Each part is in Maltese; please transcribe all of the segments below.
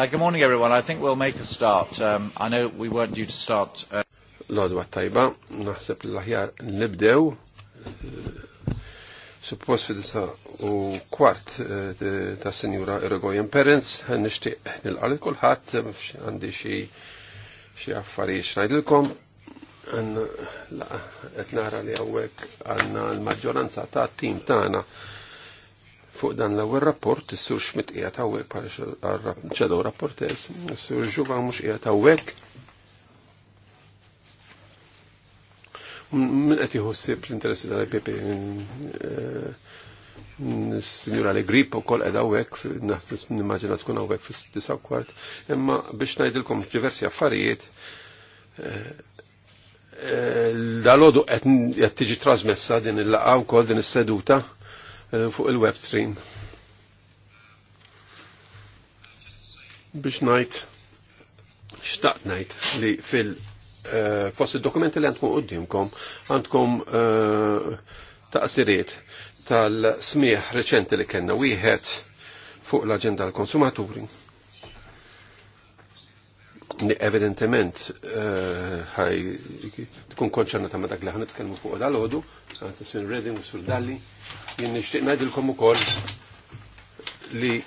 Uh, good morning, everyone. I think we'll make a start. Um, I know we weren't due to start. Uh... Lodwa tajba, naħseb l-ħjar nibdew. Suppost fi disa u kwart uh, ta' senjura Irigoyen Perens, nishtiq nil għalit kullħat, għandi xie affarijiet xnajdilkom, għanna, etnara li għawek għanna l-maġġoranza ta' tim ta' għana fuq dan l-ewwel rapport is-sur Schmidt qiegħed hawnhekk bħal ċedow rapportez, is-sur Ġuba mhux qiegħed hawnhekk. Min qed jħossib l-interessi tal-PP eh, Signor li grip u kol edha għek, naħsis nimmaġina tkun għek fis disa kwart, imma biex najdilkom diversi affarijiet, eh, eh, dal-ħodu għet tiġi trasmessa din il-laqaw kol din is seduta Eh, fuq il-web stream. Biex najt, xtaqt najt li fil- eh, fost il-dokumenti li għandkom għoddimkom, għandkom eh, taqsiriet tal-smieħ reċenti li kena wieħed fuq l-agenda l-konsumaturi evidentement eh, ħaj tkun konċernata ma dak li ħan nitkellmu fuq dal-ħodu, għanzi sin Redding u sur Dalli, jien nixtieq ngħidilkom ukoll li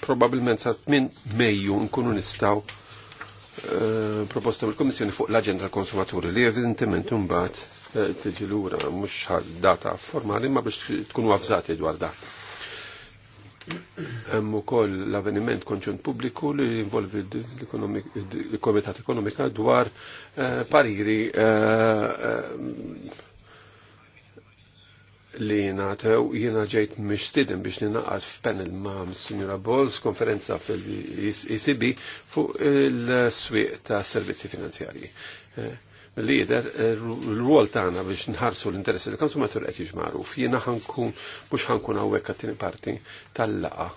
probabbilment sa minn Mejju nkunu nistgħu eh, proposta mill komissjoni fuq l-Aġenda tal-Konsumaturi li evidentement imbagħad eh, tiġi lura mhux data formali ma biex tkunu avżati dwar dak. Hemm ukoll l-avveniment konċunt pubbliku li involvi l-Komitat Ekonomika dwar eh, pariri eh, li natew jiena ġejt mixtiden biex ninaqas f'panel ma' Signora Bols konferenza fil-ECB fuq il-swieq ta' servizzi finanzjarji. Eh, lider l-rwol eh, tagħna biex nħarsu l-interessi l konsumatur qed jġmaru, magħruf. Jiena ħankun mux ħankun għawek għattini tieni parti tal-laqa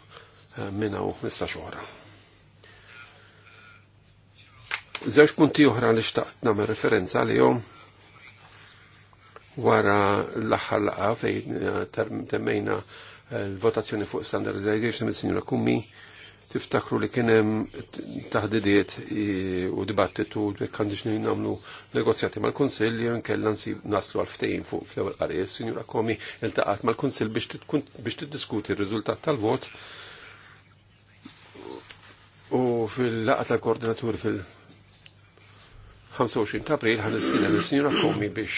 eh, minna u issa xoħra. Żewġ punti oħra li xtaqt nagħmel referenza għalihom wara l-aħħar laqa fejn eh, temmejna l-votazzjoni fuq standardization mis-sinjura Kummi Tiftakru li kienem taħdidiet u dibattitu kan diġni namlu negozjati mal-Konsil li nkella naslu għal-ftejn fuq fl-ewel qari. Signora Komi iltaqat mal-Konsil biex tiddiskuti r-riżultat tal-vot u fil-laqat tal-koordinatur fil-25 ta' april ħan istina l-Signora Komi biex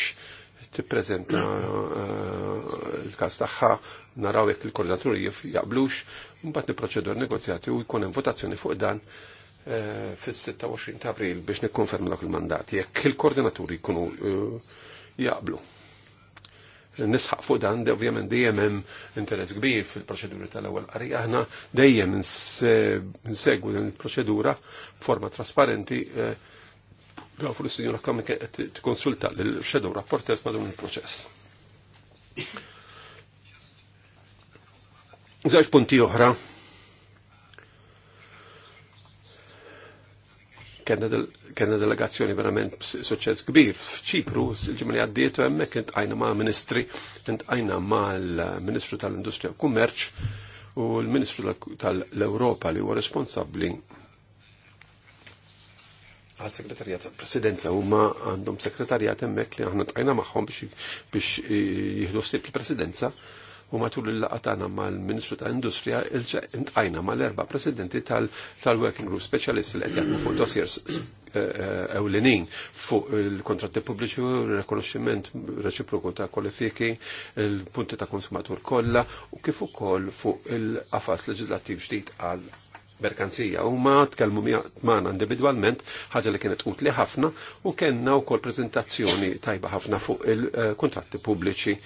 tippreżenta eh, l-kas tagħha naraw jekk il-koordinaturi jaqblux mbagħad niproċedu negozjati u jkun hemm votazzjoni fuq dan eh, fis-26 ta' April biex nikkonferm dak il-mandat jekk il-koordinaturi jkunu eh, jaqblu. Nisħaq fuq dan ovvjament dejjem hemm interess kbir fil-proċeduri tal-ewwel qari aħna dejjem insegwu din il-proċedura b'forma trasparenti eh, għaw l-Sinjura kamik qed tikkonsulta l-Shadow Rapporters madun il-proċess. Żewġ punti oħra. Kenna delegazzjoni verament suċċess kbir f'Ċipru, il-ġimgħa għaddiet u hemmhekk għajna ma' ministri, għajna ma' l-Ministru tal industri u Kummerċ u l-Ministru tal-Ewropa li huwa responsabbli għal sekretarjat presidenza u ma għandhom sekretarjat emmek li għahna tajna maħħom biex jihdu stib il-presidenza u matul il-laqa tagħna mal-Ministru ta' Industrija ilġa mal-erba' presidenti tal-Working Group Specialist li qed jaħdmu fuq dossiers eh, ewlenin fuq il-kontratti pubbliċi u r-rekonoxximent reċiproku ta' kwalifiki, il-punti ta' konsumatur kollha u kif ukoll fuq il-qafas leġislattiv ġdid għal merkanzija u ma tkellmu maħna individualment ħaġa li kienet utli ħafna u kellna wkoll prezentazzjoni tajba ħafna fuq il-kontratti eh, pubbliċi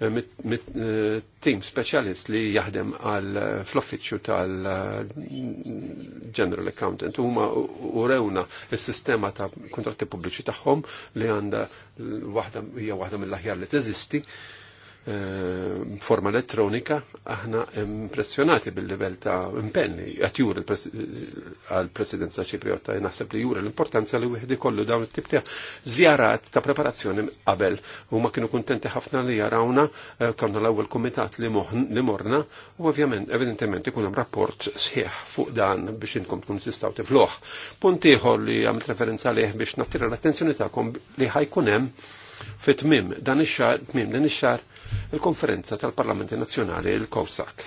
mit-tim eh, specialist li jaħdem għal eh, fl-offiċċju tal-General eh, Accountant huma urewna s-sistema ta' kontratti pubbliċi tagħhom li għandha waħda hija waħda mill-aħjar li teżisti Eh, forma elettronika, aħna impressjonati bil-level ta' impenni għatjur għal-presidenza ċipriota naħseb li jura l-importanza li wihdi kollu dawn it-tip ta' zjarat ta' preparazzjoni qabel u ma kienu kuntenti ħafna li jarawna eh, kamna l-ewwel kumitat li morna u ovvjament evidentement ikun hemm rapport sħiħ fuq dan biex inkom tkun tistaw tifluħ. Punt ieħor li għamilt referenza liħ biex nattira l-attenzjoni tagħkom li ħajkun hemm fit-tmim dan ix-xar, tmim dan ix-xar il-konferenza tal-Parlamenti Nazzjonali il-Kowsak.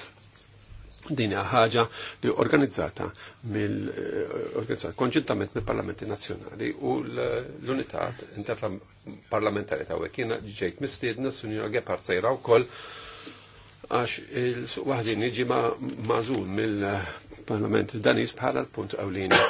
Din hija ħaġa li organizzata mill eh, organizzata konġuntament mill-Parlamenti Nazzjonali u l-Unità Interparlamentari ta' Wekina ġejt mistiedna Sunjura Gepard sejra wkoll għax il suqwaħdin iġi ma' mażul mill-Parlament Danis bħala l-punt ewlieni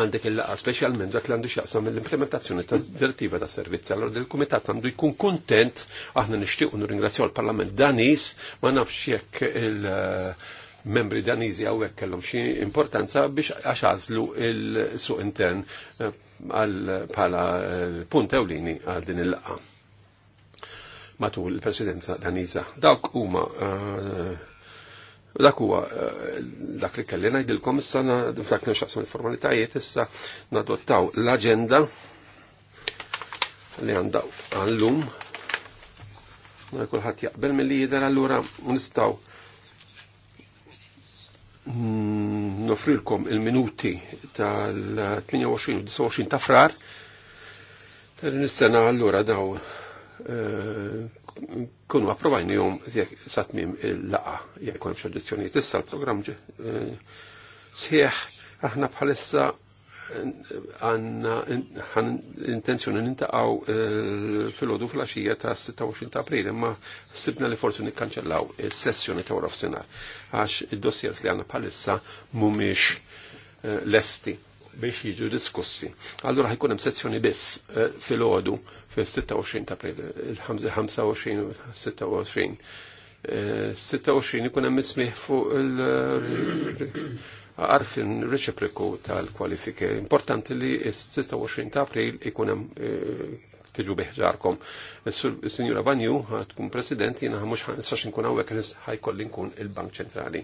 għandek il-laqa specialment dak li għandu xaqsam mill-implementazzjoni ta' direttiva ta' servizzi. Allora il-Kumitat għandu jkun kontent, aħna nixtiequ nirringrazzjaw l-Parlament Danis, ma nafx jekk il-membri Danizi għawek kellom xie importanza biex għaxazlu il-suq intern eh, għal-pala eh, punt Ewlini għal din il-laqa matul il-presidenza Daniza. Dawk huma eh, Dak huwa eh, dak li kelli ngħidilkom issa dak nixaqsmu l-formalitajiet issa nadottaw l-aġenda li għandha għallum. Kulħadd jaqbel milli jidher allura nistgħu nofrilkom il-minuti tal-28 u 29 ta' frar. Nistana allura daw eh, kunu approvajni jom satmim il-laqa jek kunem xaddizjoni. Issa l-program eh, sħieħ aħna bħalissa eh, għanna għan intenzjoni nintaqaw eh, fil-ħodu fil ħaxija ta' 26 ta' april, imma sibna li forsi nikkanċellaw il-sessjoni ta' għura senar għax id-dossiers li għanna bħalissa mumiex lesti biex jiġu diskussi. Allura ħajkun hemm sezzjoni biss eh, fil-għodu fil-26 ta' april, il-25 u 26. 26 eh, ikun hemm ismih fuq il- eh, għarfin reċipriku tal-kwalifiki. Importanti li s-26 ta' april ikun hemm tiġu biħġarkom. Signora Banju, tkun president, jina mux nistax nkun għawek ħajkolli kun il-Bank Ċentrali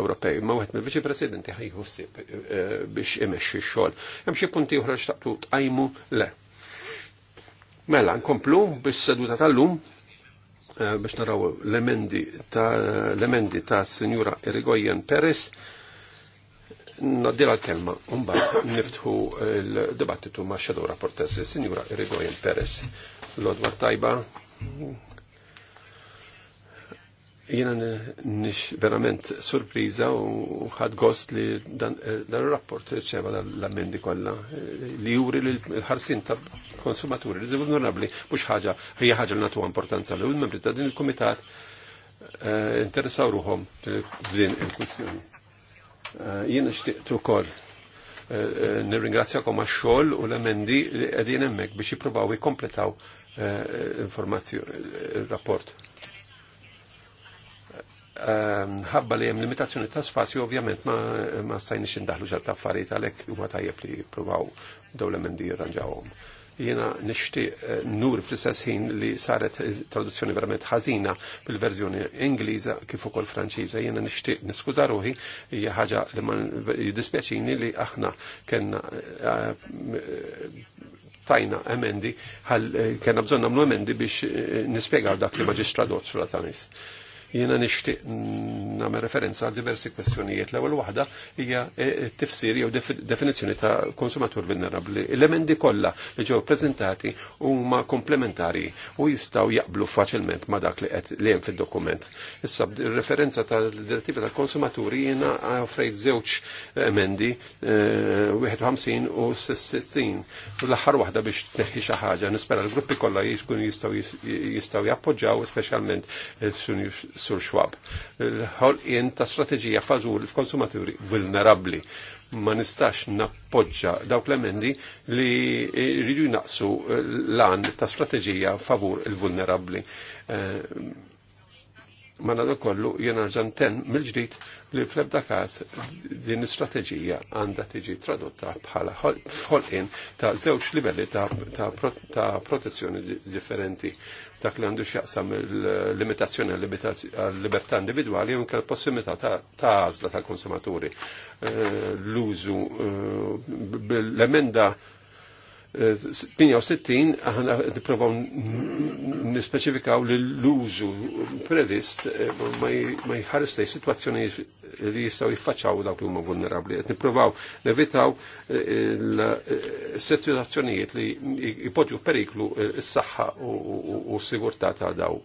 Ewropej. Ma għet mil viċi Presidenti ħajħussib eh, biex imesċi xol. Hemm xi punti uħra xtaqtu tqajmu le. Mela, nkomplu biex seduta tal-lum eh, biex naraw l-emendi ta' l-emendi ta' Signora Irigoyen Peres naddila l-kelma, unbat niftħu l-dibattitu ma' xadu rapportess, signora Irigoyen Perez, l-odwar tajba. Jena nix verament surpriza u ħad gost li dan il-rapport ċeva l-ammendi kolla li juri l-ħarsin ta' konsumaturi, li zivu vulnerabli, mux ħagġa, hija ħagġa l natu importanza li u membri ta' din il-komitat eh, interessaw ruħom din il kustjoni Eh, jien xtiqtu kol eh, eh, nirringrazzja għax xogħol u l-emendi li qegħdin hemmhekk biex jippruvaw jikkompletaw informazzjoni il-rapport. Ħabba li hemm limitazzjoni ta' spazju ovvjament ma stajniex indaħlu ġal taffarijiet għalhekk huma tajjeb li jippruvaw daw l-emendi jirranġawhom. Jena nishti eh, nur fl-istess ħin li saret traduzzjoni verament ħażina bil-verżjoni Ingliża kif ukoll Franċiża. Jena nixtieq niskuża ruħi hija ħaġa li ma jiddispjaċini li aħna kellna eh, tajna emendi, eh, kena bżonna mnu emendi biex nispiegaw dak li maġiċ tradott sulla tanis. Jiena nixtieq nagħmel referenza għal diversi kwestjonijiet. L-ewwel waħda hija eh, tifsir jew definizzjoni ta' konsumatur vulnerabbli. L-emendi kollha li ġew preżentati huma komplementari u jistgħu jaqblu faċilment ma' dak li qed li hemm fid-dokument. Issa referenza tal-direttiva tal-konsumaturi jiena offrejt żewġ emendi 51 eh, u 60 u l-aħħar waħda biex tneħħi xi ħaġa. Nispera l-gruppi kollha jkunu jistgħu jistgħu jappoġġaw speċjalment eh, Sur xwab, Il-ħolqien ta' strategija fażur f'konsumaturi konsumaturi vulnerabli ma nistax nappoġġa dawk l-emendi li jridu jnaqsu l għan ta' strateġija favur il-vulnerabli. Eh, ma nadu kollu jena ġanten mill-ġdid li fl-ebda kas din strategija għanda tiġi tradotta bħala fħolqin ta' zewċ livelli ta', protezzjoni differenti dak li għandu xjaqsam il-limitazzjoni għal-libertà individuali u l-possibilità ta' għazla tal-konsumaturi. Eh, l-użu eh, l-emenda 68 aħna niprofaw nispeċifikaw li l-użu previst ma jħares lej situazzjoni li jistaw jiffaċaw dawk li huma vulnerabli. Qed nipprovaw nevitaw l-situazzjonijiet li jpoġġu f'periklu s-saħħa u s-sigurtà ta' daw.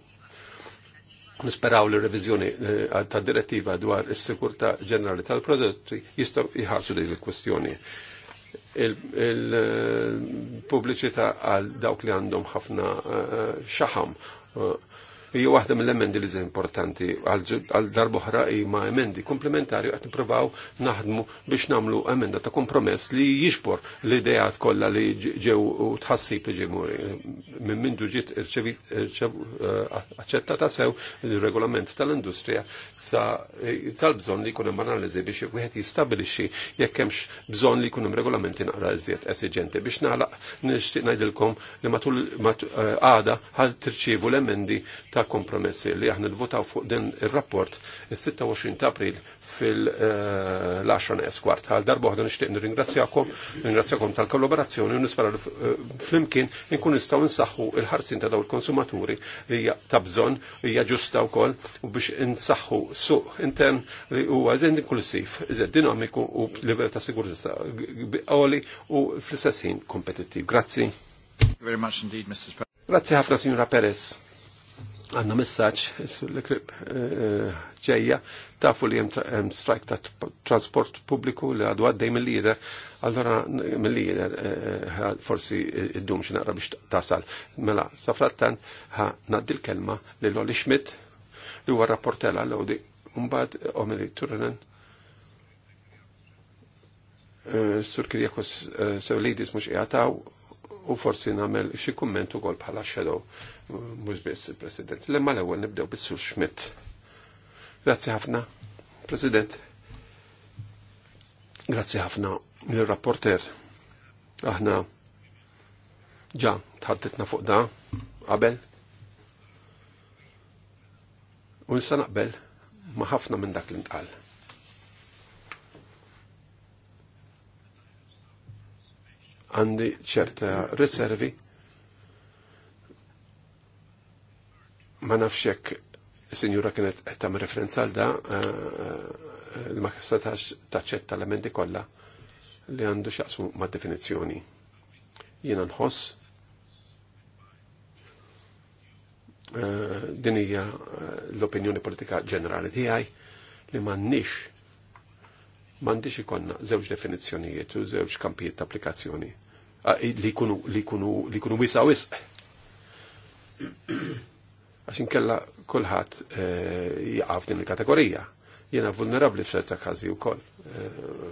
Nisperaw li revizjoni ta' direttiva dwar is-sigurtà ġenerali tal-prodotti jistgħu jħarsu din il-kwestjoni il-pubbliċità għal dawk li għandhom ħafna eh, eh, xaħam eh, hija waħda mill-emendi li importanti għal darbohra ma emendi komplementari qed nippruvaw naħdmu biex nagħmlu emenda ta' kompromess li jiġbor l-idejat kollha li ġew u tħassib li ġew eh, minn mindu ġiet eh, aċċettata sew il-regolament tal-industrija sa eh, tal-bżonn li jkun hemm analiżi biex wieħed jistabilixxi jekk hemmx bżonn li jkun hemm regolamenti naqra iżjed esiġenti biex nagħlaq nixtieq ngħidilkom li matul għada ħal tirċievu l-emendi ta' kompromessi li aħna nvotaw fuq din ir-rapport is-26 ta' April fil-10 esquart. Għal darba oħda nixtieq nirringrazzjakom, nirringrazzjakom tal-kollaborazzjoni u nispera eh, flimkien inkun nistgħu nsaħħu il-ħarsin ta' daw il-konsumaturi li hija ta' bżonn, hija ġusta wkoll u biex insaħħu suq intern li huwa eżend inklusiv, eżend dinamiku u livell ta' sigurtà għoli u fl-istess ħin kompetittiv. Grazzi. Grazzi ħafna, Signora Perez għanna messaċ eh, eh, ġeja tafu li jem strajk ta' transport publiku li għadu għaddej mill-lider, allora mill-lider eh, forsi id-dum xinaqra biex tasal. Mela, safrattan ha naddi l-kelma li l-Oli Schmidt li huwa rapportella l-Odi Umbad Omeli Turnen Sur sew Sewlidis mux jgħataw u forsi namel xie kommentu għol bħala shadow mux biss il-President. L-emma l-ewwel nibdew bissu sur Schmidt. Grazzi ħafna, President. Grazzi ħafna il rapporter Aħna ġa tħaddetna fuq da qabel. U nista naqbel ma ħafna minn dak l-intqal. Għandi ċerta riservi ma nafxek sinjura kienet tam referenza għal da eh, eh, li ma kistax taċċetta l-emendi kollha li għandu xaqsu ma' definizzjoni. Jiena nħoss eh, din hija l-opinjoni politika ġenerali tiegħi li m'għandniex m'għandix ikonna żewġ definizzjonijiet u żewġ kampijiet ta' applikazzjoni li jkunu li jkunu li wisq għax inkella kulħadd eh, jaqaf din il-kategorija. Jiena vulnerabbli f'ċerta każi wkoll. Eh,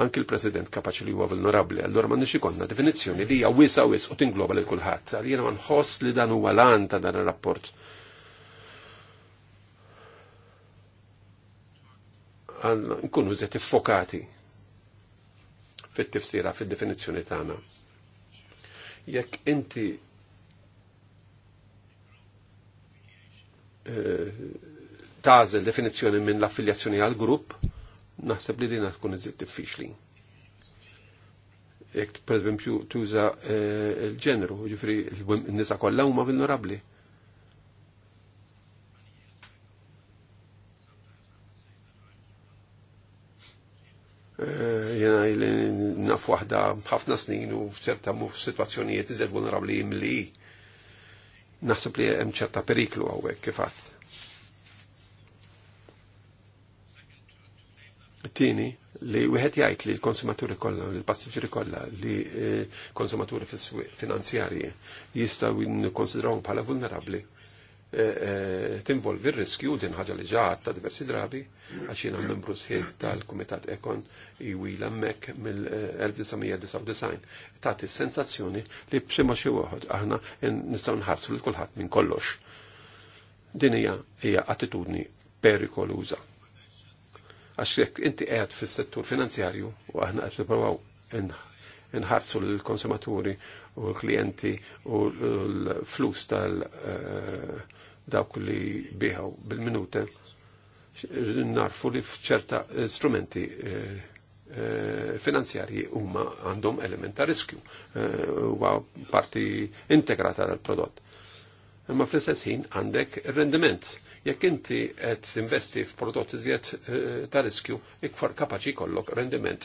anki l-President kapaċi li huwa vulnerabbli, allora ma nix ikonna definizzjoni li hija wisa u tingloba lil kulħadd. Għal jiena ma nħoss li dan huwa lan ta' dan ir-rapport. Nkunu zet iffokati fit-tifsira, fid-definizzjoni tagħna. Jekk inti Eh, tażel definizzjoni minn l-affiljazzjoni għal grupp, naħseb li dina tkun iżid diffiċli. Jek per esempio tuża eh, l ġenru ġifri n-nisa kollha huma vulnerabbli. Eh, jena naf wahda ħafna snin u f'ċerta situazzjonijiet iżed vulnerabli jimli Naħseb li hemm ċerta periklu hawnhekk kif għadd. Tini, li wieħed jgħid li l-konsumaturi kollha, l-passiġġieri kollha li eh, konsumaturi finanzjarji jistgħu jinkonsidrawhom bħala vulnerabbli Eh, eh, tinvolvi r-riskju din ħaġa li ġaħat ta' diversi drabi, għax membru sħiħ tal-Kumitat Ekon iwila mek mill-1999. Tati sensazzjoni li bximma xi waħod aħna nistgħu nħarsu lil kulħadd minn kollox. Din hija hija attitudni perikoluża. Għax jekk inti għed fis-settur finanzjarju u aħna qed nippruvaw nħarsu l-konsumaturi u l-klijenti u l-flus tal- uh, dawk li biħaw bil minute narfu li fċerta eh, strumenti eh, eh, finanzjarji huma għandhom element ta' riskju huwa parti integrata tal-prodott. Imma fl-istess ħin għandek rendiment. Jekk inti qed investi f'prodotti iżjed ta' riskju, ikfar kapaċi jkollok rendiment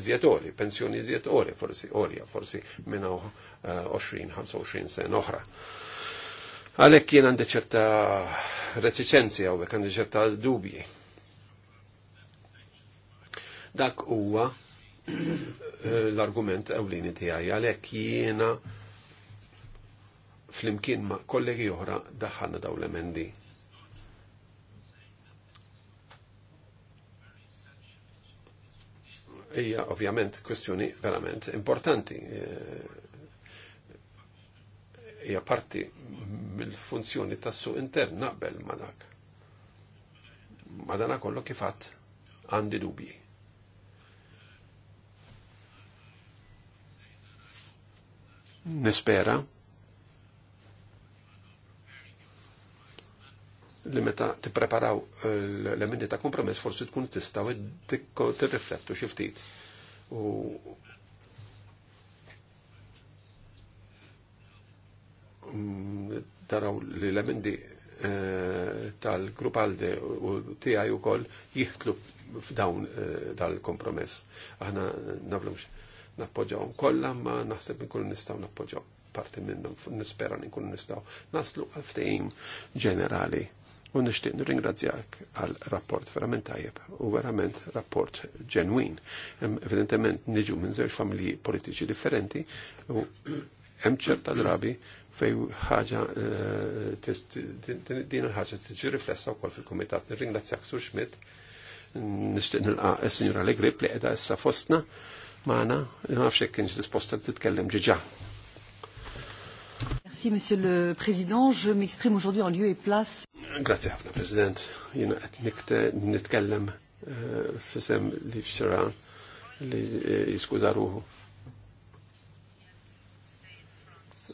iżjed oli, pensjoni iżjed oli, forsi olja, forsi minn 20-25 sena oħra. Għalek jien għandi ċerta għaw, għek għandi ċerta dubji. Dak huwa l-argument ewlini tiegħi għalhekk jiena flimkien ma' kollegi oħra daħħalna daw l-emendi. Ija, ovvjament kwestjoni verament importanti. Eh, hija parti mill-funzjoni tas-suq intern naqbel ma' dak. Ma Madana kollu kifat għandi dubji. Nispera li meta ti preparaw eh, l emendi ta' kompromess forsi tkun tistaw t-riflettu xiftit u taraw l elementi eh, tal grupalde u tijaj u koll jihtlu f'dawn tal eh, kompromess Aħna naflumx nappoġawhom kollha ma naħseb nkun nistaw nappoġaw parti minnum, nispera nkun nistaw naslu għal ftejn ġenerali. U nixtieq nirringrazzjak għal rapport verament tajjeb u verament rapport ġenwin. Evidentement niġu minn zewġ familji politiċi differenti u hemm ċerta drabi fej ħaġa eh, din ħaġa tiġi riflessa wkoll fil-kumitat. Nirringrazzjak Sur Schmidt, nixtieq nilqa' is-Sinjura Legrip li qiegħda issa fostna magħna, nafx hekk kienx disposta titkellem ġiġa. Merci, Monsieur le Président. Je m'exprime aujourd'hui en lieu et place. Grazie, ħafna, President. Jena qed nitkellem eh, fisem li fxera li eh, jiskuża ruħu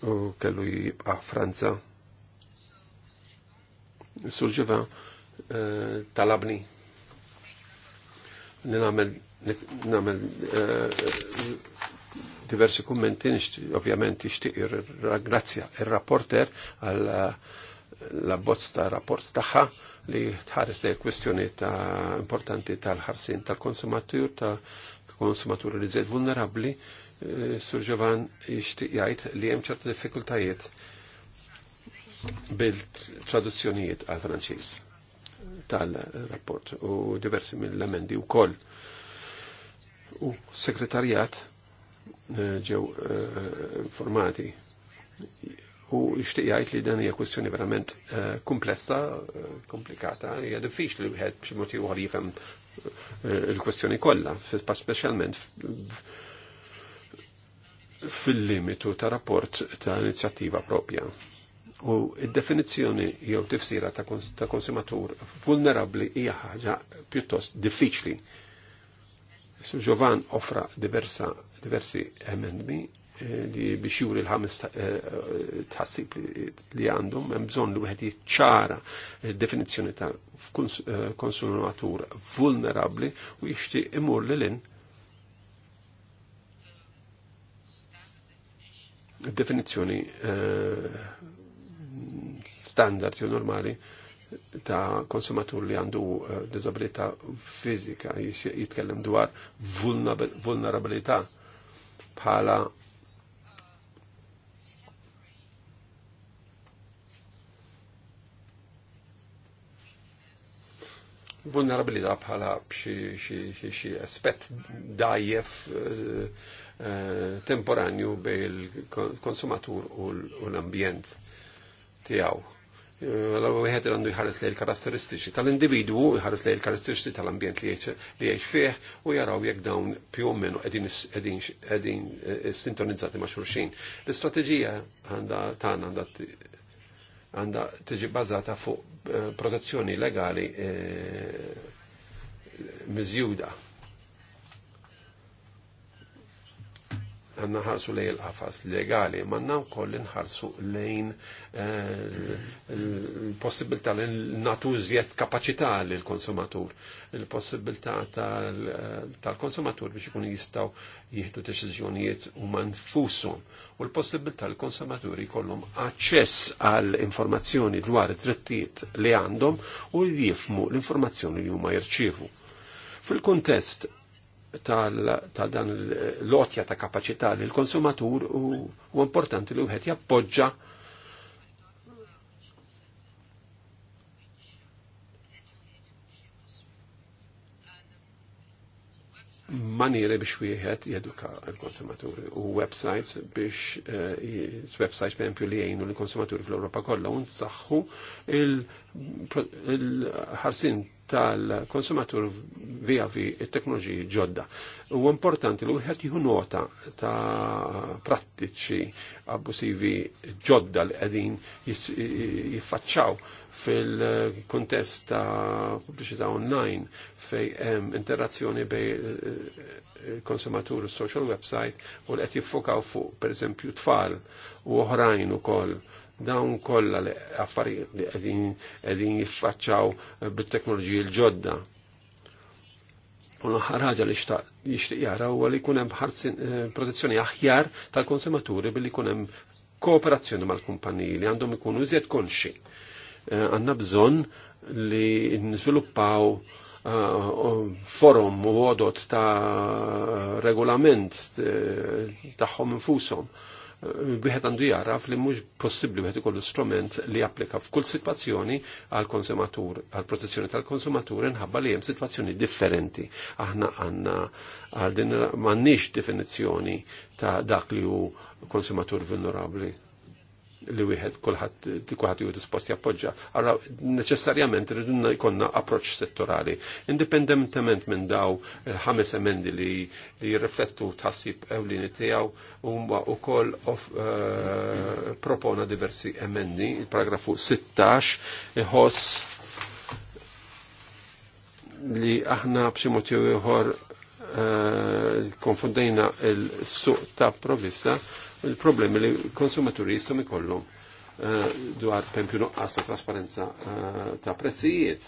u kellu jibqa' Franza. Surġiva eh, talabni li namel eh, diversi kummenti, ovvjament ixtiq ir-grazzja ir-rapporter għal eh, la bozz ta' rapport tagħha li tħares dej kwestjoni ta' importanti tal-ħarsin tal-konsumatur ta' konsumatur li zed vulnerabli Sur Ġovan jixtieq jgħid li hemm ċerta diffikultajiet bil-traduzzjonijiet għal franċiż tal-rapport u diversi mill-amendi u koll. U sekretarjat eh, ġew eh, informati u jishtiq jgħid li dan hija kwestjoni verament eh, komplessa, komplikata, hija diffiċli wieħed b'xi mod ieħor jifhem il-kwestjoni kollha, speċjalment fil-limitu ta' rapport ta' inizjattiva propja. U id-definizzjoni jew tifsira ta', kons ta konsumatur vulnerabli hija ħaġa pjuttost diffiċli. Su Giovan offra diversa, diversi emendmi eh, li biex juri l-ħames eh, eh, tħassib li għandhom, hemm bżonn li wieħed jiċċara definizzjoni ta' konsumatur vulnerabli u jixtieq imur lil definizzjoni uh, standard jew normali ta' konsumatur li għandu uh, disabilità fizika jitkellem dwar vulnerabilità bħala vulnerabilità bħala xi aspett dajjef uh, Eh, temporanju bej il-konsumatur u l-ambjent tijaw. L-għu għandu jħares li l-karakteristiċi tal-individu, jħares li l-karakteristiċi tal-ambjent li jiex fieħ u jaraw jek dawn più u menu edin sintonizzati ma' xurxin. L-istrateġija għanda tan għanda għanda tiġi bazata fuq eh, protezzjoni legali eh, mizjuda għanna ħarsu lejn il-qafas legali, ma għanna wkoll nħarsu lejn eh, il-possibilità li natu żjed kapaċità lil konsumatur il-possibilità eh, tal-konsumatur biex ikun jistaw jieħdu deċiżjonijiet huma nfushom u l-possibilità l-konsumaturi jkollhom aċċess għal informazzjoni dwar id-drittijiet li għandhom u jifmu l-informazzjoni li huma jirċievu. Fil-kuntest tal dan l-lotja ta' kapacità l-konsumatur u importanti li wieħed jappoġġa maniere biex wieħed jeduka l-konsumaturi u websites biex eh, websites per esempio li jgħinu l-konsumaturi fl-Europa kollha u nsaħħu il-ħarsin tal-konsumatur via vi teknoloġiji ġodda. U importanti li wieħed jieħu nota ta' prattiċi abbusivi ġodda li qegħdin jiffaċċaw fil-kuntest ta' pubbliċità online fej hemm interazzjoni bej eh, il-konsumatur social website u l-qed jiffokaw fuq pereżempju tfal u oħrajn ukoll dawn kollha li affarijiet li qegħdin jiffacċaw eh, bit-teknoloġiji l-ġodda. U l ħarħaġa li jixtieq jara u li jkun hemm eh, protezzjoni aħjar tal-konsumaturi billi jkun hemm kooperazzjoni mal-kumpaniji li għandhom ikunu iżjed konxi Eh, għanna bżon li nżviluppaw eh, forum u għodot ta' regolament eh, taħħom infusom. Biħet għandu jaraf li mux possibli biħed ikollu strument li applika f'kull situazzjoni għal konsumatur, għal protezzjoni tal-konsumatur nħabba li jem situazzjoni differenti. Aħna għanna għal din mannix definizjoni ta' dak li hu konsumatur vulnerabli li wieħed kulħadd kulħadd ju dispost jappoġġa. Allora neċessarjament irridu jkollna approċċ settorali. Indipendentement minn daw eh, ħames emendi li li jirriflettu tħassib ewlieni tiegħu huma wkoll eh, propona diversi emendi, il-paragrafu 16 iħoss li aħna b'xi mod ieħor eh, konfundejna il-suq ta' provvista il-problemi li konsumaturi jistom ikollhom eh, dwar pempju nuqqas ta' trasparenza eh, ta' prezzijiet.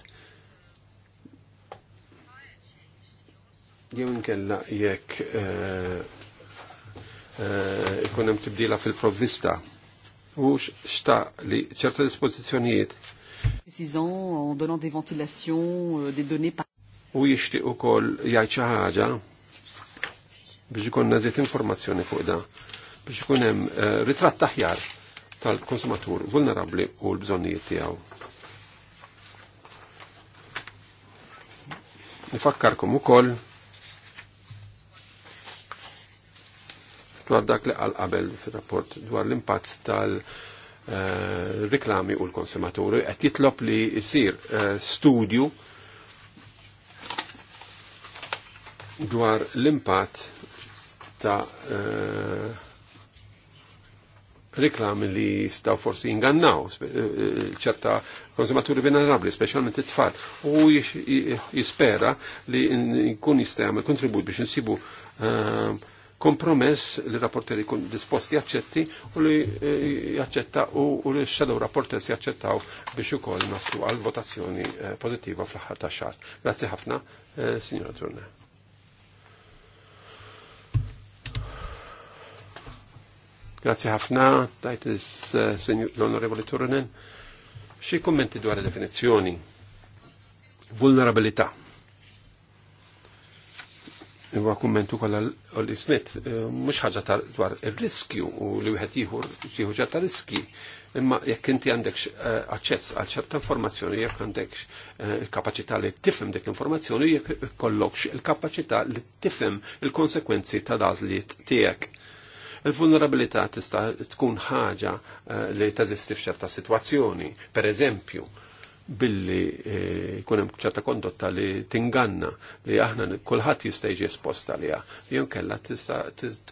Jew inkella jekk eh, ikun hemm tibdila fil-provvista u xta li ċerta dispożizzjonijiet Précisant en euh, U jixtieq ukoll jgħid xi ħaġa biex ikun nażiet informazzjoni fuq da biex ikun hemm eh, ritratt taħjar tal-konsumatur vulnerabbli u l-bżonnijiet tiegħu. Nifakkarkom ukoll dwar dak li qal qabel fir-rapport dwar l-impatt tal- eh, riklami u l-konsumaturi qed jitlob li jsir eh, studju dwar l-impatt ta' reklam li staw forsi ingannaw eh, eh, ċerta konsumaturi venerabli, specialment it-tfal, u jispera li nkun jista' jagħmel kontribut biex insibu ehm, kompromess li rapporteri kun disposti jaċċetti u li eh, jaċċetta u li x rapporter rapporters jaċċettaw biex ukoll naslu għal votazzjoni pozittiva fl-aħħar ta' xahar Grazzi ħafna, Signora Turner. Grazie ħafna, tajt eh, l-Onorevoli Turunen. Xie kommenti dwar definizzjoni? Vulnerabilità. Iwa kommentu kolla l Smith, eh, mhux ħaġa dwar ir-riskju u li wieħed jieħu ta' riski imma jekk inti għandek eh, aċċess għal ċerta informazzjoni, jekk għandekx il-kapacità li tifhem dik l-informazzjoni, jekk kollokx il-kapacità li tifhem il-konsekwenzi ta' dażliet tiegħek. Il-vulnerabilità tista' tkun ħaġa eh, li teżisti f'ċerta situazzjoni, per eżempju, billi eh, jkun hemm ċerta kondotta li tinganna li aħna kulħadd jista' jiġi espost għaliha. Jew kellha tista'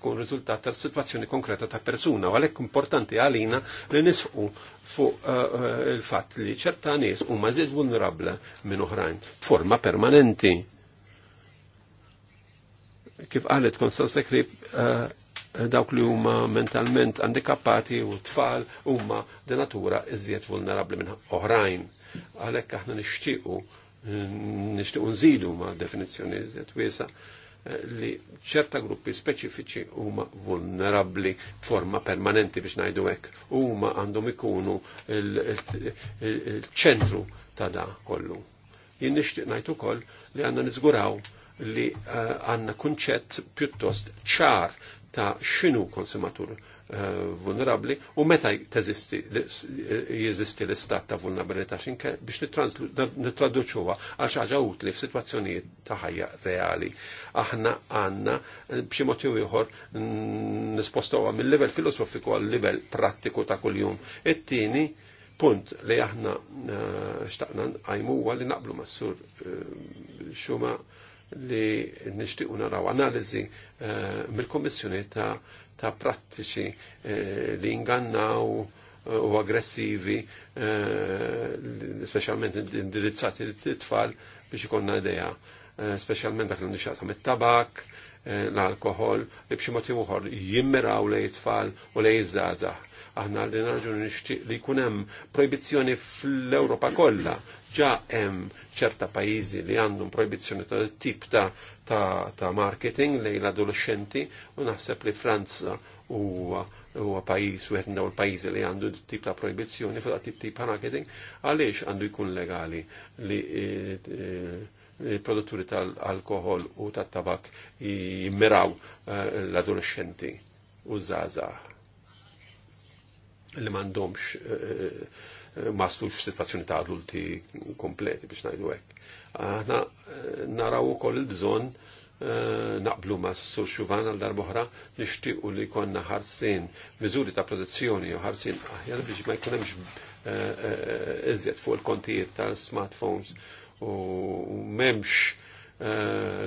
tkun riżultat ta' sitwazzjoni konkreta ta' persuna u għalhekk importanti għalina li nisqu fuq eh, il-fatt li ċerta nies huma żied vulnerabbli minn oħrajn b'forma permanenti. Kif qalet Konstanz Krib, Eh, dawk li huma mentalment handikappati u tfal huma de natura iżjed vulnerabbli minn oħrajn. Għalhekk aħna nixtiequ nixtiequ nżidu ma' definizzjoni iżjed wiesa eh, li ċerta gruppi speċifiċi huma vulnerabbli forma permanenti biex ngħidu hekk. Huma għandhom ikunu il-ċentru ta' da kollu. Jien nixtieq ngħid ukoll li għandna niżguraw li eh, għandna kunċett pjuttost ċar ta' xinu konsumatur eh, vulnerabli u meta jeżisti l-istat ta' vulnerabilità xinke biex nitraduċuwa għal xi ħaġa utli f'sitwazzjonijiet ta' ħajja reali. Aħna għandna eh, b'xi mod ieħor nispostawha mill-livell filosofiku għal livell prattiku ta' kuljum. It-tieni punt li aħna eh, xtaqna għajmu li naqblu mas-sur xuma li nixtiequ naraw analiżi eh, mill-Kummissjoni ta' ta' prattiċi eh, li ingannaw eh, u aggressivi, specialment indirizzati t-tfal biex ikonna ideja, specialment dak li nixaqsa mit-tabak, l-alkohol, li b'xi motiv uħor jimmiraw lej tfal u lej iż-żgħażagħ aħna li raġun nixtieq li jkun hemm proibizzjoni fl-Ewropa kollha ġa hemm ċerta pajjiżi li għandhom proibizzjoni ta' tip ta', ta, ta marketing lejn l-adolescenti u naħseb li Franza huwa huwa pajjiż wieħed minn dawn pajjiżi li għandu tip ta' proibizzjoni fuq tip ta' marketing għaliex għandu jkun legali li il-produtturi eh, eh, tal-alkohol u tat-tabak jimmiraw eh, l-adolescenti u żgħażagħ li m'għandhomx Eh, maslux f'sitwazzjoni ta' adulti kompleti biex ngħidu hekk. Aħna eh, naraw ukoll il-bżonn eh, naqblu ma' s-surxuvan għal darboħra nixtiequ li konna ħarsin miżuri ta' protezzjoni u ħarsin aħjar biex ma' jkunemx eżjed fuq il-kontijiet tal-smartphones u memx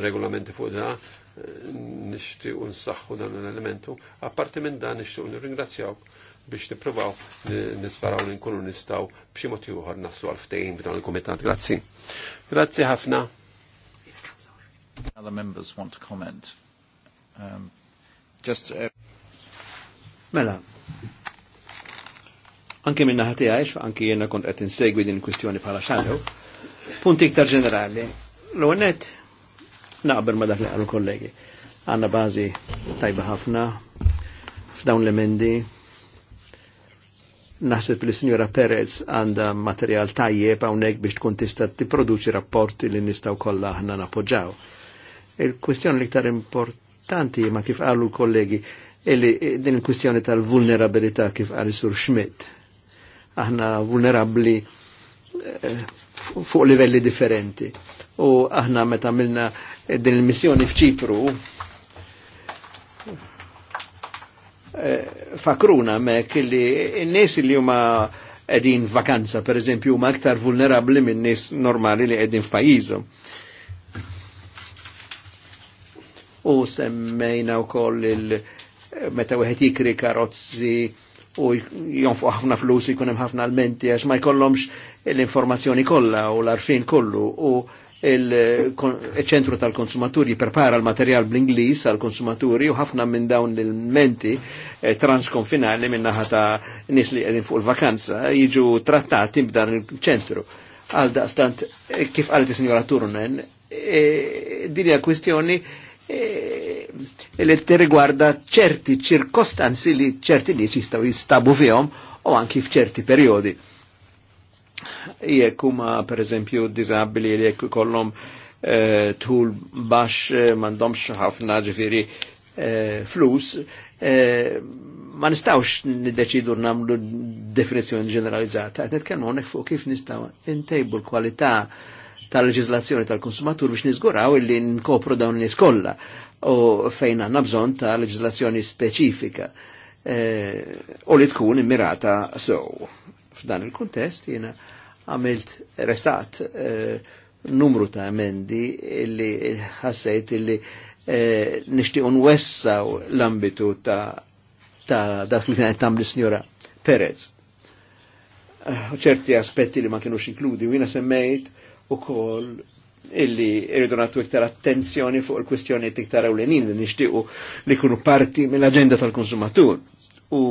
regolamenti fuq da nixtiequ nsaħħu dan l-elementu. Apparti minn dan nixtiequ nirringrazzjawk biex nippruvaw nisparaw li nkunu nistaw b'xi mod ieħor naslu għal ftehim b'dan il komitant Grazzi. Grazzi ħafna. Other members want to comment. Um, just uh... Mela. Anki minna ħati għajx, anki jenna kont qed insegwi din kustjoni bħala xadew. Punti iktar ġenerali. L-għonet, naqber ma daħli għal kollegi. Għanna bazi tajba ħafna f'dawn l-emendi naħseb li Sinjora Perez għandha materjal tajjeb hawnhekk biex tkun tista' tipproduċi rapporti li nistaw kollha aħna napoġġaw. Il-kwistjoni l-iktar importanti ma kif qalu l-kollegi illi din il-kwistjoni tal-vulnerabilità kif qal Sur Schmidt. Aħna vulnerabbli eh, fuq livelli differenti. U aħna meta milna din il-missjoni f'Ċipru Eh, fakruna mek li n-nies li huma qegħdin vakanza per eżempju huma aktar vulnerabbli minn nies normali li qegħdin f'pajjiżhom. U semmejna wkoll il meta wieħed jikri karozzi u jonfuq ħafna flus jkun hemm ħafna almenti għax ma jkollhomx l-informazzjoni kollha u l-arfin kollu u il-ċentru tal-konsumaturi prepara l-materjal bl-Inglis għal-konsumaturi u ħafna minn dawn l-menti eh, transkonfinali minna ħata nis li għedin fuq il-vakanza jiġu trattati b'dan il-ċentru. Għalda stant eh, kif għalet il-Signora Turunen, eh, dinja kwistjoni li t riguarda ċerti ċirkostanzi li ċerti nis jistaw jistabu fihom u anki f'ċerti periodi jekk huma pereżempju diżabbli li jekk ikollhom eh, tul baxx eh, m'għandhomx ħafna ġifieri eh, flus, eh, ma nistawx niddeċidu namlu definizzjoni ġeneralizzata, qed netkellmu hawnhekk fuq kif nistgħu intejbu l-kwalità tal-leġizlazzjoni tal-konsumatur biex niżguraw illi nkopru dawn nies kollha u fejn għandna bżonn ta' leġizlazzjoni speċifika eh, u li tkun immirata sew. F'dan il-kuntest jiena għamilt resat eh, numru ta' emendi illi ħassejt illi eh, nishtiq unwessaw l-ambitu ta' ta' dak li għajt tam l-Sinjora Perez. Eh, ċerti aspetti li ma kienux inkludi, u jina semmejt u kol illi irridu nagħtu iktar attenzjoni fuq il-kwistjoni iktar ewlenin li nixtiequ li jkunu parti mill agenda tal-konsumatur. U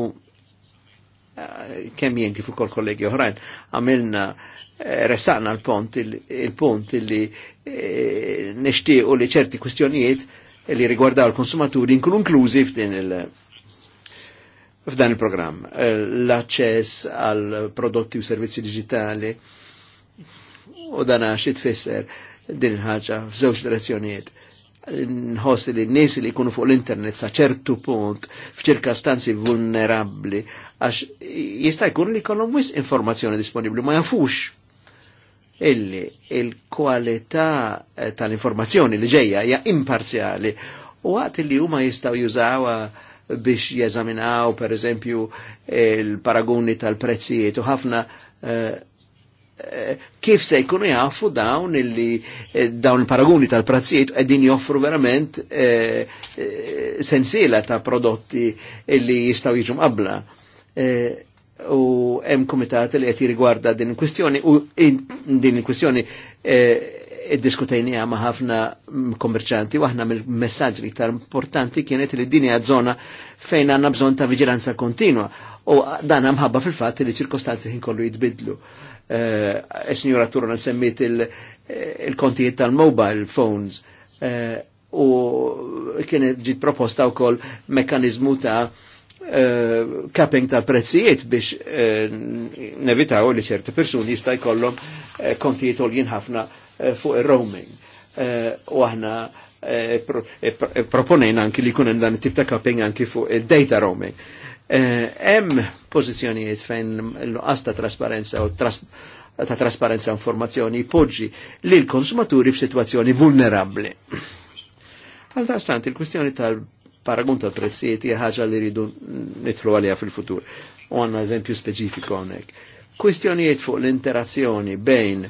kemm jien kif ukoll kollegi oħrajn għamilna eh, resaqna l-punt il-punt il li e, eh, nixtiequ li ċerti kwistjonijiet li rigwardaw l-konsumaturi inkunu inklużi f'din il- f'dan il-programm. Eh, L-aċċess għal prodotti u servizzi digitali u dana xi tfisser din il-ħaġa f'żewġ direzzjonijiet nħoss li n nis li kunu fuq l-internet sa ċertu punt f'ċirka stanzi vulnerabbli għax jista' jkun li jkollhom wis informazzjoni disponibbli ma jafux illi il-kwalità eh, tal-informazzjoni li ġejja hija imparzjali u waqt li huma jistgħu jużawha biex jeżaminaw per eżempju il-paragoni tal-prezzijiet u ħafna eh, kif se jkunu jafu dawn illi eh, dawn il-paragoni tal-prazzijiet għedin joffru verament eh, eh, sensiela ta' prodotti illi jistaw jiġu qabla. u hemm komitat li qed jirgwarda din il-kwistjoni u din il-kwistjoni eh, diskutejnija ma' ħafna kommerċanti u aħna mill-messaġġ li iktar importanti kienet li din hija żona fejn għandna bżonn ta' viġilanza kontinwa u dan mħabba fil-fatt li ċirkostanzi ħin kollu jitbidlu. Eh, e signora Turon semmit il-kontijiet eh, tal-mobile phones eh, u kien ġit proposta u wkoll mekanizmu ta' capping ta' prezzijiet biex nevitaw li ċerti persuni jistaj kollom kontijiet għoljin ħafna fuq il roaming U aħna proponejna anki li kunem dan it-tip ta' capping anki fuq il-data roaming Eh, hemm eh, pożizzjonijiet fejn l-nuqqas ta' trasparenza u tras ta' trasparenza informazzjoni poġġi li l-konsumaturi f'sitwazzjoni vulnerabbli. Għal stant il-kwistjoni tal-paragun tal-prezzijiet hija ħaġa li rridu nitħlu għaliha fil-futur. U għanna eżempju speċifiku għonek. Kwistjonijiet fuq l-interazzjoni bejn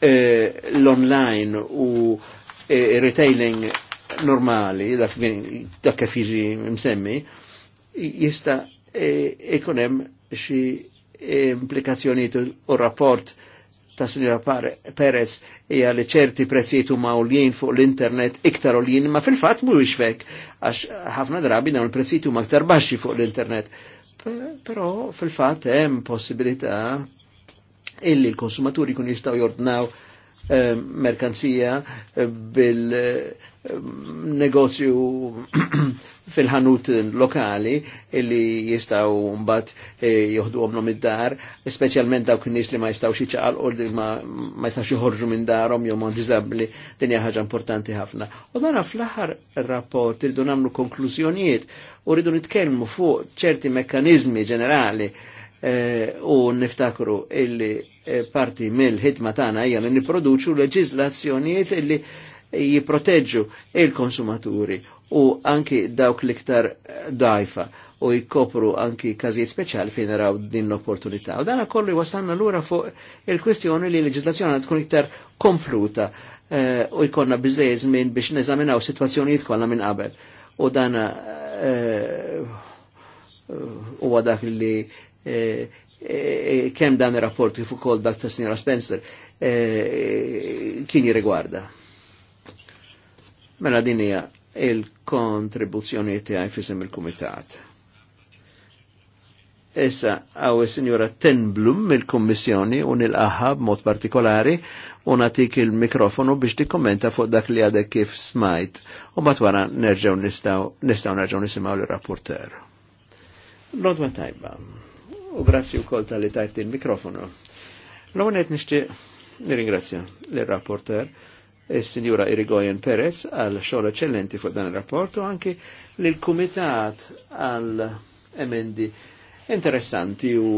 eh, l-online u eh, retailing normali, dak, dak kif jiġi msemmi, jista' e, ikun xie hemm xi u rapport ta' Sinjora Perez hija e li ċerti prezzijiet huma għoljien fuq l-internet iktar għoljien, ma fil-fatt mhuwiex fek, għax ħafna drabi dawn il-prezzijiet huma aktar baxxi fuq l-internet. Però fil-fatt hemm possibilità illi l-konsumaturi kun jistgħu jordnaw eh, merkanzija eh, bil negozju fil-ħanut lokali illi jistaw mbagħad eh, joħdu għomlom id-dar, specialment dawk nies li ma jistaw xieċaqal u li ma, jistaw xieħorġu minn darhom jew għan dizabli, dinja ħagġa importanti ħafna. U dan fl-aħħar rapport rridu namlu konklużjonijiet u rridu nitkellmu fuq ċerti mekkanizmi ġenerali eh, u niftakru illi eh, parti mill-ħidma tagħna hija li niproduċu leġiżlazzjonijiet illi jiproteġġu il-konsumaturi u anki dawk liktar dajfa u jikopru anki kazijiet speċjal fejn naraw din l-opportunità. U dana kollu jwasanna l-ura fuq il-kwistjoni li l-leġislazzjoni tkun iktar kompluta eh, u jkonna bizzejz minn biex neżaminaw situazzjonijiet kollha minn qabel. U dana u eh, dak li eh, eh, kem dan ir-rapport kif ukoll dak ta' Sinjora Spencer kien jirrigwarda. Mela din hija il-kontribuzzjoni tiegħi fisem il-Kumitat. Issa għaw il-Sinjora Tenblum mill-Kummissjoni u nil-qaħa b'mod partikolari u natik il-mikrofonu biex tikkommenta fuq dak li għadek kif smajt u matwara nerġaw nistaw, nistaw nerġaw nisimaw l-rapporter. Lodma tajba. U grazzi u kol tal-li tajt il-mikrofonu. L-għonet nishti ingrazzja l-rapporter il-Sinjura Irigoyen Perez għal xogħol eccellenti fuq dan il-rapport u anki l-Kumitat għal emendi interessanti u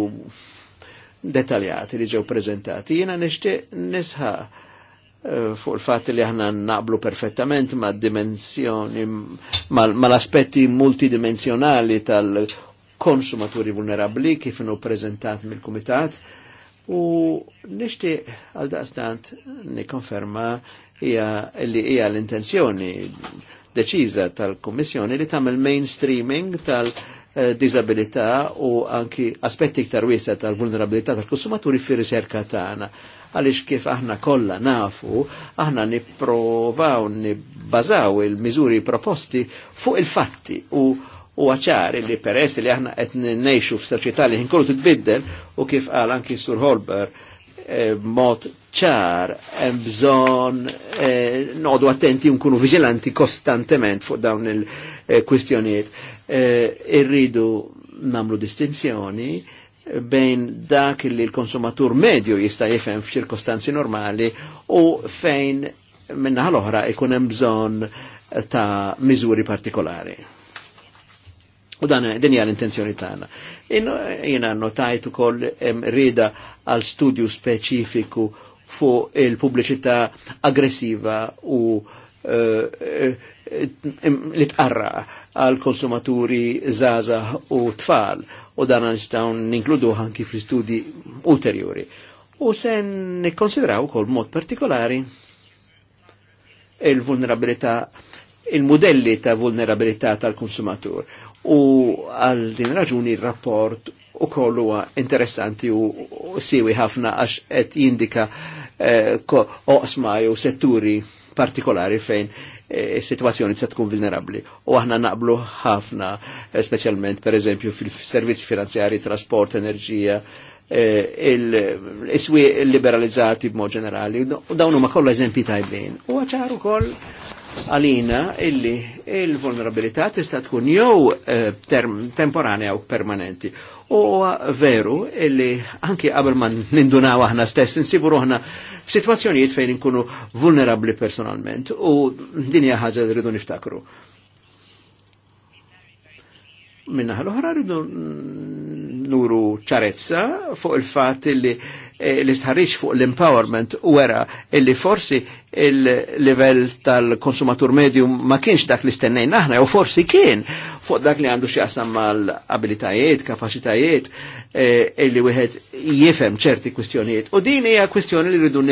detaljati li ġew prezentati. Jena nixtieq nisħa eh, fuq il fat li aħna naqblu perfettament ma' dimensjoni, ma' l-aspetti multidimensionali tal-konsumaturi vulnerabli kif nu prezentat mill-Kumitat. U nishti għal daqstant nikonferma hija li hija l-intenzjoni deċiża tal-Kummissjoni li tagħmel mainstreaming tal-disabilità eh, u anki aspetti iktar wiesa tal-vulnerabilità tal-konsumaturi fir-riserka tagħna għalix kif aħna kolla nafu, aħna niprovaw, nibbazaw il-mizuri proposti fuq il-fatti u u għacħari li peress li aħna qed nejxu sarċitali li ħinkollu titbiddel u kif qal anki Sur Holber eh, mod ċar hemm bżonn eh, nodu attenti nkunu vigilanti kostantement fuq dawn il-kwistjonijiet. Eh, irridu namlu distinzjoni bejn dak li l-konsumatur medju jista' jifhem f'ċirkostanzi normali u fejn minna ħal oħra ikun hemm bżonn ta' miżuri partikolari. U dan din hija l-intenzjoni tagħna. Jiena notajt ukoll rida għal studju speċifiku fuq il-pubbliċità aggressiva u eh, eh, li tqarra għal konsumaturi zaza u tfal u dan nistaw ninkludu anki fl-studi ulterjuri. U sen nikkonsidraw kol mod partikolari il-vulnerabilità, il-modelli ta' vulnerabilità tal-konsumatur. U għal din raġuni il-rapport u kolluwa interessanti u siwi ħafna għax et jindika eh, oqsma jew setturi partikolari fejn eh, situazzjoni se tkun vulnerabli. U aħna naqblu ħafna, eh, specialment per eżempju fil-servizzi finanzjari, trasport, enerġija, il-iswi liberalizzati b'mod ġenerali, u dawnu ma kollha eżempji tajbin. U għaċar koll għalina illi il-vulnerabilità tista' tkun jew eh, temporanea u permanenti. U veru illi anki qabel ma nindunaw aħna stess insibu ruħna f'sitwazzjonijiet fejn inkunu vulnerabli personalment u din hija ħaġa rridu niftakru. Minnaħa l-oħra rridu nuru ċarezza fuq il fat illi Eh, l-istħarriċ fuq l-empowerment u wera illi forsi il-level tal-konsumatur medium ma kienx dak li stennejn aħna, u forsi kien fuq dak li għandu xjaqsam mal-abilitajiet, kapacitajiet eh, illi wieħed jifem ċerti kwistjonijiet. U din hija kwistjoni li rridu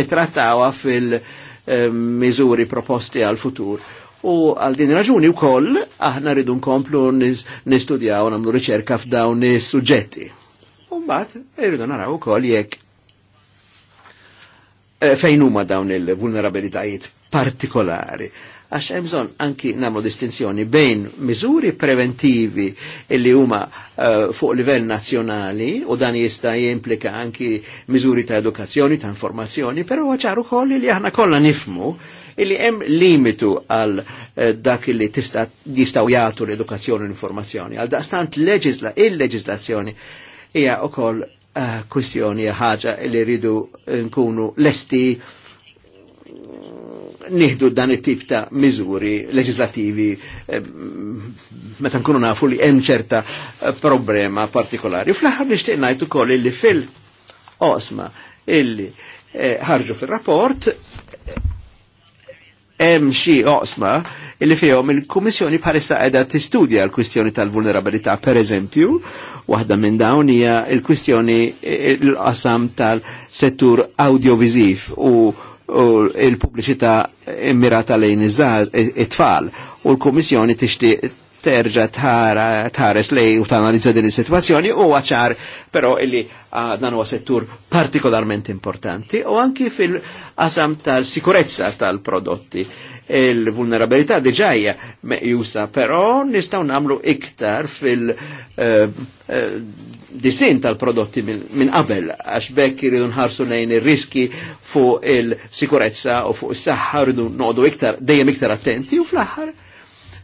nitrattawa fil-miżuri eh, proposti għal-futur. U għal din raġuni u koll aħna rridu nkomplu nistudjaw namlu riċerka f'dawn is-suġġetti. Umbat, irridu naraw ukoll jekk eh, fejn huma dawn il-vulnerabilitajiet partikolari. Għax hemm bżonn anki nagħmlu distinzjoni bejn miżuri preventivi li huma uh, fuq livell nazzjonali u dan jista' jimplika anki miżuri ta' edukazzjoni, ta' informazzjoni, però huwa ċar ukoll li aħna kollha nifmu illi hemm limitu għal uh, dak li tista' jistgħu jagħtu l-edukazzjoni u l-informazzjoni. Għal daqstant leġisla il-leġislazzjoni il leġislazzjoni hija wkoll eh, kwistjoni ħaġa li rridu nkunu lesti nieħdu dan it-tip ta' miżuri leġislativi eh, meta nkunu nafu li hemm ċerta eh, problema partikolari. Fl-aħħar nixtieq ngħid ukoll li fil-qosma illi ħarġu fil rapport hemm xi oqsma illi fihom il-Kummissjoni bħalissa qiegħda tistudja l-kwistjoni tal-vulnerabilità eżempju, Waħda minn dawn hija l-kwistjoni l-qasam tal-settur audiovisiv u il-pubbliċità immirata lejn it-tfal u l-Kummissjoni tixtieq terġa tħares lej u tanalizza din is-sitwazzjoni u għaċar però illi ah, dan huwa settur partikolarment importanti u anki fil-qasam tal-sikurezza tal-prodotti Il-vulnerabilità diġajja jusa, però nistaw namlu iktar fil- eh, eh, disin tal-prodotti minn qabel, għax bekk irridu nħarsu lejn ir-riski fuq il-sikurezza u fuq is-saħħa rridu noqdu iktar dejjem iktar attenti u fl-aħħar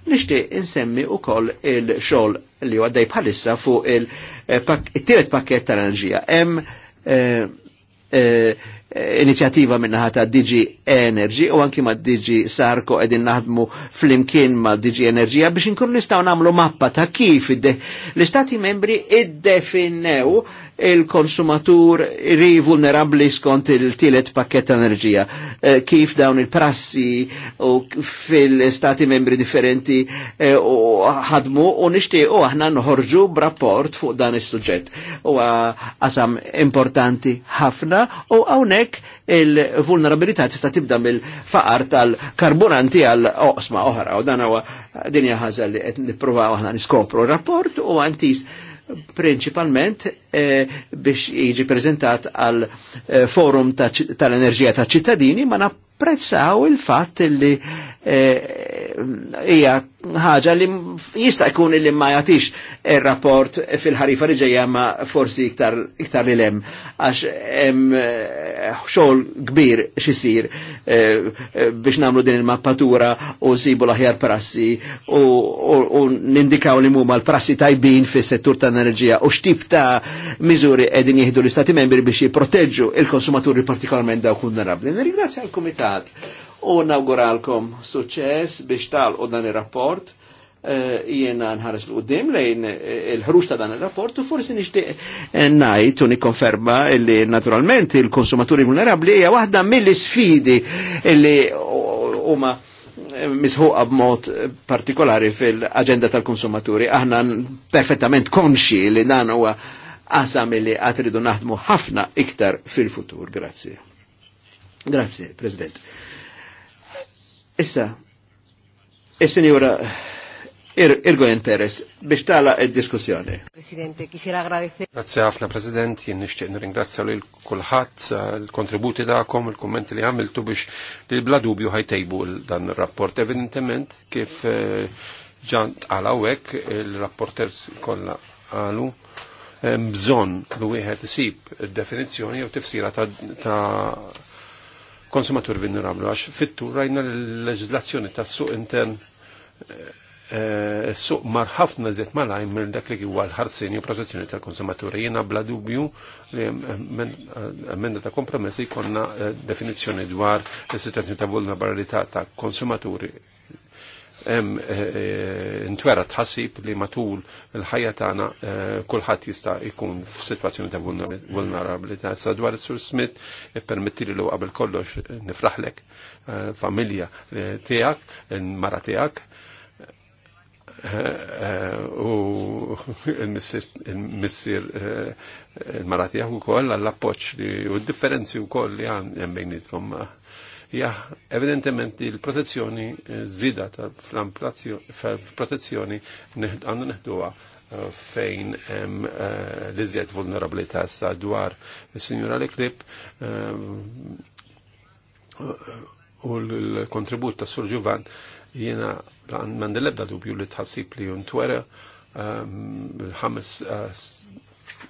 nixtieq insemmi ukoll il-xogħol li għaddej bħalissa fuq il-tielet eh, pakket tal-enerġija. Hemm inizjattiva minna ta' DG Energy u anki ma' DG Sarko edin naħdmu fl-imkien ma' Digi Energy biex nkun nistaw namlu mappa ta' kif l-istati membri id-definew il-konsumatur iri vulnerabli skont il-tielet pakket enerġija. Eh, kif dawn il-prassi u fil-stati membri differenti eh, u ħadmu u nishtiq u aħna nħorġu b'rapport fuq dan is-suġġett. U għasam importanti ħafna u hawnhekk il-vulnerabilità tista' tibda mill-faqar tal-karburanti għal oqsma oħra u dan huwa dinja ħaġa li qed nippruvaw aħna niskopru rapport u antis principalment eh, biex jiġi prezentat għal eh, forum tal-enerġija ta' ċittadini, ma, Prezzaw il-fatt li eh, hija ħaġa li jista' jkun li ma jagħtix ir-rapport fil-ħarifa li ġejja ma forsi iktar, iktar li lem għax hemm eh, xogħol kbir xisir eh, biex nagħmlu din il-mappatura u sibu l-aħjar prassi u, u, u nindikaw li huma l-prassi tajbin fis-settur ta' enerġija u x'tip ta' miżuri qegħdin jieħdu l-Istati membri biex jipproteġġu il-konsumaturi partikolarment dawk vulnerabbli. Ringrazzja l-Kumitat il-Kumitat. U nawguralkom suċċess biex talqu dan ir-rapport eh, jiena nħares l qudiem lejn eh, il-ħruġ ta' dan il-rapport u forsi nixtieq eh, ngħid u nikkonferma li naturalment il-konsumaturi vulnerabbli hija waħda mill-isfidi li huma misħuqa b'mod partikolari fil-aġenda tal-konsumaturi. Aħna perfettament konxi li dan huwa qasam li qatridu naħdmu ħafna iktar fil-futur. Grazzi. Grazie, President. Issa, il-Senjura Ir Irgoyen Perez, biex tala il-diskussjoni. Presidente, kisira agradece. Grazie ħafna, President, jen nishtiq nirringrazzja li l-kulħat, eh, l-kontributi daqom, l kommenti li għamiltu biex li bla dubju ħajtejbu dan il-rapport. Evidentement, kif eh, ġant għalawek, il-rapporters kolla għalu, eh, bżon l li wieħed isib definizzjoni jew tifsira ta' konsumatur vulnerabli għax fittu rajna l-leġizlazzjoni tas suq intern eh, eh, suq marħafna zet malaj minn dak li huwa l-ħarsin u protezzjoni tal-konsumaturi. Jiena bla dubju li emenda ta' kompromessi jkollna eh, definizzjoni dwar is situazzjoni ta' vulnerabilità ta' konsumaturi hemm eh, eh, tħassib li matul il-ħajja tagħna eh, kulħadd jista' jkun f'sitwazzjoni ta' vulnerabilità. Sa dwar is-Sur Smith ippermetti li qabel kollox nifraħlek familja tiegħek, mara tiegħek u il-missir il-marati u koll għall-appoċ u differenzi u koll li għan bejnietkom ja, evidentement il-protezzjoni żida fl protezzjoni eh, għandu neħduwa eh, fejn hemm eh, li żjed vulnerabilità sa dwar is-Sinjura Leklib u l-kontribut ta' Sur Ġuvan jiena mandelebda dubju li tħassib li juntwera ħames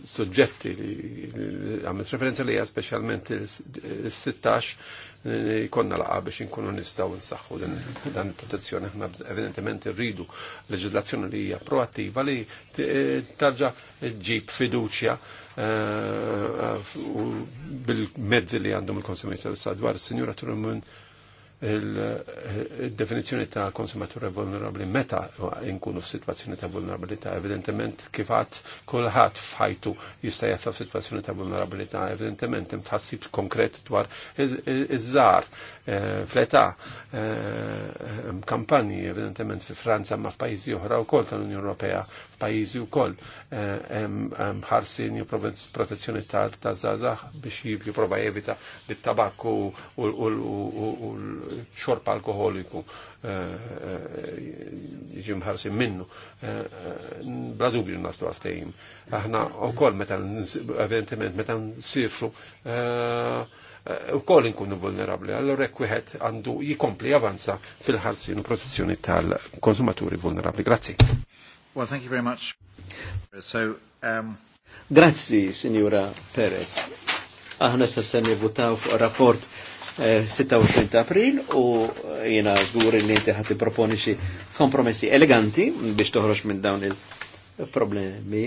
suġġetti li għamilt referenza li għas specialment il-16 eh, konna laqa biex inkunu nistaw nsaxħu dan il-protezzjoni ħna evidentement rridu leġislazzjoni li hija proattiva li eh, tarġa ġib fiduċja eh, bil-mezzi li għandhom il dwar sadwar. Signora Turmun il-definizjoni ta' konsumatura vulnerabli meta inkunu f-situazzjoni ta' vulnerabilità. Evidentement, kifat kolħat fħajtu jista' f situazzjoni ta' vulnerabilità. Evidentement, imtħassib konkret dwar iż-żar Eh, fl-età eh, eh, kampanji evidentement fi Franza ma f'pajjiżi oħra wkoll tal-Unjoni Ewropea f'pajjiżi wkoll ħarsin jew protezzjoni ta' żgħażagħ biex jipprova jevita bit-tabakku u l-xorb alkoholiku jiġi mħarsin minnu. Bla dubju naslu għaftejim. Aħna u koll meta evidentement meta nsirfu Eh, u kol inkunu vulnerabli, allora jekk wieħed għandu jikompli avanza fil-ħarsin u protezzjoni tal-konsumaturi vulnerabli. Grazzi. Well, thank you very much. So, um... Grazzi, Signora Perez. Aħna s-sassan votaw fuq rapport 26 eh, april u eh, jena zgur li inti ħati proponi xie kompromessi eleganti biex toħroġ minn dawn il-problemi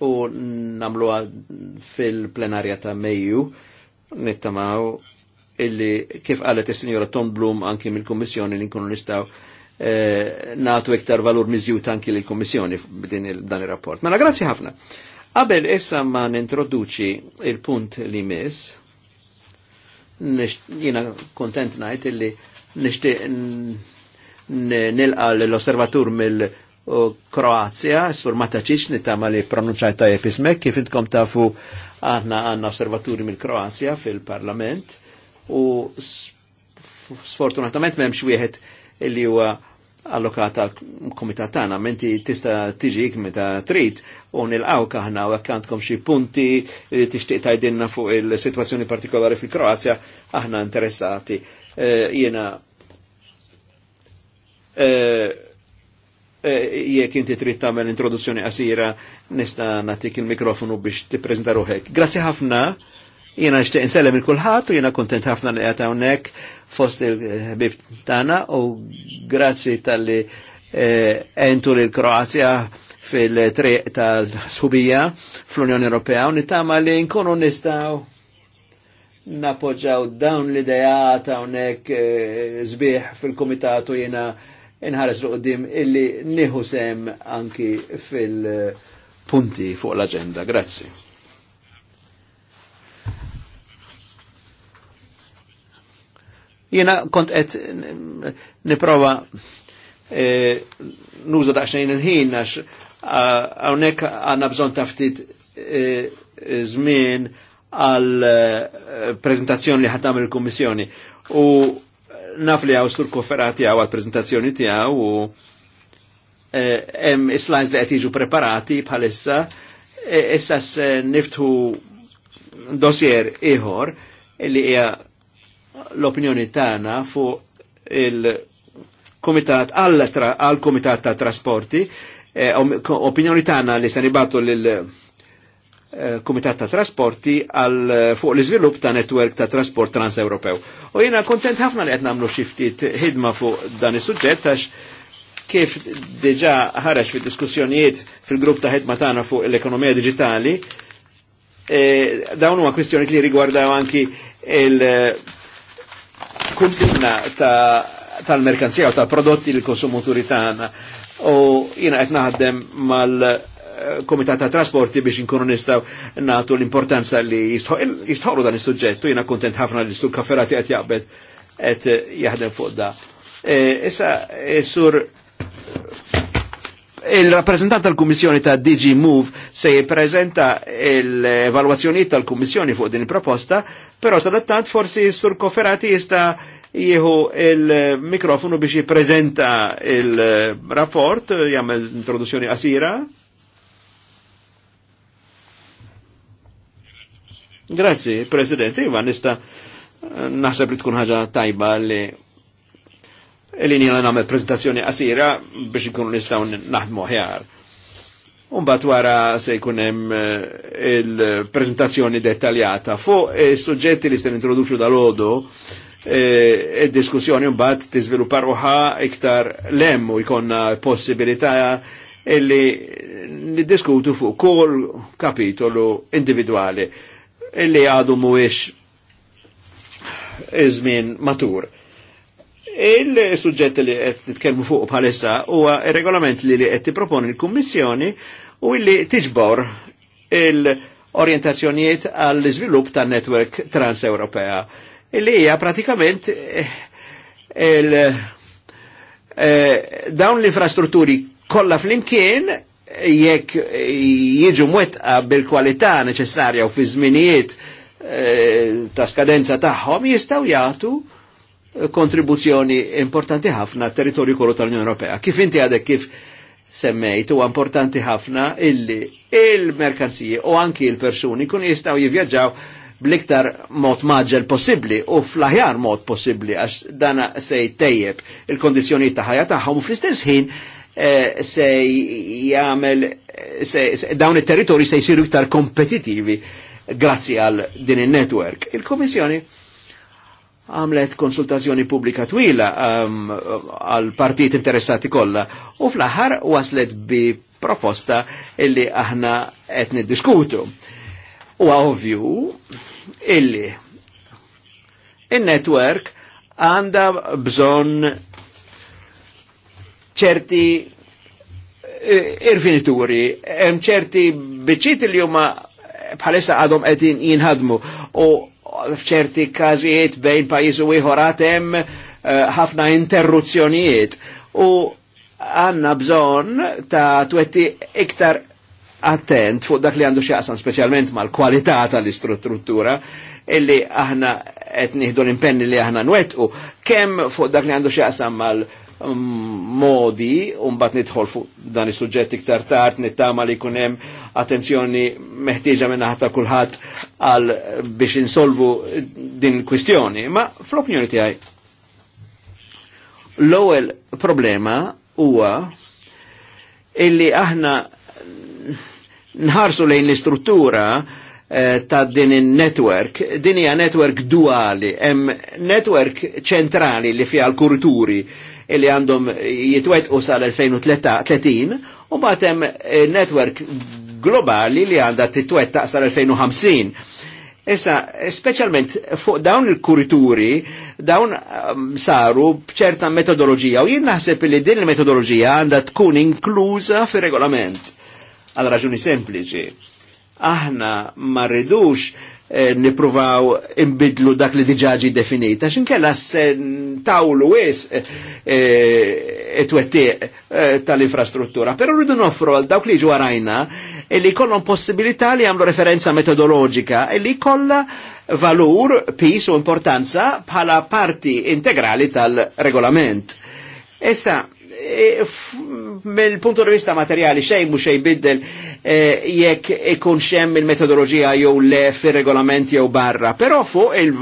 u namluha fil-plenarja ta' Mejju nittamaw illi kif qalet is-Sinjora Tom Blum anki mill kommissjoni li nkunu nistaw eh, natu nagħtu iktar valur miżjut anki l-Kommissjoni b'din dan il rapport Mela grazzi ħafna. Qabel issa ma nintroduċi il-punt li mis, jina kontent najt illi nixtieq nilqa l-osservatur mill- Kroazja, s sur Mataċiċ, nittama li pronunċajta jefismek, kif intkom tafu għanna għanna osservaturi mill-Kroazja fil-Parlament u sfortunatament memx wieħed li huwa allokata komitat tagħna menti tista' tiġik meta trit u nil nilqgħu aħna u għakantkom xie punti li tixtieq tajdinna fuq il situazzjoni partikolari fil-Kroazja aħna interessati. Eh, jiena eh, Eh, jekk inti trid tagħmel introduzzjoni qasira nista' nagħtik il-mikrofonu biex tippreżenta ruħek. Grazzi ħafna. Jiena nixtieq insellem il-kulħadd u jiena kuntent ħafna li qed hawnhekk fost il-ħbib tagħna u grazzi tal-li eh, entu Kroazja fil-triq tal subija fl-Unjoni Ewropea u nittama li nkunu nistgħu napoġġaw dawn l ta' hawnhekk eh, zbieħ fil-kumitatu jiena inħares l qoddim illi nieħu sem anki fil-punti fuq l-agenda. Grazzi. Jena kont qed niprova eh, nuża daqsxejn il-ħin għax hawnhekk għandna bżonn ta' ftit eh, żmien għall għal eh, prezentazzjoni li ħadd il-Kummissjoni. U naf li għaw stur kofferati għaw għal-prezentazzjoni tijaw u hemm e, slides li għetiġu preparati bħalissa, e, issa niftu dossier iħor li hija l-opinjoni tagħna fuq il-Kumitat għal kumitat ta' Trasporti, e, opinjoni tagħna li se nibatu lil Eh, Kumitat ta' Trasporti għal eh, fuq l-iżvilupp ta' Network ta' trasport transeuropew. U jiena kontent ħafna li qed nagħmlu xi ftit fuq dan is-suġġett għax kif diġà ħarax fid-diskussjonijiet fil-grupp ta' hidma tagħna fuq l-ekonomija digitali, e, eh, dawn huma kwistjoni li rigwardaw anki il ta' tal-merkanzija u tal-prodotti l konsumuturi tagħna. U jiena qed mal- komitat ta' Trasporti biex inkunu nistaw natu l-importanza li jistħorru dan il-sujġettu, u kontent ħafna li sur kafferati qed jaqbet għet eh, jaħdem fuq da. Eh, issa eh, sur il-rappresentant tal-Kummissjoni ta' DG Move se jiprezenta l evaluazzjoni tal-Kummissjoni fuq din il-proposta, però sadattant forsi sur koferati jista jieħu il-mikrofonu biex jiprezenta il-rapport, jgħamil introduzzjoni għasira. Grazzi, President, iva nista naħseb li tkun ħaġa tajba li li nina namel prezentazzjoni għasira biex nkunu nistaw naħdmu ħjar. Umbat wara se jkunem eh, il-prezentazzjoni dettaljata fuq il-sujġetti eh, li sten introduċu dal-ħodu eh, il-diskussjoni umbat tizviluppa uħa iktar lemmu jkonna possibilità illi niddiskutu fuq kol kapitolu individuali illi għadu mhuwiex iż-żmien matur. il sujġet li qed nitkellmu fuq bħalissa huwa regolament li li qed proponi l-Kummissjoni u illi tiġbor il-orientazzjonijiet għall-iżvilupp ta' netwerk trans-Ewropea. Illi hija pratikament eh, il- eh, dawn l-infrastrutturi kollha flimkien jekk eh, jiġu mwetqa bil-kwalità neċessarja u fi żminijiet eh, ta' skadenza tagħhom jistgħu jagħtu eh, kontribuzzjoni importanti ħafna territorju kollu tal-Unjoni Ewropea. Kif inti għadek kif semmejt huwa importanti ħafna illi il-merkanziji u anki il-persuni kun jistgħu jivvjaġġaw bliktar mod maġġel possibli u fl-aħjar mod possibli għax dana se jtejjeb il-kondizjoni ta' ħajja tagħhom u fl-istess ħin Eh, se jagħmel dawn it-territori se jsiru iktar kompetitivi grazzi għal din il-network. Il-Komissjoni għamlet konsultazzjoni pubblika twila um, għal partijiet partit interessati kollha u fl-aħħar waslet bi proposta illi aħna qed niddiskutu. U ovvju illi in-network għanda għandha bżonn ċerti eh, irfinituri, hemm ċerti biċċiet li huma bħalissa għadhom qed jinħadmu u f'ċerti każijiet bejn pajjiż u ieħor hemm eh, ħafna interruzzjonijiet u għanna bżonn ta' twetti iktar attent fuq dak li għandu xaqsan specialment mal-kwalità tal-istruttura illi aħna qed nieħdu l-impenni li aħna nwettqu kemm fuq dak li għandu xaqsam mal-kwalità Um, modi unbat nidħol fuq dan is-suġġett iktar tard nittama li jkun hemm attenzjoni meħtieġa minn ta' kulħadd għal biex insolvu din kwistjoni. Ma fl-opinjoni tiegħi l-ewwel problema huwa illi aħna nħarsu lejn l-istruttura eh, ta' din il-network, din hija network duali, hemm network ċentrali li fiha l kurturi li għandhom jitwetqu sal-2030 u batem eh, network globali li għandha titwettaq sal-2050. Issa, specialment fuq dawn il-kurituri, dawn ehm, saru bċerta metodologija u jien naħseb li din il-metodologija għandha tkun inkluża fir-regolament. Għal raġuni sempliċi. Aħna ma rridux Eh, nipruvaw imbidlu dak li diġaġi definita. s tawlu wis etwetti eh, eh, tal-infrastruttura. Pero rridu noffru għal dawk li ġwarajna li kollon possibilità li għamlu referenza metodologika li kolla valur, pis u importanza bħala parti integrali tal-regolament. Issa, mill punto di vista materiali, xejn mhux xej biddel eh, jekk ikun xem il-metodoloġija jew le fir-regolament jew barra, però fuq il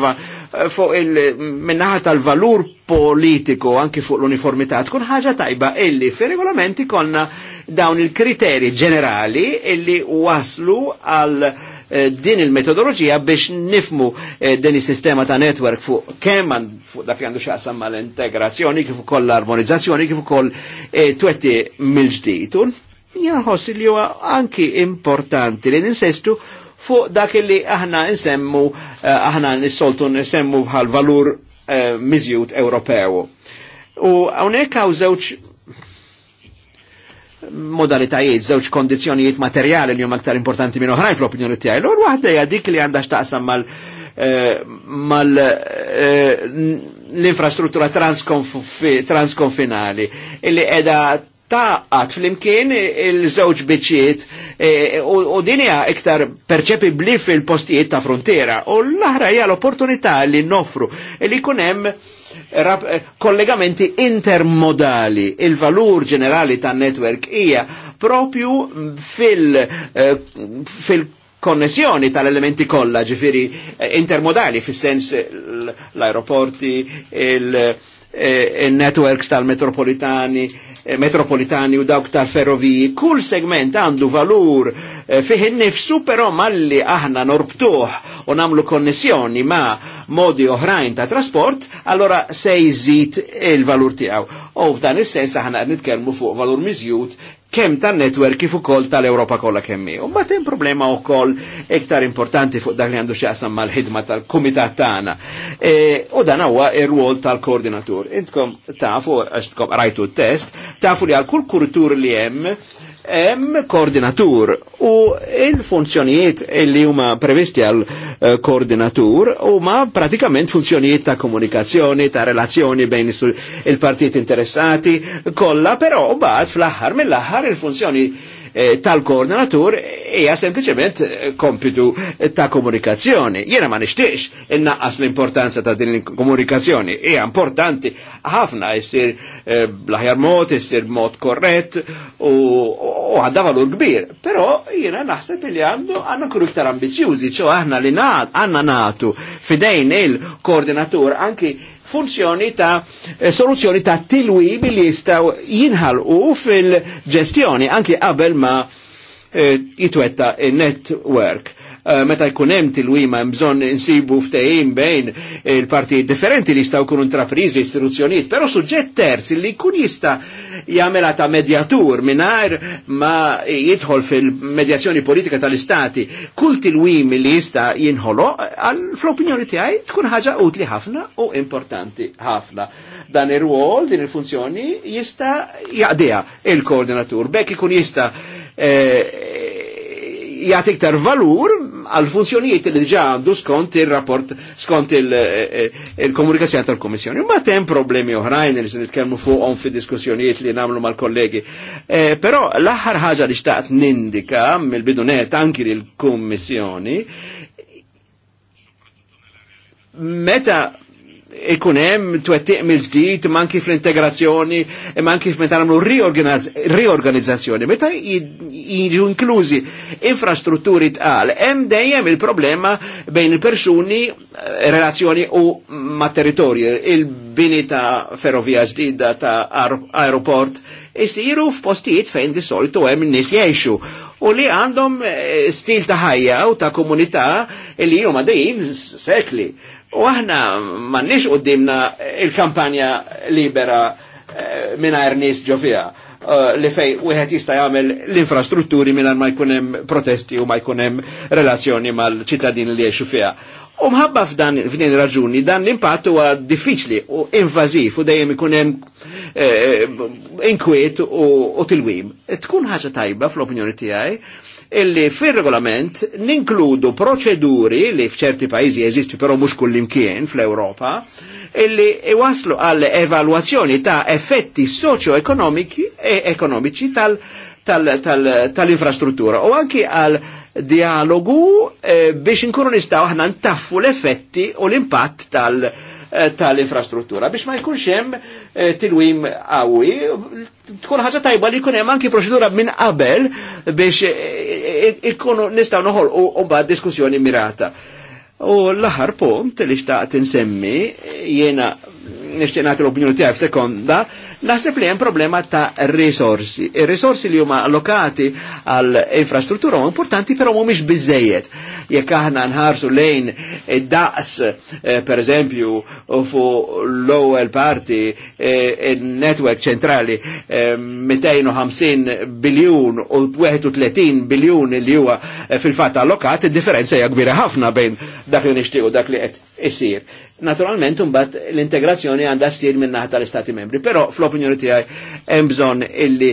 fuq il-minnaħa tal-valur politiku anki fuq l-uniformità tkun ħaġa tajba illi fir-regolamenti konna dawn il-kriteri ġenerali illi waslu għal Eh, din il-metodoloġija biex nifmu eh, din is-sistema ta' network fuq kemm fu da' fjandu xaqsam l integrazzjoni kif ukoll l-armonizzazzjoni kif ukoll eh, twetti mill-ġdid. Jaħoss li huwa anki importanti li ninsestu fuq dak li aħna nsemmu aħna nissoltu nsemmu bħal valur miżjut Ewropew. U hawnhekk hawn modalitajiet, żewġ kondizjonijiet materjali li huma aktar importanti minn oħrajn fl-opinjoni tiegħi. L-għor waħda hija dik li għandha x'taqsam mal eh, mal eh, l-infrastruttura transkonfinali illi edha taqqat fl-imkien il-żewġ biċiet eh, u, u dinja iktar perċepibli fil-postijiet ta' frontiera u l-aħra hija l-opportunità li noffru li kunem hemm kollegamenti eh, intermodali. Il-valur ġenerali ta' netwerk hija propju mm, fil, eh, fil konnessjoni tal-elementi kolla ġifiri eh, intermodali fis-sens l-aeroporti, il-networks tal-metropolitani, Eh, metropolitani u dawk tal-ferroviji, kull segment għandu valur eh, fih nifsu però malli aħna norbtuħ u namlu konnessjoni ma modi oħrajn ta' trasport, allora se jżid il-valur tiegħu. U f'dan is-sens aħna nitkellmu fuq valur miżjud kem tan-netwerk kif ukoll tal-Ewropa kollha kemm hi. U mbagħad hemm problema wkoll iktar importanti fuq dak li għandu x'jaqsam mal-ħidma tal-kumitat tagħna. E, u dan huwa r-rwol tal-koordinatur. Intkom tafu għax tkom rajtu t-test, tafu li għal kull kultur li hemm hemm koordinatur u il-funzjonijiet li huma previsti għal eh, koordinatur huma pratikament funzjonijiet ta' komunikazzjoni, ta' relazzjoni bejn il-partijiet interessati, kollha però bad fl-aħħar mill-aħħar il-funzjoni Eh, tal-koordinatur hija sempliċement eh, kompitu eh, ta' komunikazzjoni. Jiena ma nixtiex innaqqas l-importanza ta' din il-komunikazzjoni. Hija importanti ħafna jsir bl-aħjar mod, jsir mod korrett u għadda valur kbir. Però jiena naħseb li għandu għandna kru iktar ambizjużi, ċo aħna li għandna natu fidejn il-koordinatur anki funzjoni ta' eh, soluzzjoni ta' tilwi li jistaw jinħalqu fil-ġestjoni anki qabel ma' eh, jitwetta il-network. Eh, meta jkun hemm tilwima hemm bżonn insibu ftehim bejn il-parti differenti li jistgħu jkunu intrapriżi istituzzjonijiet, però suġġett terz li jkun jista' jagħmilha ta' medjatur mingħajr ma jidħol fil-medjazzjoni politika tal-istati. Kull tilwim li jista' jinħolo fl-opinjoni tiegħi tkun ħaġa utli ħafna u importanti ħafna. Dan ir-rwol, din il-funzjoni jista' jaqdiha il-koordinatur. Bekk ikun jista' eh, jagħtik tar valur għal funzjonijiet li diġa għandu skont il-rapport, skont eh, eh, il-komunikazzjoni tal-Komissjoni. Ma tem problemi oħrajn li se nitkellmu fuqom fi diskussjonijiet li namlu mal-kollegi. Eh, però l axar ħagġa li xtaqt nindika mill-bidunet anki il komissjoni meta ikun hemm twettiq mill-ġdid manki fl-integrazzjoni, e manki meta nagħmlu riorganizzazzjoni. Meta jiġu inklużi infrastrutturi tqal, hemm dejjem il-problema bejn il-persuni, eh, relazzjoni u ma' territorju. Il-bini ta' ferrovija ġdida ta' aeroport isiru f'postijiet fejn di solitu hemm nies jgħixu u li għandhom eh, stil ta' ħajja u ta' komunità li huma dejjin sekli U aħna mannix qoddimna il-kampanja libera minna Ernest ġofija li fej u jista jagħmel l-infrastrutturi minna ma jkunem protesti u ma jkunem relazzjoni mal-ċittadini li jgħixu fiha. U mħabba f'dan f'din raġuni dan l-impatt huwa diffiċli u invażiv u dejjem ikun hemm eh, inkwiet u tilwim. Tkun ħaġa tajba fl-opinjoni tiegħi illi fil-regolament ninkludu proċeduri li fċerti pajizi jeżistu pero mux kullimkien fl-Europa illi iwaslu għall evaluazzjoni ta' effetti socio ekonomiki e ekonomici tal-infrastruttura tal, tal u anki għal dialogu eh, biex inkunu nistaw aħna ntaffu l-effetti u l-impatt tal-, tal Eh, tal-infrastruttura biex ma jkunx hemm eh, tilwim qawwi tkun ħaġa tajba li jkun hemm anki proċedura minn qabel biex eh, ikunu nistgħu noħolqu u mbagħad diskussjoni mirata. U l-aħħar punt li xtaqt insemmi jiena nixtieq nagħti l-opinjoni tiegħi f'sekonda Naħseb li hemm problema ta' risorsi. Ir-risorsi e li huma allokati għal infrastruttura huma importanti però mhumiex biżejjed. Jekk aħna nħarsu lejn id-daqs eh, per eżempju fu l-ewwel parti eh, netwerk ċentrali 250 eh, biljun u 31 biljun li huwa eh, fil-fatt allokati, differenza hija kbira ħafna bejn dak li nixtiequ dak li qed isir. Naturalment, umbat l-integrazzjoni għandha ssir minn naħa tal-Istati membri, però fl-opinjoni tiegħi hemm bżonn illi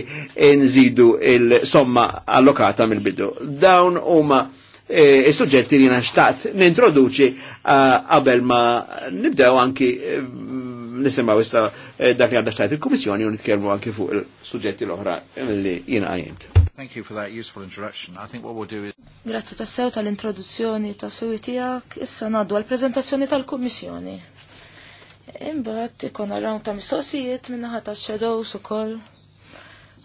nżidu il-somma allokata mill-bidu. Dawn huma il-sujġetti e, e li naxtaqt nintroduċi għabel ma nibdew anki e, nisimaw issa dak li għadda xtaqt il-Komissjoni u nitkelmu anki fuq il-sujġetti l-oħra li jina għajimt. Thank you for that useful introduction. I think what we'll do is... Grazie tassew tal-introduzzjoni ta' sewi tijak, issa naddu għal-prezentazzjoni tal-Komissjoni. Imbat, ikon għal round ta' mistoqsijiet minnaħat għal shadows u koll.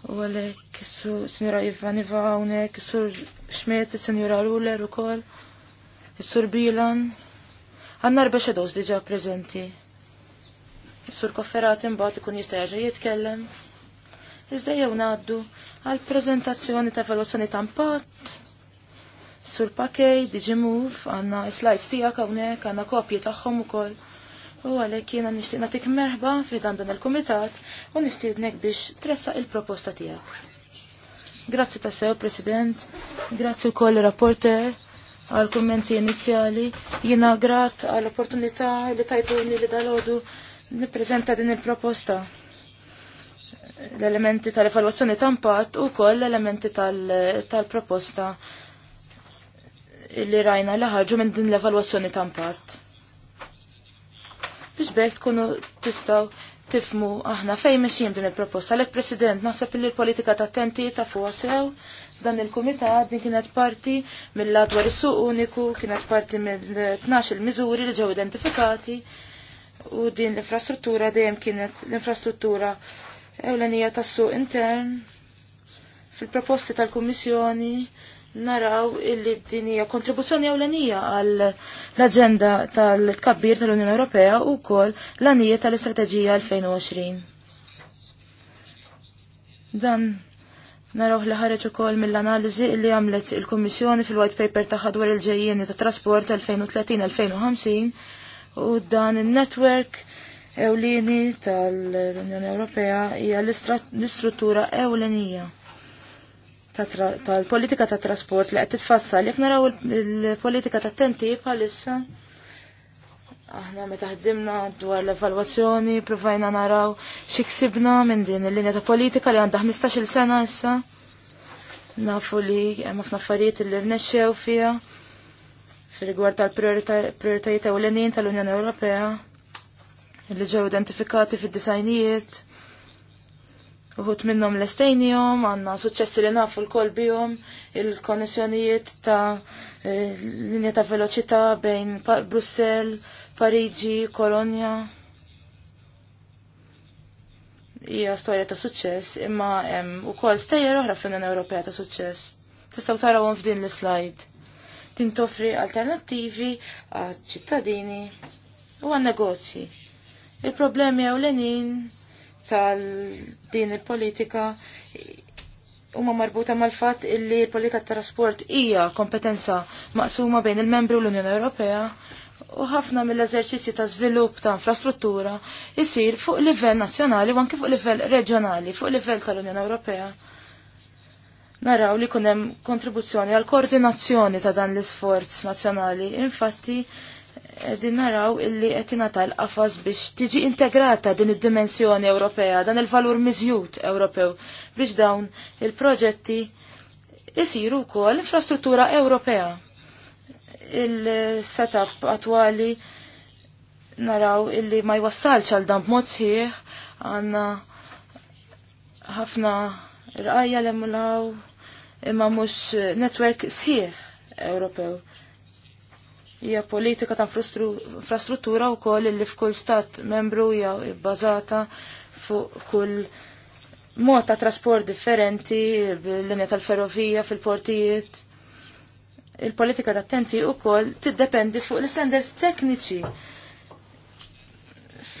U għalek, s-Sinjura Ivaniva għonek, s-Sur Xmet, s-Sinjura Ruler u kol, s-Sur Bilan. Għanna arba xedos diġa prezenti. S-Sur Kofferat imbat ikun jista' jitkellem. Iżda jew naddu għal prezentazzjoni ta' evoluzzjoni ta' impatt. Sur Pakej, Digimove, għanna slides tijak għonek, għanna kopji taħħom u kol u għalhekk jiena nixtieq nagħtik merħba fi dan dan il-kumitat u nistiednek biex tressa il-proposta tiegħek. Grazzi ta' sew, President, grazzi wkoll rapporter għal kummenti inizjali, jiena grat għal opportunità li tajtuni li dal-ħodu nippreżenta din il-proposta l-elementi tal-evaluazzjoni tampat u koll l-elementi tal-proposta tal li rajna li ħarġu minn din l-evaluazzjoni tampat biex bekk tkunu tistaw tifmu aħna fejn mexjim din il-proposta. Lek President, naħseb li l-politika ta' tenti ta' fuq sew dan il komita din kienet parti mill ladwar is-suq uniku, kienet parti mill-12 il-miżuri li ġew identifikati u din l-infrastruttura dejjem kienet l-infrastruttura ewlenija tas-suq intern fil-proposti tal-Kummissjoni naraw illi din hija kontribuzzjoni ewlenija għall agenda aġenda tal-tkabbir tal-Unjoni Ewropea u wkoll l għanija tal-Istrateġija 2020. Dan naraw li ħareġ ukoll mill-analiżi li għamlet il-Kummissjoni fil-White Paper tagħha dwar il ġejjeni ta' trasport 2030-2050 u dan in-network ewlieni tal-Unjoni Ewropea hija l-istruttura ewlenija tal-politika ta' trasport li qed titfassal jekk naraw il-politika ta' tenti bħalissa. Aħna meta ħdimna dwar l-evalwazzjoni, provajna naraw xi ksibna minn din il-linja ta' politika li għandha 15-il sena issa. Nafu li hemm ħafna affarijiet li rnexxew fiha fir rigward tal-prioritajiet ewlenin tal-Unjoni Ewropea li ġew identifikati fid-disajnijiet uħut minnom l-estejnijom, għanna suċessi li nafu l koll bijom, il-konnessjonijiet ta' eh, linja ta' veloċità bejn Brussel, Parigi, Kolonja. Hija storja ta' suċess, imma hemm ukoll stejjer oħra fl Ewropea ta' suċess. Tistgħu tarawhom f'din l-slide. Din toffri alternattivi għal ċittadini u għan negozji. Il-problemi ewlenin tal-din il-politika huma marbuta mal-fatt illi il politika tat-trasport hija kompetenza maqsuma bejn il-membri u l-Unjoni Ewropea u ħafna mill-eżerċizzji ta' żvilupp ta' infrastruttura jisir fuq livell nazzjonali u anke fuq livell reġjonali, fuq livell tal-Unjoni Ewropea. Naraw li kunem kontribuzzjoni għal koordinazzjoni ta' dan l-isforz nazzjonali. Infatti, din naraw illi qed tal qafas biex tiġi integrata din id-dimensjoni Ewropea, dan il-valur miżjud Ewropew biex dawn il-proġetti isiru wkoll infrastruttura Ewropea. Il-setup attwali naraw illi ma jwassalx għal dan b'mod sħiħ għandna ħafna rqajja l-emulaw imma mhux netwerk sħiħ Ewropew hija politika ta' infrastruttura wkoll li f'kull stat membru hija bbażata fuq kull mod ta' trasport differenti, l-linja tal-ferrovija fil-portijiet. Il-politika ta' tenti wkoll tiddependi fuq l-standards tekniċi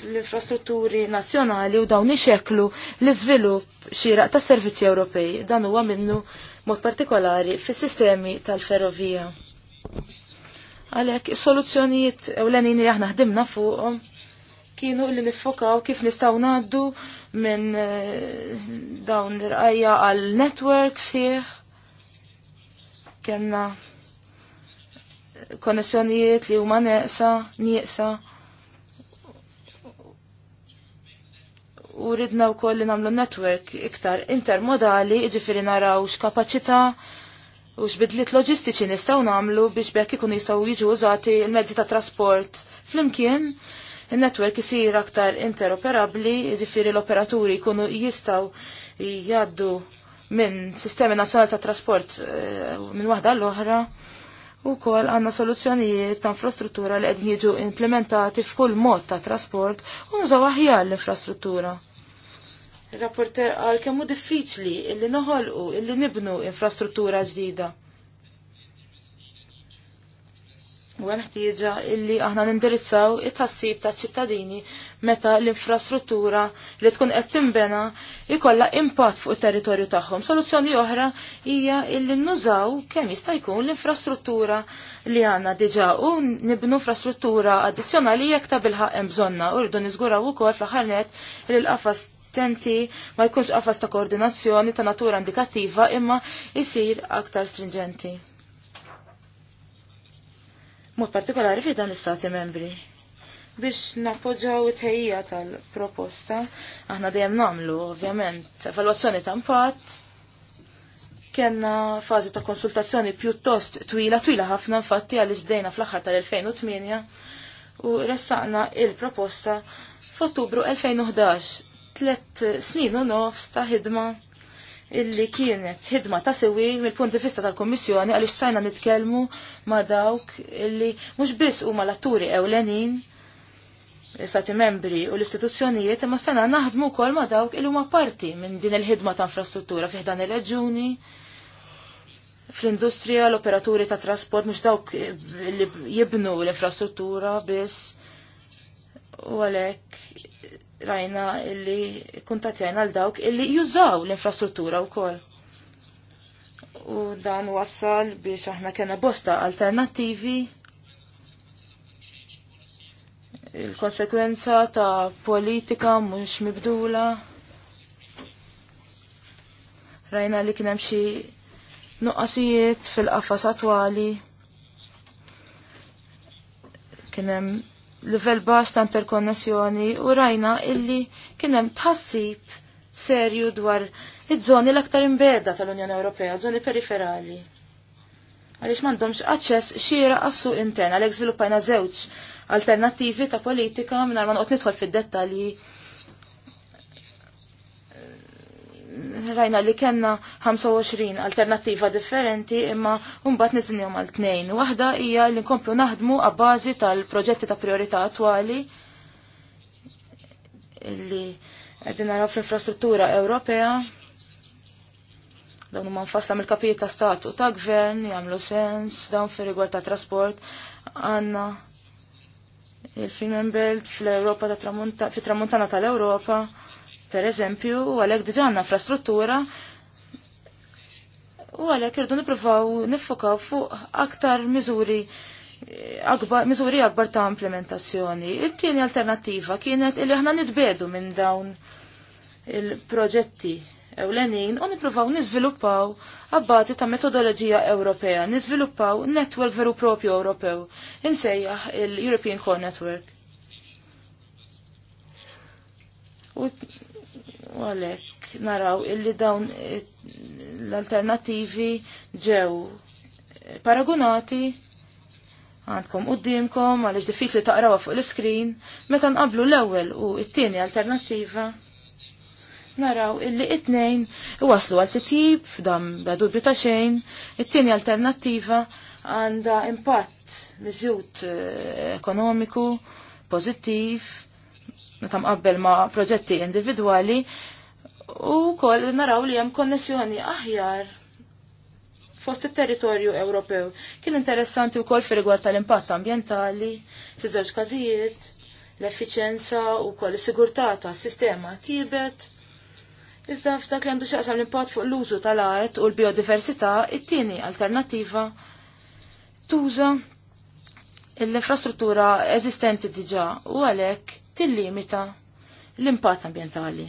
l-infrastrutturi nazzjonali u dawn xeklu l-iżvilupp xiraq tas servizzi Ewropej. Dan huwa minnu mod partikolari fis-sistemi tal-ferrovija. Għalhekk is-soluzzjonijiet ewlenin li għahna ħdimna fuqhom kienu li nifokaw kif nistgħu ngħaddu minn eh, dawn l għajja għal networks hieħ kellna eh, konnessjonijiet li huma neqsa, nieqsa. u ridna u koll namlu network iktar intermodali, ġifiri naraw x'kapaċità u x'bidliet loġistiċi nistgħu nagħmlu biex bekk ikun jistgħu jiġu użati l-mezzi ta' trasport flimkien il-netwerk isir aktar interoperabbli, jiġifieri l-operaturi jkunu jistgħu jgħaddu minn sistemi nazzjonali ta' trasport eh, minn waħda l-oħra u kol għanna soluzzjonijiet ta' infrastruttura li għedin jiġu implementati f'kull mod ta' trasport u nżaw aħjar l-infrastruttura. Rapporter għal kemmu diffiċli illi noħolqu illi nibnu infrastruttura ġdida. U għan ħtieġa illi aħna nindirizzaw it tassib ta' ċittadini meta l-infrastruttura li tkun qed timbena ikolla impatt fuq it-territorju tagħhom. Soluzzjoni oħra hija illi nużaw kemm jista' jkun l-infrastruttura li għandna diġà u nibnu infrastruttura addizzjonali jekk ta' bilħaq hemm bżonna u rridu niżguraw ukoll fl-aħħar net li l-qafas attenti ma jkunx qafas ta' koordinazzjoni ta' natura indikattiva imma jisir aktar stringenti. Mod partikolari fi dan l-istati membri. Biex nappoġġaw it-ħejja tal-proposta, aħna dejjem namlu, ovvjament, evalwazzjoni ta' impatt, kena fazi ta' konsultazzjoni pjuttost twila, twila ħafna infatti għalli bdejna fl-axar tal-2008 u ressaqna il-proposta f'Ottubru 2011 tlet snin u nofs ta' ħidma illi kienet ħidma ta' sewi mill-punt di vista tal-Kommissjoni għaliex stajna nitkellmu ma' dawk illi mhux biss huma l-atturi ewlenin l-istati membri u l-istituzzjonijiet imma stajna naħdmu wkoll ma' dawk illi huma parti minn din il-ħidma ta' infrastruttura fih dan ir-reġuni fl-industrija l-operaturi ta' trasport mhux dawk li jibnu l-infrastruttura biss u għalhekk rajna illi kuntatjajna għal dawk illi jużaw l-infrastruttura u kol. U dan wassal biex aħna kena bosta alternativi il-konsekwenza ta' politika mhux mibdula. Rajna li kien hemm xi nuqqasijiet fil-qafas attwali kien livell baħx ta' interkonnessjoni u rajna illi kienem tħassib serju dwar iż-żoni l-aktar imbeda tal-Unjoni Ewropea, żoni periferali. Għaliex m'għandhomx aċċess xira għassu intern, għalhekk zviluppajna żewġ alternattivi ta' politika minn ma noqgħod nidħol fid-dettalji rajna li kena 25 alternativa differenti imma mbagħad niżinhom għal tnejn. Waħda hija li nkomplu naħdmu għabbażi tal-proġetti ta' priorità attwali li qegħdin naraw fl-infrastruttura Ewropea dawn huma nfassla mill-kapijiet ta' statu ta' gvern jagħmlu sens dawn fir rigward ta' trasport għandna il-Fimen Belt fl-Europa ta' tramuntana tal-Europa. Per eżempju, għalek diġanna infrastruttura u għalek irdu niprofaw nifokaw fuq aktar miżuri eh, akbar, mizuri akbar ta' implementazzjoni. It-tieni alternativa kienet illi aħna nitbedu minn dawn il-proġetti ewlenin u niprofaw niżviluppaw għabbati ta' metodoloġija Ewropea, niżviluppaw netwerk veru propju Ewropew, insejjaħ il-European Core Network. U U għalek naraw illi dawn l-alternativi ġew paragonati għandkom d-dimkom għaliex diffiċli taqrawa fuq l-iskrin meta nqablu l-ewwel u t-tieni alternattiva naraw illi it-tnejn iwaslu għal titjib dam da bita xejn it-tieni alternattiva għandha impatt miżjud eh, ekonomiku pożittiv meta mqabbel ma' proġetti individwali u koll naraw li hemm konnessjoni aħjar fost it-territorju Ewropew. Kien interessanti wkoll fi rigward tal-impatt ambjentali, fi żewġ każijiet, l-effiċenza u koll is-sigurtà tas-sistema tibet. Iżda f'dak li għandu xaqsam l-impatt fuq l-użu tal-art u l-biodiversità, it-tieni alternattiva tuża l-infrastruttura eżistenti diġà u għalhekk tillimita l-impatt ambientali.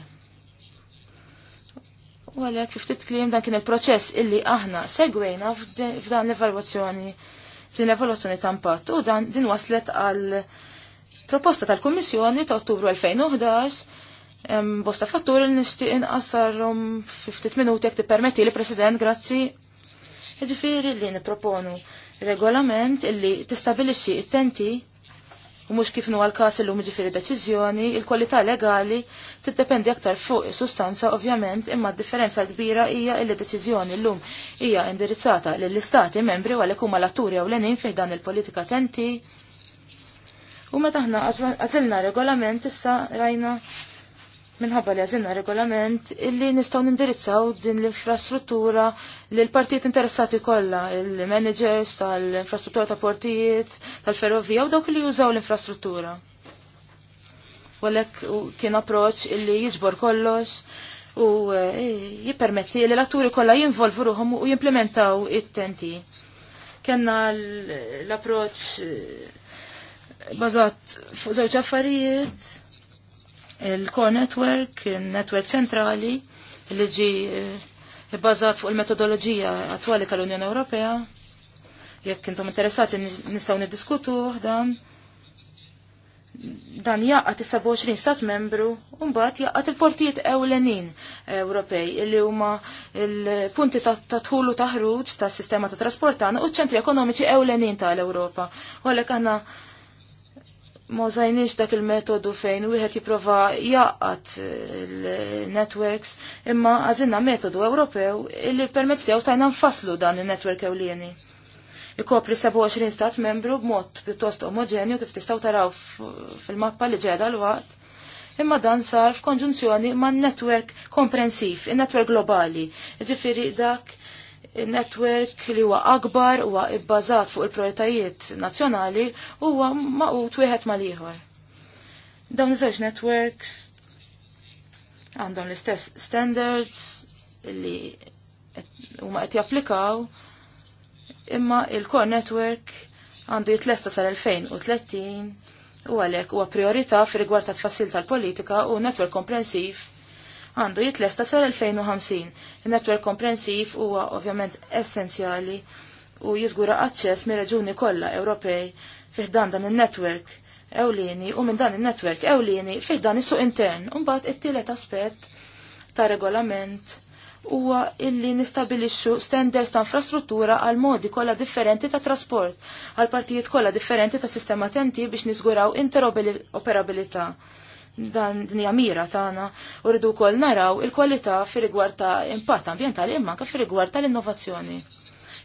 U għalek, ftit klim dan kien il-proċess illi aħna segwejna f'dan l evaluazzjoni f'din l evaluazzjoni ta' impatt, u dan din waslet għal proposta tal-Kommissjoni ta' Ottubru 2011, bosta fattur li nishtiq inqassarhom 50 minuti jekk tippermetti li President, grazzi. Ġifieri li niproponu regolament illi tistabilixxi it-tenti U mhux kif nu għal-kas illum ġifiri deċiżjoni, il-kwalità legali tiddependi aktar fuq is-sustanza ovvjament, imma d-differenza kbira hija li deċiżjoni llum hija indirizzata lill-istati membri u għalekum għal l-atturi ewlenin fih dan il-politika tenti. U meta ħna għazilna regolament issa rajna minħabba li għazinna regolament illi nistaw nindirizzaw din l-infrastruttura li l-partijiet interessati kollha, il-managers tal-infrastruttura ta' portijiet, tal-ferrovija u dawk li jużaw l-infrastruttura. Walek kien approċ illi jiġbor kollox u e, jippermetti li l-atturi kollha jinvolvu ruhom u jimplementaw it-tenti. Kenna l-approċ e, bazat fuq żewġ affarijiet Il-core network, il-network ċentrali, li ġi bbażat eh, fuq il-metodoloġija attwali tal-Unjoni Ewropea. Jekk intom interessati nistgħu niddiskutu dan dan jaqat is-27 stat membru u mbagħad jaqat il-portijiet ewlenin Ewropej li huma l-punti ta' tħulu ta' ħruġ tas-sistema ta' trasport u ċ-ċentri ekonomiċi ewlenin tal-Ewropa. U għalhekk aħna ma użajniex dak il-metodu fejn wieħed jipprova jaqqat il-networks imma għazinna metodu Ewropew illi permezz tiegħu stajna nfasslu dan il-network ewlieni. Ikopri 27 stat membru b'mod pjuttost omogenju kif tistgħu taraw fil-mappa li ġeda l-waqt imma dan sar f'konġunzjoni ma' netwerk komprensiv, il-netwerk globali. Ġifiri dak network li huwa akbar huwa bbażat fuq il-prioritajiet nazzjonali huwa maqut wieħed mal-ieħor. Dawn iż-żewġ networks għandhom l-istess standards li huma qed japplikaw imma il-core network għandu jitlesta sal-2030 u għalhekk huwa priorità fir rigward ta' tfassil tal-politika u network komprensiv għandu jitlesta sal-2050. Il-netwerk komprensiv huwa ovvjament essenzjali u jiżgura aċċess mir reġuni kollha Ewropej fih dan il-netwerk ewlieni u minn dan il-netwerk ewlieni dan is-suq intern. Umbagħad it-tielet aspett ta' regolament huwa illi nistabilixxu standards ta' infrastruttura għal modi kollha differenti ta' trasport, għal partijiet kollha differenti ta' sistema tenti biex niżguraw interoperabilità dan din hija mira tagħna u rridu wkoll naraw il-kwalità fir-rigward ta' impatt ambjentali imma anke fir-rigward tal-innovazzjoni.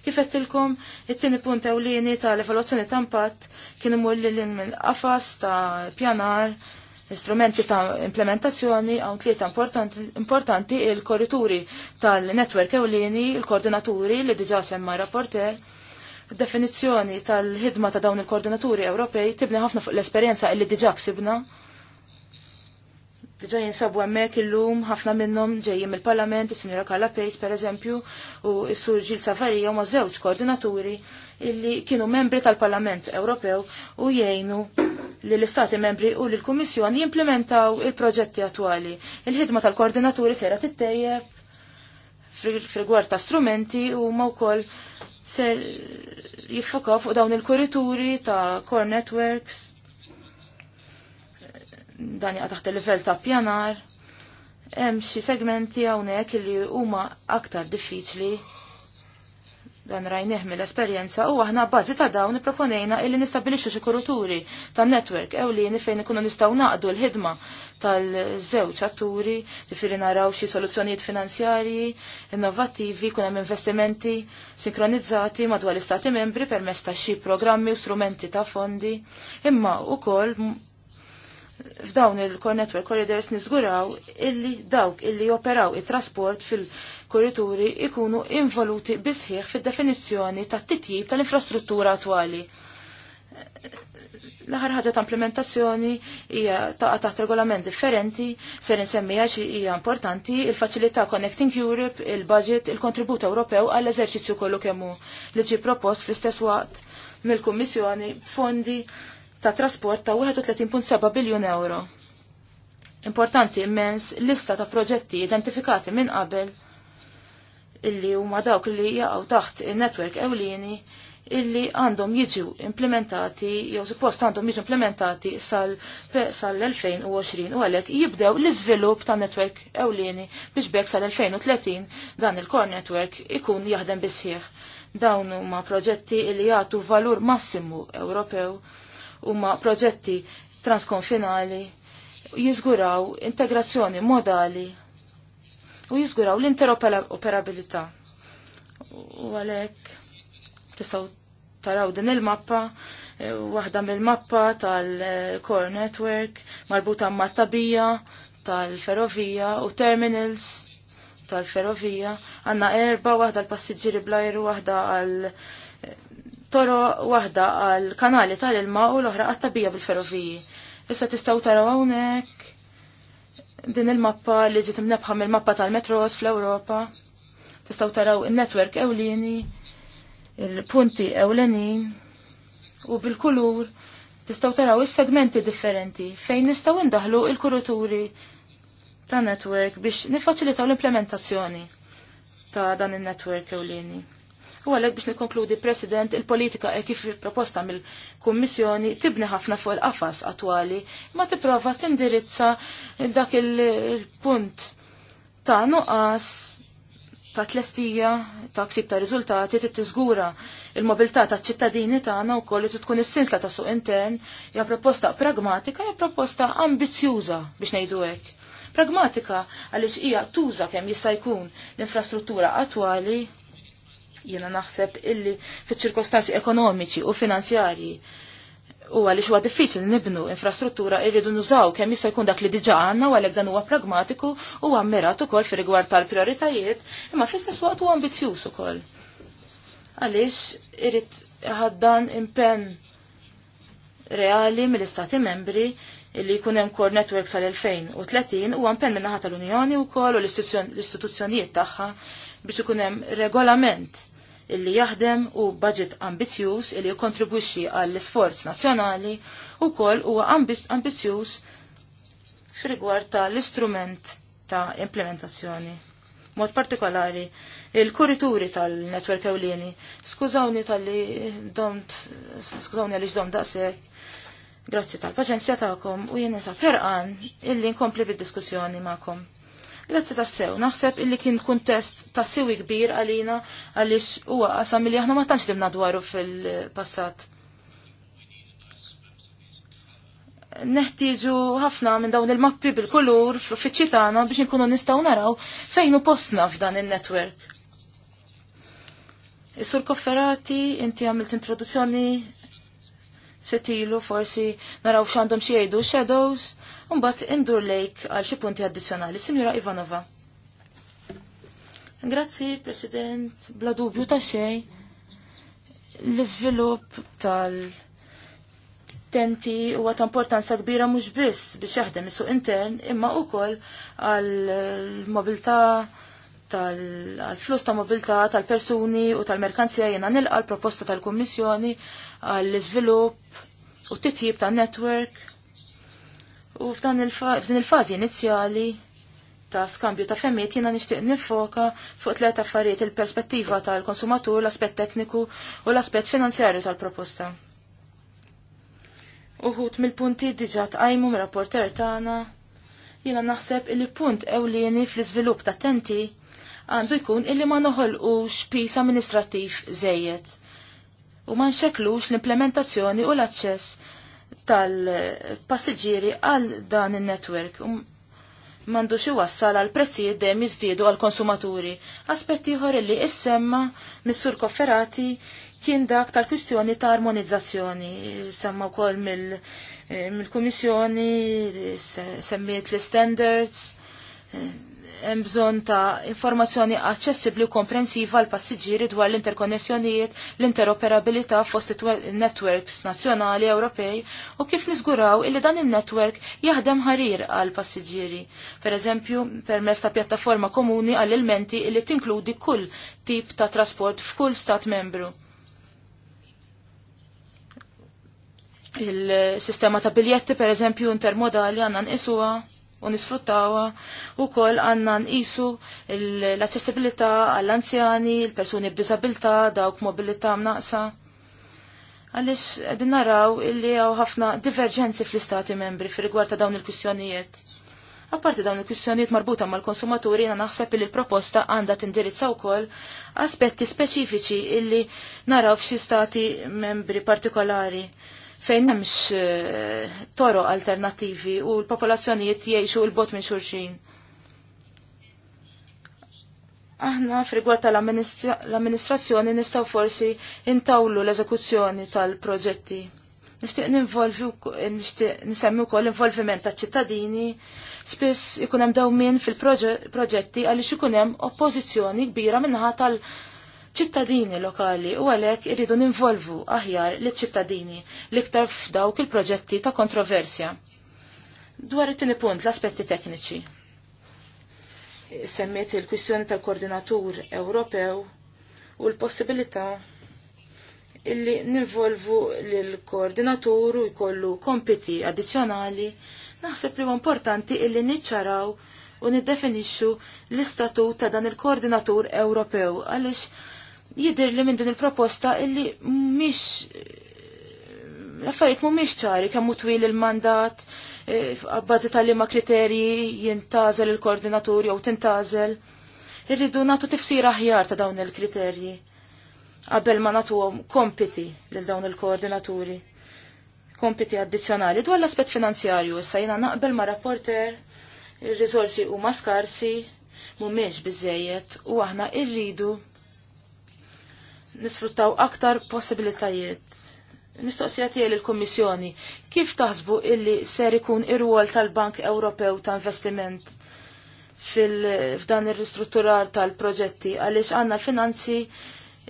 Kif qedtilkom, it-tieni punt ewlieni tal-evaluazzjoni ta' impatt kien imur lil mill-qafas ta' pjanar, istrumenti ta' implementazzjoni għaw tlieta importanti, importanti il-korrituri tal-netwerk ewlieni, il-koordinaturi li diġa semma rapporter, definizzjoni tal-ħidma ta' dawn il-koordinaturi Ewropej tibni ħafna fuq l-esperjenza li diġa ksibna Diġa jinsabu għemmek il-lum, ħafna minnom ġejjim il-parlament, il-sinjora Karla Pejs per eżempju, u s-sur Gil Savarija u mażewġ koordinaturi illi kienu membri tal-Parlament Ewropew u jgħinu li l-Istati membri u li l-Kummissjoni jimplementaw il-proġetti attwali. Il-ħidma tal-koordinaturi sera tittejjeb frigwar ta' strumenti u ma' wkoll ser jiffokaw fuq dawn il-kurituri ta' core networks dan jaqa' taħt il-livell ta' pjanar, hemm xi segmenti hawnhekk li huma aktar diffiċli dan rajnieh mill-esperjenza u aħna bbażi ta' dawn ipproponejna illi nistabilixxu xi kuruturi tan-netwerk li fejn ikunu nistgħu naqdu l-ħidma tal-żewġ atturi, ġifieri naraw xi soluzzjonijiet finanzjarji innovattivi jkun hemm investimenti sinkronizzati madwar l-Istati membri permezz ta' xi programmi u strumenti ta' fondi, imma wkoll f'dawn il-core network corridors nizguraw illi dawk illi operaw it-trasport fil-korrituri ikunu involuti bisħiħ fil-definizjoni ta' titjib tal-infrastruttura attuali. L-aħħar ħaġa ta' implementazzjoni hija taqa' taħt regolament differenti, ser nsemmiha xi hija importanti, il-faċilità Connecting Europe, il-budget, il-kontribut Ewropew għall-eżerċizzju kollu kemm li ġie propost fl-istess waqt mill-Kummissjoni fondi ta' trasport ta' 31.7 biljun euro. Importanti immens lista ta' proġetti identifikati minn qabel illi huma dawk li jaqgħu taħt in-netwerk ewlieni illi għandhom jiġu implementati jew suppost għandhom jiġu implementati sal-2020 u għalhekk jibdew l-iżvilupp ta' netwerk ewlieni biex bekk sal-2030 dan il-core network ikun jaħdem bisħieħ. Dawn huma proġetti illi jagħtu valur massimu Ewropew huma proġetti transkonfinali jiżguraw integrazzjoni modali u jiżguraw l-interoperabilità. U għalhekk tistgħu taraw din il-mappa, e, waħda mill-mappa tal-core network marbuta ma' tabija tal-ferrovija u terminals tal-ferrovija għanna erba waħda l-passiġġieri blajru waħda għal toro waħda għal kanali tal-ilma u l-oħra għattabija bil-ferroviji. Issa tistaw taraw hawnhekk din il-mappa li ġiet imnebħa mill-mappa tal-metros fl-Ewropa. Tistaw taraw in-netwerk ewlieni, il-punti ewlenin u bil-kulur tistaw taraw is-segmenti differenti fejn nistgħu indaħlu il-kuruturi ta' netwerk biex nifaċilitaw l-implementazzjoni ta' dan il-network ewlieni. U għalhekk biex nikkonkludi President, il-politika e kif proposta mill-Kummissjoni tibni ħafna fuq il-qafas attwali, ma tipprova tindirizza dak il-punt ta' nuqqas ta' tlestija, ta' ksib ta' riżultati, trid tizgura il-mobilità ta' ċittadini tagħna wkoll li tkun is-sinsla ta' suq intern hija proposta pragmatika ja proposta ambizjuza biex ngħidu hekk pragmatika għaliex hija tuża kemm jista' jkun l-infrastruttura attwali Jena naħseb illi fiċ ċirkostanzi ekonomiċi u finanzjarji u għalix huwa diffiċli nibnu infrastruttura irridu nużaw kemm jista' jkun dak li diġà għandna u għalhekk dan huwa pragmatiku u ammirat ukoll fi rigward tal-prioritajiet, imma fl-istess waqt huwa ambizzjuż ukoll. Għaliex irid ħaddan impenn reali mill-Istati membri illi jkun hemm core networks sal 2030 u għampen naħa tal-Unjoni wkoll u l-istituzzjonijiet tagħha biex ikun hemm regolament illi jaħdem u budget ambizjuż illi jikkontribwixxi għall isforz nazzjonali u huwa ambizjuż f'rigward tal-istrument ta' implementazzjoni. Mod partikolari, il-kurituri tal-netwerk ewlieni. Skużawni tal-li domt, skużawni għalix dom daqse, Grazzi tal-paċenzja ta'kom u jien nisab ħerqan illi nkompli bid-diskussjoni ma'kom. Grazzi tassew, naħseb illi kien kuntest ta' siwi kbir għalina għaliex huwa qasam li aħna ma tantx dimna dwaru fil-passat. Neħtieġu ħafna minn dawn il-mappi bil-kulur fl-uffiċċji tagħna biex inkunu nistgħu naraw fejn hu postna f'dan in-netwerk. Is-sur Kofferati, inti għamilt introduzzjoni setilu forsi naraw x'għandhom xi jgħidu shadows Mbagħad indur lejk għal xi punti addizzjonali. Sinjura Ivanova. Grazzi, President, bla dubju ta' xejn. L-iżvilupp tal- tenti huwa ta' importanza kbira mhux biss biex jaħdem is-suq intern imma wkoll għall-mobilità tal-flus ta' mobilità tal-persuni u tal-merkanzija jiena nilqa l-proposta tal-Kummissjoni għall-iżvilupp u titjib ta' network U f'dan il-fazi inizjali ta' skambju ta' femmiet jina nishtiq nifoka fuq tlet affarijiet il-perspettiva tal-konsumatur, l-aspett tekniku u l-aspett finanzjarju tal-proposta. Uħut mill-punti diġa tqajmu mir-rapporter tagħna jina naħseb il punt ewlieni fl-iżvilupp ta' tenti għandu jkun illi ma noħolqux pis amministrattiv żejjed u ma nxeklux l-implementazzjoni u l-aċċess tal-passiġġieri għal dan in-netwerk um, mandu xi wassal għal prezzijiet dejjem iżdiedu għal konsumaturi. Aspett ieħor li issemma mis kofferati kien dak tal-kwistjoni ta' armonizzazzjoni. Semma wkoll eh, mill-Kummissjoni, semmiet l-standards, eh, hemm bżonn ta' informazzjoni aċċessibbli u komprensiva għal passiġġieri dwar l-interkonnessjonijiet, l-interoperabilità fost networks nazzjonali Ewropej u kif niżguraw illi dan il-network jaħdem ħarir għal passiġġieri. Per eżempju, permezz ta' pjattaforma komuni għall ilmenti illi tinkludi kull tip ta' trasport f'kull stat membru. Il-sistema ta' biljetti, per eżempju, intermodali għannan isuwa u nisfruttawa u koll għanna nqisu l-accessibilità għall-anzjani, l-persuni b'disabilta, dawk mobilità mnaqsa. Għalix għedin naraw illi għaw ħafna diverġenzi fl-istati membri fi rigward ta' dawn il-kwistjonijiet. Apparti dawn il kustjonijiet marbuta mal-konsumaturi jena naħseb li l-proposta għandha tindirizza wkoll aspetti speċifiċi illi naraw f'xi stati membri partikolari fejn hemmx eh, toro alternattivi u l-popolazzjonijiet jgħixu l-bot minn xulxin. Aħna frigwar tal-amministrazzjoni nistgħu forsi intawlu l-eżekuzzjoni tal-proġetti. Nixtieq ninvolvi nixtieq nisemmi wkoll involviment ta' ċittadini, spiss ikun hemm dawmin fil-proġetti għaliex ikun hemm oppożizzjoni kbira minnaħa tal-proġetti ċittadini lokali u għalhekk iridu ninvolvu aħjar li ċittadini liktar f'dawk il-proġetti ta' kontroversja. Dwar it-tieni punt l-aspetti tekniċi. Semmiet il-kwistjoni tal-koordinatur Ewropew u l-possibilità illi ninvolvu l-koordinatur u jkollu kompiti addizzjonali naħseb li importanti illi niċċaraw u niddefinixxu l-istatut ta' dan il-koordinatur Ewropew għaliex jidir li minn din il-proposta illi mhix l-affarijiet mhumiex ċari kemm hu twil il-mandat e, għabbazi tal-liema kriterji jintażel il-koordinatur jew tintazel. Irridu nagħtu tifsira aħjar ta' dawn il-kriterji qabel ma nagħtuhom kompiti lil dawn il-koordinaturi. Kompiti addizzjonali dwar l-aspett finanzjarju issa jiena naqbel ma' rapporter ir u huma skarsi mhumiex biżejjed u aħna rridu nisfruttaw aktar possibilitajiet. Mistoqsija tiegħi l-Kummissjoni, kif taħsbu illi ser ikun ir-rwol tal-Bank Ewropew ta' Investiment fil-fdan ir-ristrutturar tal-proġetti għaliex għandna finanzi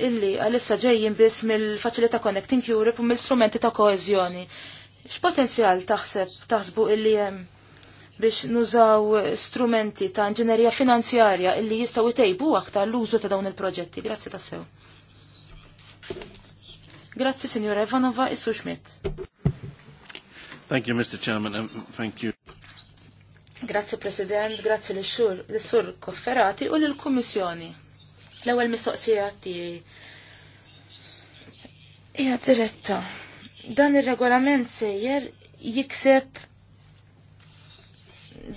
illi għalissa ġejjin biss mill-Faċilità Connecting Europe u mill-strumenti ta' koeżjoni. X'potenzjal taħseb taħsbu illi hemm biex nużaw strumenti ta' inġinerija finanzjarja illi jistgħu jtejbu aktar l-użu ta' dawn il-proġetti. Grazzi tassew. Grazzi, Signora Ivanova, Issu Schmidt. Thank you, Mr. Chairman, and thank you. Grazzi, President, grazie l-Sur, Kofferati u l-Kommissjoni. L-ewel mistoqsija tiegħi hija diretta. Dan ir-regolament sejjer jikseb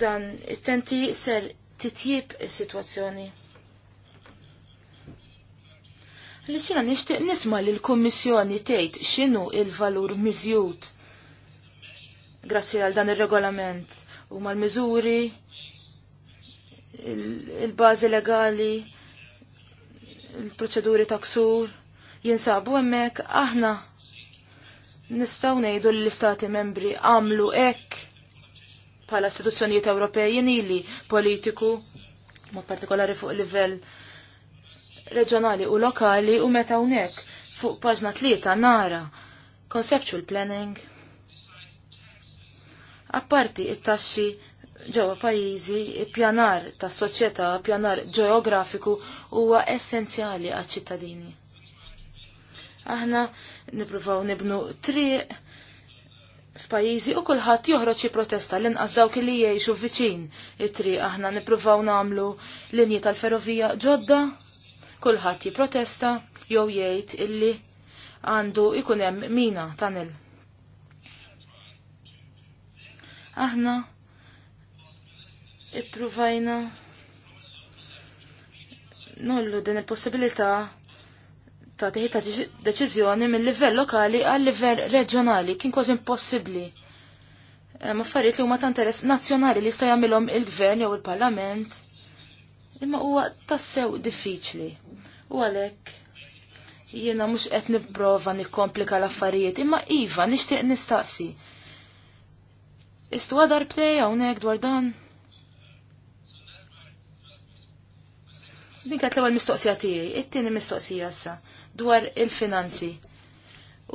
dan it-tenti ser titjib is-sitwazzjoni. Li xina nishtiq nisma li l-Kommissjoni tgħid x'inhu il-valur miżjud grazzi għal dan ir-regolament u mal-miżuri il-bażi legali il-proċeduri ta' ksur jinsabu hemmhekk aħna nistgħu ngħidu li l-istati membri għamlu hekk bħala istituzzjonijiet Ewropej jien politiku ma' partikolari fuq livell reġjonali u lokali u meta hawnhekk fuq paġna tlieta nara conceptual planning. Apparti it-taxxi ġewwa pajjiżi, ippjanar tas-soċjetà, pjanar ġeografiku huwa essenzjali għaċ-ċittadini. Aħna nippruvaw nibnu triq f'pajjiżi u kulħadd joħroġ protesta l-inqas dawk li jgħixu viċin it-triq aħna nippruvaw nagħmlu linji tal-ferrovija ġodda kulħadd jipprotesta jew jgħid illi għandu ikun hemm mina tanil. Aħna ippruvajna nollu din il-possibilità ta' teħi ta' deċiżjoni mill-livell lokali għal livell reġjonali kien kważi impossibbli. Maffariet li huma ta' interess nazzjonali li jista' jagħmilhom il-gvern jew il-parlament imma huwa tassew diffiċli. U għalhekk jiena mhux qed nipprova nikkomplika l-affarijiet, imma iva nixtieq nistaqsi. Istu għadar plej hawnhekk dwar dan? Dinkat l-ewwel mistoqsija tiegħi, it-tieni mistoqsija issa dwar il-finanzi.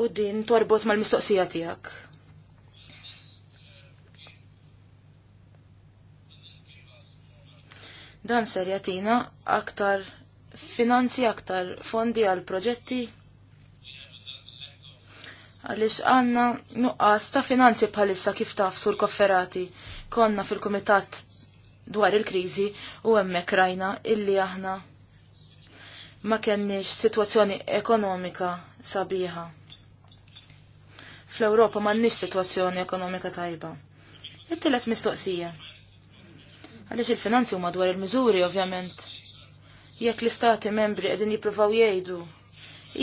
U din torbot mal-mistoqsija tiegħek. Dan ser jatina aktar finanzi, aktar fondi għal proġetti għalix għanna nuqqas ta' finanzi bħalissa kif taf sur kofferati. Konna fil-komitat dwar il-krizi u emmek rajna illi aħna ma kenniex situazzjoni ekonomika sabiħa. Fl-Europa ma nix situazzjoni ekonomika tajba. It-tillet mistoqsija. Għaliex il-finanzi huma dwar il-miżuri ovvjament. Jekk l-istati membri qegħdin jippruvaw jgħidu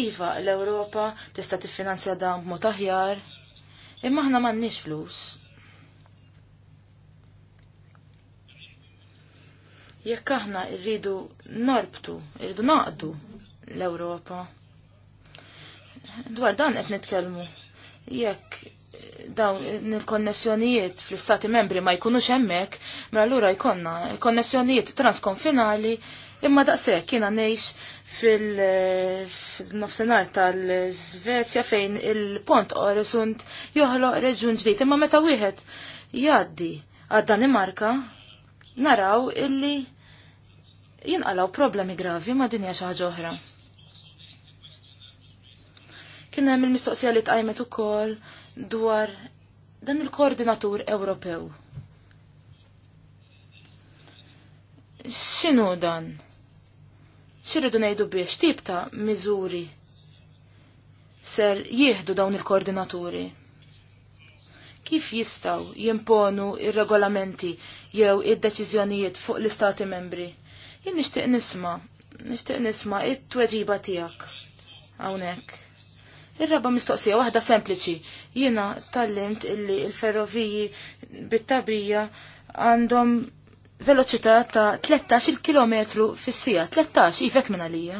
iva l-Ewropa tista' tiffinanzja dan b'mod aħjar, imma aħna m'għandniex flus. Jekk aħna rridu norbtu, rridu naqdu l-Ewropa. Dwar dan qed nitkellmu. Jekk dawn il-konnessjonijiet fl-istati membri ma jkunux hemmhekk, mela allura jkollna konnessjonijiet transkonfinali imma daqshekk jiena ngħix fil-nofsinhar tal-Svezja fejn il-Pont Oresund joħloq reġun ġdid, imma meta wieħed jgħaddi għad-Danimarka naraw illi jinqalaw problemi gravi ma dinja xi ħaġa oħra. Kien hemm il-mistoqsija li tqajmet ukoll dwar dan il-koordinatur Ewropew. X'inhu dan? X'irridu ngħidu biex tip ta' miżuri ser jieħdu dawn il-koordinaturi? Kif jistaw jimponu il regolamenti jew id-deċiżjonijiet fuq l-istati membri? Jien nixtieq nisma' nixtieq nisma' it-tweġiba tiegħek hawnhekk. Ir-raba mistoqsija waħda sempliċi. Jiena tallimt illi il-ferroviji bit tabija għandhom veloċità ta' 13 km fis-sija, 13 ifek minn għalija.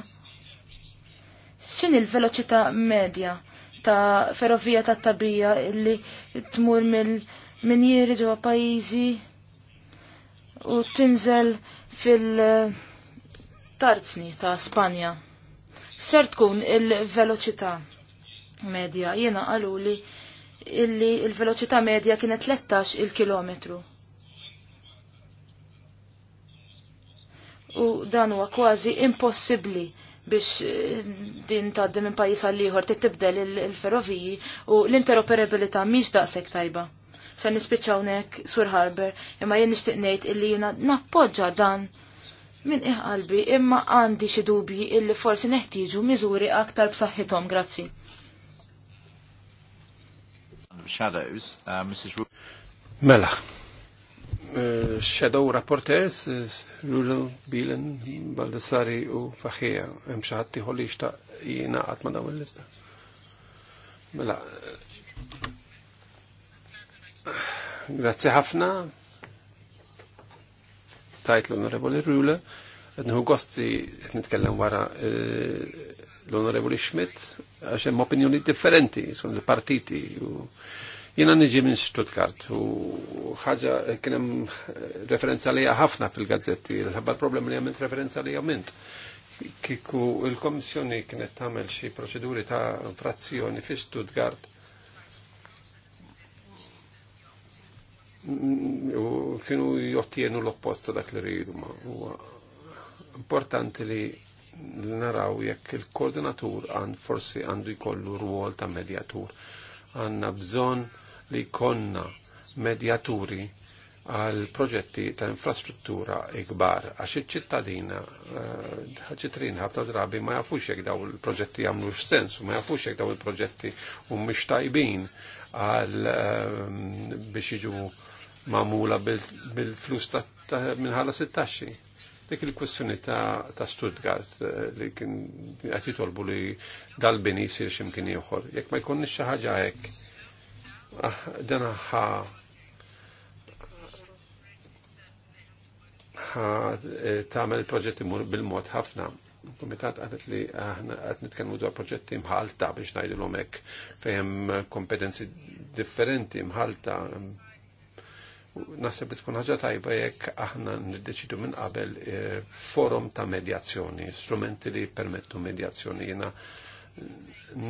X'in il-veloċità medja ta' ferrovija ta' tabija illi tmur mill minn jiri ġewwa pajjiżi u tinżel fil-tarzni ta' Spanja. Ser tkun il-veloċità medja. Jiena għalu li illi il-veloċità medja kienet 13 il-kilometru. U dan huwa kważi impossibbli biex eh, din tgħaddi minn pajjiż għal ieħor tibdel il-ferroviji u l-interoperabilità mhix daqshekk tajba. Se nispiċċaw nek Sur Harbor, imma jien nixtieq ngħid illi jiena nappoġġa dan minn iħalbi imma għandi xi dubji illi forsi neħtieġu miżuri aktar b'saħħithom, grazzi shadows. Uh, Mrs. Ru mela. Uh, shadow rapporteurs, uh, Rural, Bilen, Baldessari u Fahija, hemm xi ħadd ieħor li jixtaq jingħaqad lista Mela. Grazie ħafna. Tajt l-Onorevoli Rule. Nħu gosti nitkellem wara uh, l-Onorevoli Schmidt għax hemm opinjoni differenti sun l-partiti. Jiena niġi minn Stuttgart u ħaġa kien hemm referenza lejha ħafna fil-gazzetti, l-ħabba l-problem li għamilt referenza lejha mint. Kiku il-Komissjoni kienet tagħmel xi proċeduri ta' frazzjoni fi Stuttgart u kienu jottienu l-opposta dak li rridu ma' importanti li naraw jekk il-koordinatur għand forsi għandu jkollu rwol ta' medjatur. Għanna bżon li konna medjaturi għal proġetti ta' infrastruttura ikbar, għax iċ-ċittadina, eh, ċitrin ħafna drabi ma jafux jek daw il-proġetti għamlu x-sens, ma jafux jek daw il-proġetti u mux tajbin għal eh, biex iġu mamula bil-flus minħala 16. Dik il-kwestjoni ta' Stuttgart eh, li kien qed jitolbu li dal-bini jsir x'imkien ieħor. Jekk ma jkunniex xi ħaġa hekk, ah, dan ħa eh, tagħmel il proġetti bil-mod ħafna. Komitat għanet li aħna għat nitkellmu dwar proġetti mħalta biex ngħidilhom hekk fejem kompetenzi differenti mħalta nasib li tkun ħaġa tajba jekk aħna niddeċidu minn qabel e, forum ta' medjazzjoni, strumenti li permettu medjazzjoni jina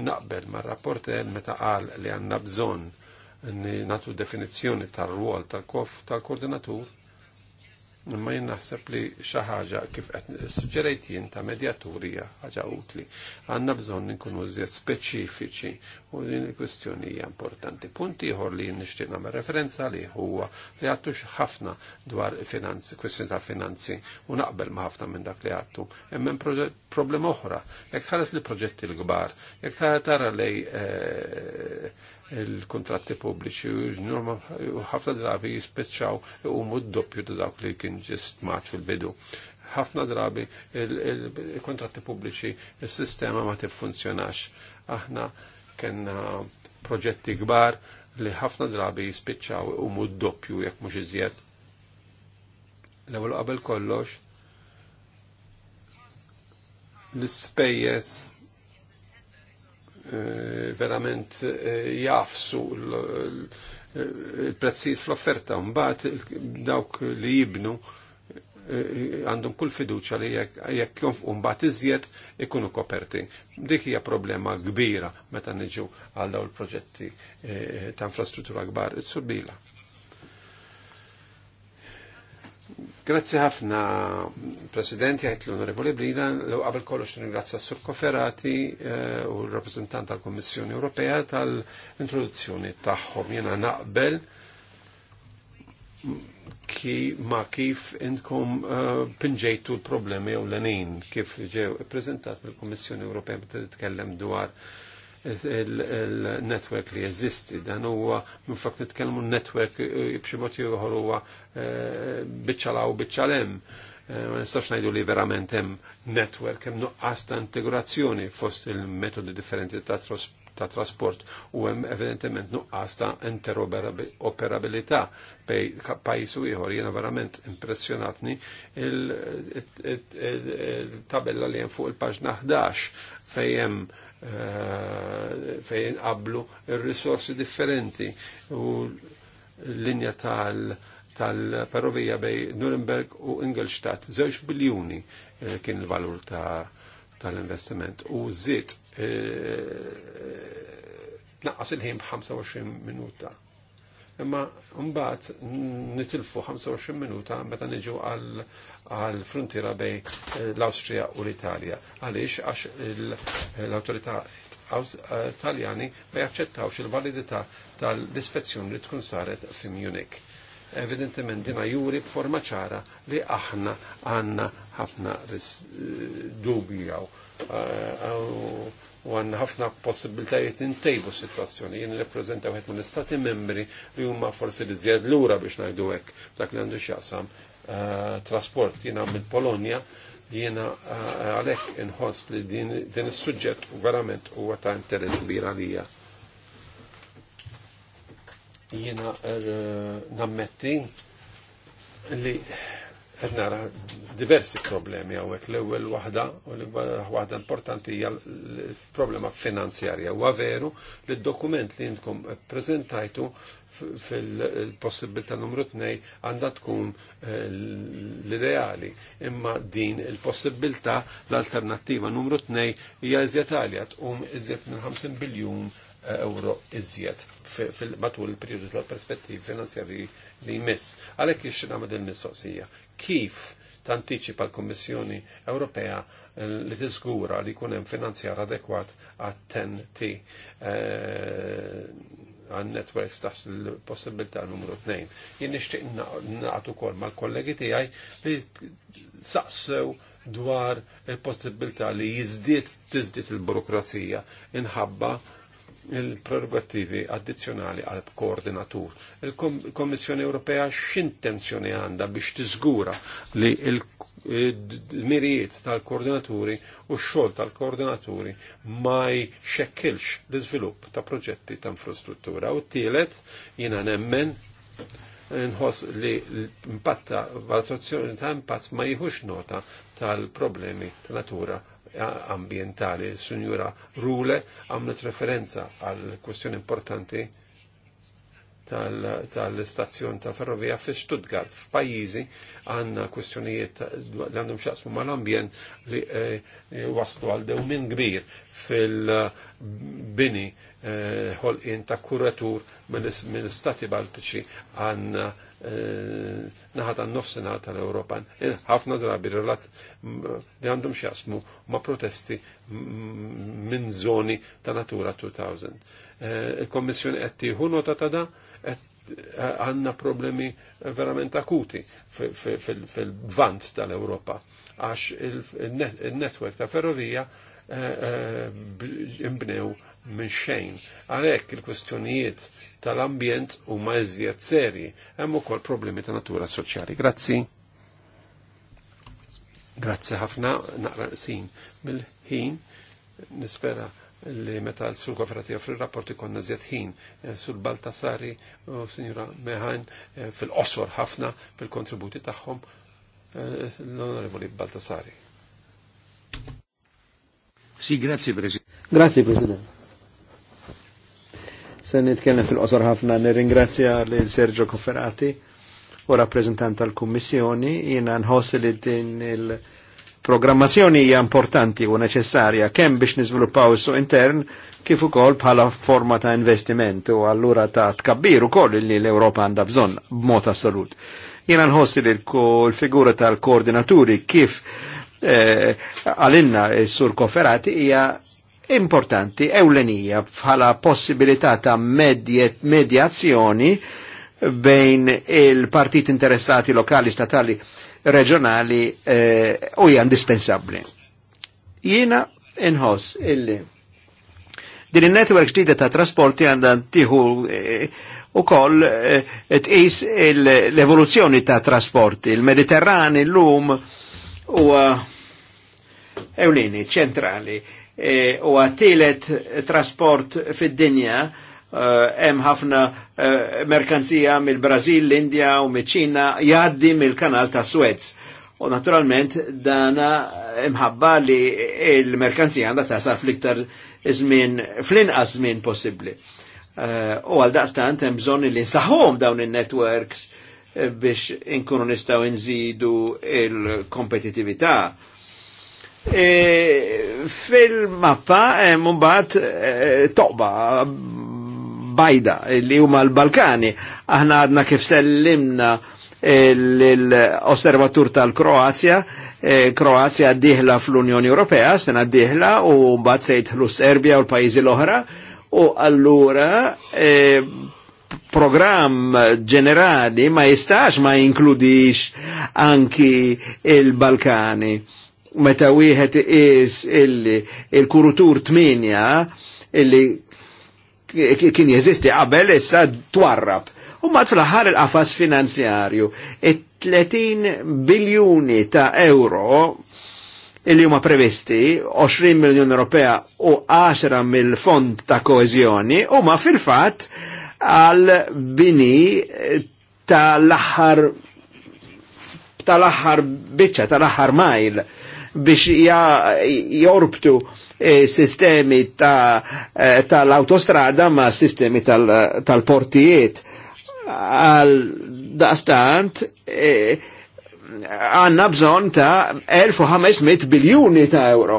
naqbel ma' rapporter meta qal li għanna bżonn natu definizzjoni tal kof tal-koordinatur imma jien naħseb li xi ħaġa kif qed suġġerejt jien ta' medjaturija ħaġa utli. Għandna bżonn inkunu żied speċifiċi u din il-kwistjoni hija importanti. Punt ieħor li nixtieq nagħmel referenza li huwa li għattux ħafna dwar finanzi, kwistjoni ta' finanzi u naqbel ma' ħafna minn dak li għattu. Hemm problema oħra, jekk tħares li proġetti l-kbar, jekk tara lej eh, il-kontratti pubbliċi u u ħafna drabi jispeċċaw u mod doppju ta' dawk li kien maċ fil-bidu. ħafna drabi il-kontratti pubbliċi il-sistema ma tiffunzjonax. Aħna kena proġetti gbar li ħafna drabi jispiċċaw u mod doppju jek mux iżjed. l għabel kollox l spejjes Eh, verament eh, jafsu il-prezzijiet fl-offerta, mbagħad dawk li jibnu eh, għandhom kull fiduċa li jekk jonfqu mbagħad iżjed ikunu koperti. Dik hija problema kbira meta niġu għal dawn il-proġetti ta' infrastruttura kbar is-surbila. Grazzi ħafna, Presidenti, għajt l-Onorevoli Brina, l qabel kollox ringrazzja Sur Koferati eh, u l-Rappresentant tal-Kommissjoni Ewropea tal-introduzzjoni taħħom. Jena naqbel ki ma kif intkom eh, pinġejtu l-problemi u l-lenin, kif ġew prezentat mill-Kommissjoni Ewropea bittet t titkellem dwar il-network li jeżisti. Dan huwa minn fakt nitkellmu network b'xi mod ieħor huwa biċċalaw biċċalem. Ma nistax ngħidu li verament hemm network hemm nuqqas ta' integrazzjoni fost il-metodi differenti ta' trasport u hemm evidentement nuqqas ta' interoperabilità bej pajis u ieħor. Jiena verament impressjonatni il-tabella li hemm fuq il-paġna 11 fejn hemm Eh, fejn qablu il-risorsi differenti u l-linja tal- tal-ferrovija bej Nuremberg u Ingolstadt, zewġ biljuni eh, kien il-valur tal-investiment. U zit eh, naqqas il-ħin b-25 minuta. Imma mbagħad nitilfu 25 minuta meta niġu għal għal frontiera bej eh, l-Awstrija u l-Italja. Għaliex għax l-autorità eh, taljani ma jaċċettawx il-validità tal-ispezzjoni li tkun saret fi Munich. Evidentement dina juri b'forma ċara li aħna għanna ħafna eh, dubjaw u għanna ħafna possibilitajiet intejbu situazzjoni. Jien reprezentaw għet minn istati membri li huma forsi li zjed l-ura biex najdu hekk dak li għandu xjaqsam Eh, trasport jiena mill Polonia jiena eh, għalek inħoss li din il-sujġet suġġett verament huwa ta' interess kbir għalija. Jiena er, eh, nammetti li għedna nara diversi problemi hawnhekk. L-ewwel waħda u l wahda waħda importanti hija l-problema finanzjarja. Huwa veru li d-dokument li intkom prezentajtu fil-possibilità numru 2 għandha tkun eh, l-ideali. Imma din il-possibilità l-alternattiva numru 2 hija iżjed għalja tqum iżjed minn 50 biljun eh, euro iżjed matul il-periodu tal-perspettivi finanzjarji li jmiss. Għalhekk ix għamad il-mistoqsija kif tantiċipa l-Kommissjoni Ewropea li tiżgura li jkun hemm finanzjar adekwat għat t eh, għan networks taħs il-possibilità numru 2. Jien nixtieq naqgħod ukoll mal-kollegi tiegħi li saqsew dwar il-possibilità li jiżdied tiżdied il-burokrazija inħabba il-prerogativi addizjonali għal koordinatur. Il-Kommissjoni Ewropea x'intenzjoni għandha biex tiżgura li l-mirijiet tal-koordinaturi u x-xogħol tal-koordinaturi ma jxekkilx l-iżvilupp ta' proġetti ta' infrastruttura. U tielet jiena nemmen nħoss li l impatt ta' valutazzjoni ta' impatt ma jieħux nota tal-problemi ta' natura ambientali. il Sunjura Rule għamlet referenza għal kwestjoni importanti tal-istazzjon tal ferrovija fi Stuttgart, f'pajjiżi għanna kwestjonijiet li għandhom xaqsmu mal-ambjent li eh, waslu għal dew dewmin kbir fil-bini eh, ħolqien ta' kuratur mill-istati baltiċi għandna Eh, naħat għan naħat tal-Europa. Eh, ħafna drabi relat li għandhom xjasmu ma' protesti minn zoni ta' natura 2000. Eh, Il-Kommissjoni qed tieħu nota ta' da għanna problemi verament akuti fil-vant tal-Europa għax il-netwerk ta' ferrovija imbnew minn xejn. Għalhekk il-kwestjonijiet tal-ambjent huma eżjed seri Hemm ukoll problemi ta' natura soċjali. Grazzi. Grazzi ħafna naqra sin mill-ħin nispera li meta l-sul kooperativa fil-rapporti konna zjed ħin eh, sul Baltasari u Signora Mehan eh, fil-qosor ħafna fil-kontributi tagħhom eh, l-Onorevoli Baltasari. Sì, grazie Presidente. Grazie Presidente. Se nitkellem fil-qosor ħafna nirringrazzja lil Sergio Kofferati u rappresentant tal-Kummissjoni jiena nħoss li din il-programmazzjoni hija importanti u neċessarja kemm biex niżviluppaw is-suq intern kif ukoll bħala forma ta' investiment u allura ta' tkabbir ukoll li l-Ewropa għandha bżonn b'mod assolut. Jiena nħoss li l-figura tal-koordinaturi kif eh, għalinna eh, s-sur Kofferati hija importanti ewlenija bħala possibilità ta' medjazzjoni bejn il-partit interessati lokali, statali, reġjonali eh, u hija indispensabbli. Jiena inħoss illi din il-network ġdida ta' trasporti għandha tiħu eh, u koll eh, tqis l-evoluzzjoni ta' trasporti. Il-Mediterrani l-lum u ewlini ċentrali E, u għattilet trasport fid-dinja e, hemm ħafna e, merkanzija mill-Brażil, l-Indja u miċ-Ċina jgħaddi mill-Kanal ta' Suez. U naturalment dana imħabba li il-merkanzija għandha ta' fl-iktar żmien, fl-inqas żmien possibbli. U għal daqstant hemm bżonn li nsaħħuhom dawn in-networks biex inkunu nistgħu nżidu il-kompetitività E, Fil-mappa e, mumbat e, toqba bajda li huma l-Balkani. Aħna għadna kif sellimna e, l-osservatur tal-Kroazja, Kroazja diħla fl-Unjoni Ewropea, sena diħla u mbagħad sejt l Serbja u l-pajjiżi l-oħra u allura program ġenerali ma jistax ma jinkludix anki il-Balkani meta wieħed is il-kurutur tminja illi kien jeżisti qabel issa twarrab. U mat fl-ħar il-qafas finanzjarju, 30 biljuni ta' euro illi huma previsti 20 miljoni Ewropea u 10 mill-fond ta' koezjoni huma fil-fatt għal bini tal-aħħar tal-aħħar biċċa tal-aħħar mile biex jorbtu eh, sistemi eh, tal-autostrada ma sistemi tal-portijiet. Għal dastant, eh, għanna bżon ta' 1500 biljoni ta' euro.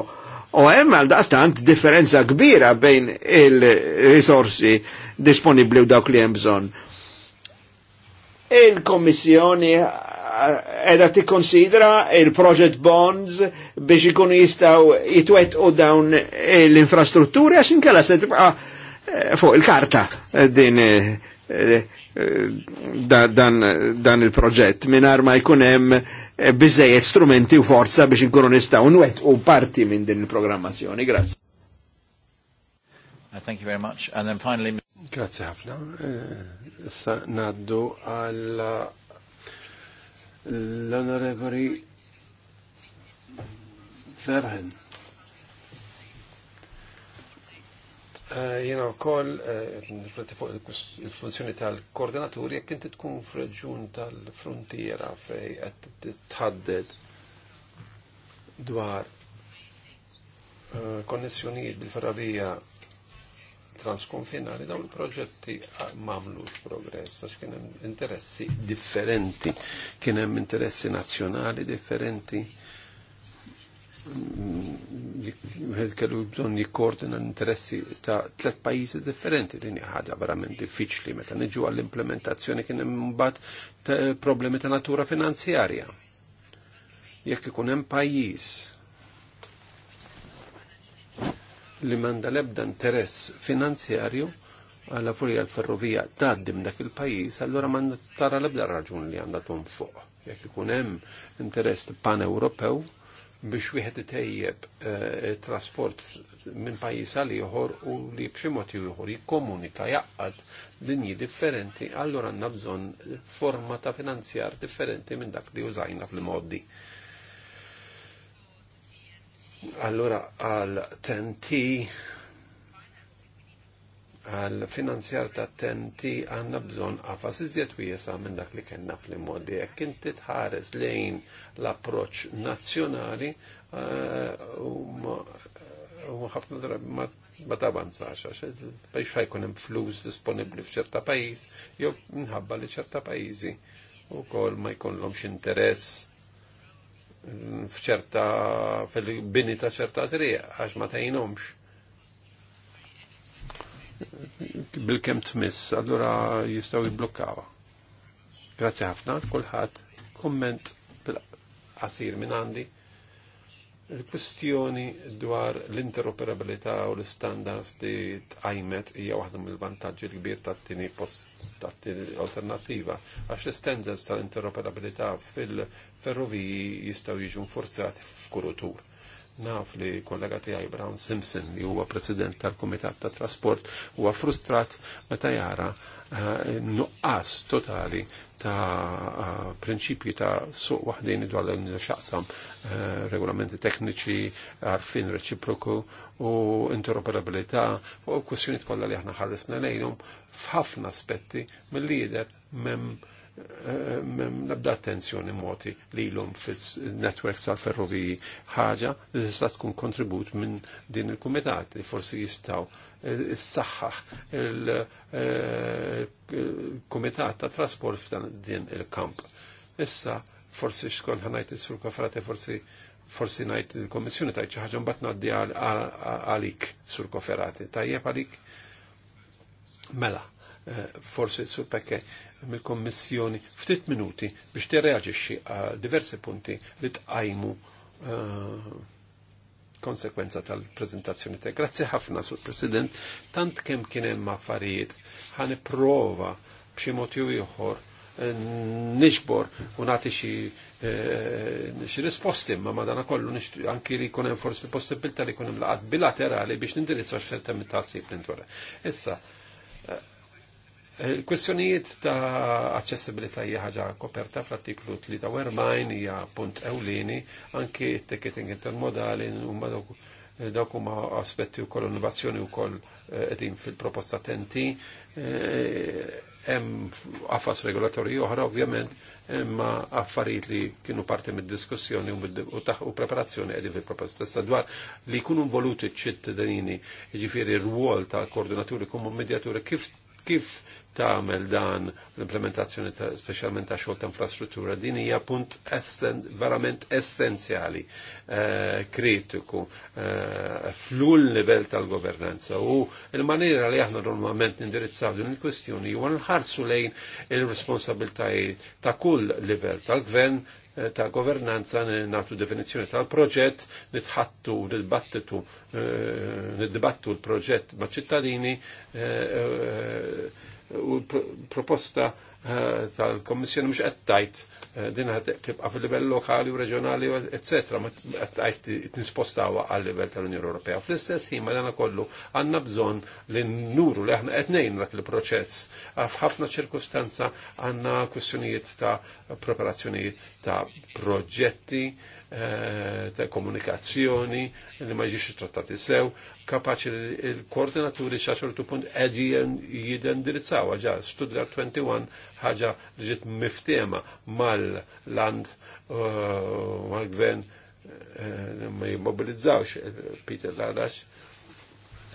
U hemm għal dastant differenza kbira bejn il-risorsi disponibli u dawk li hemm bżon. il komissjoni edha ti konsidra il-project bonds biex ikun jistaw jitwet u dawn l-infrastrutturi għax inkella se tibqa eh, fuq il-karta eh, din eh, dan, dan il-proġett minar arma jkun hemm strumenti u forza biex ikun jistaw nwet u parti minn din il-programmazzjoni. Grazzi. Uh, thank you very much. And then finally... Grazie ħafna. sa, naddu għal l-Onorevoli Verhen. Eh, jena u koll, eh, il-funzjoni tal-koordinaturi, jek inti tkun f'reġun tal-frontiera fej għed tħadded dwar eh, konnessjoniet bil-ferrabija transkonfinali dawn il-proġetti ah, mamlu progress għax kien hemm interessi differenti, kien hemm interessi nazzjonali differenti mm, kellu bżonn jikkoordina l-interessi ta' tlet pajjiżi differenti din ħaġa verament diffiċli meta niġu għall-implementazzjoni kien hemm mbagħad problemi ta' natura finanzjarja. Jekk ikun hemm pajjiż li manda lebda interess finanzjarju għalla furija l-ferrovija taddim dak il-pajis, allora manda tara lebda raġun li għanda tun fuq. Jek ikun hemm interess pan-Ewropew biex wieħed itejjeb eh, trasport minn pajjiż għal ieħor u li b'xi mod ieħor jikkomunika jaqqad linji differenti, allora għandna bżonn forma ta' finanzjar differenti minn dak li użajna fil moddi Allura għal TNT għal finanzjar ta' tenti għanna bżon għafa iżjed wiesa minn dak li kena fl-modi. Jekk inti tħares lejn l-approċ nazzjonali eh, u ħafna drabi ma tabanzax, għax biex ħajkun hemm flus disponibbli f'ċerta pajjiż, jew minħabba li ċerta pajjiżi u kol ma jkollhomx interess fċerta fil-bini ta' ċerta triq għax ma tajnomx. Bil-kem tmiss, allura jistaw jiblokkawa. Grazie ħafna, kulħadd komment bil-qasir minn għandi. Il-kwistjoni dwar l-interoperabilità u l-standards li tqajmet hija waħda mill-vantaġġi l-kbir tat-tieni alternattiva għax l-standards tal-interoperabilità fil-ferroviji jistgħu jiġu nfurzati f'kurutur. Naf li kollega tiegħi Brown Simpson li huwa president tal-Kumitat tat Trasport huwa frustrat meta jara eh, nuqqas totali ta' prinċipji ta' suq waħdin dwar l xaqsam eh, regolamenti tekniċi, għarfin reċiproku u interoperabilità u kwestjoni kollha li aħna ħallisna lejhom f'ħafna aspetti mill-lider mem eh, mem nabda attenzjoni moti li l-um fil-networks tal-ferroviji ħaġa li tista' tkun kontribut minn din il-kumitat li forsi jistaw s-saxħax il-Kumitat eh, ta' Trasport f'dan din il-kamp. Issa forsi xkont ħanajt is-sur forsi forsi najt il-Komissjoni tajt xi ħaġa naddi għalik sur koferati. Tajjeb għalik mela eh, forsi sur pekke mill-Kommissjoni ftit minuti biex tirreaġixxi diversi punti li tqajmu eh, konsekwenza tal-prezentazzjoni te. Grazzi ħafna, Sur President, tant kem kienem affarijiet, ħan prova b'xi motiju ieħor eh, nixbor u nati eh, xi risposti, ma madana kollu anki li jkun hemm forsi possibilità li jkun hemm bilaterali biex nindirizzo x'fettem ta' sib l Issa, Il-kwestjonijiet ta' accessibilità hija ħaġa koperta fl-artiklu 43 hija punt ewlieni anke t-ticketing intermodali huma dawk huma aspetti wkoll innovazzjoni wkoll eh, qegħdin fil-proposta tenti eh, hemm affas regolatorji oħra ovvjament imma affarijiet li kienu parti mid-diskussjoni u preparazzjoni qegħdin fil-proposta stessa dwar li jkunu involuti ċ-ċittadini, jiġifieri r wol tal-koordinaturi kumu medjaturi kif kif tagħmel dan l-implementazzjoni ta' speċjalment ta' xogħol ta' infrastruttura din hija punt essen, verament essenzjali eh, kritiku eh, flul livell tal-governanza u l-maniera li aħna normalment nindirizzaw din il-kwestjoni huwa nħarsu lejn il-responsabiltajiet ta' kull livell tal-gvern eh, ta' governanza natu definizjoni tal-proġett, nitħattu, nitbattitu, eh, nitbattu l-proġett ma' ċittadini, eh, u proposta eh, tal-Kommissjoni mhux qed tajt eh, din ħad tibqa' fil-livell lokali u reġjonali, eċetera, ma qed t nispostawa għal livell tal-Unjoni Ewropea. Fl-istess ħin ma dana kollu għandna bżonn li nuru li aħna qed ngħin dak il-proċess. F'ħafna ċirkustanza għandna kwistjonijiet ta' preparazzjonijiet ta' proġetti, eh, ta' komunikazzjoni li ma trattati sew, kapaċi il-koordinaturi xaxortu punt għedji jidendirizzaw ġa Studlar 21 ħaġa li ġiet miftema mal-land uh, mal-gvern uh, ma jimmobilizzawx eh, Peter Ladax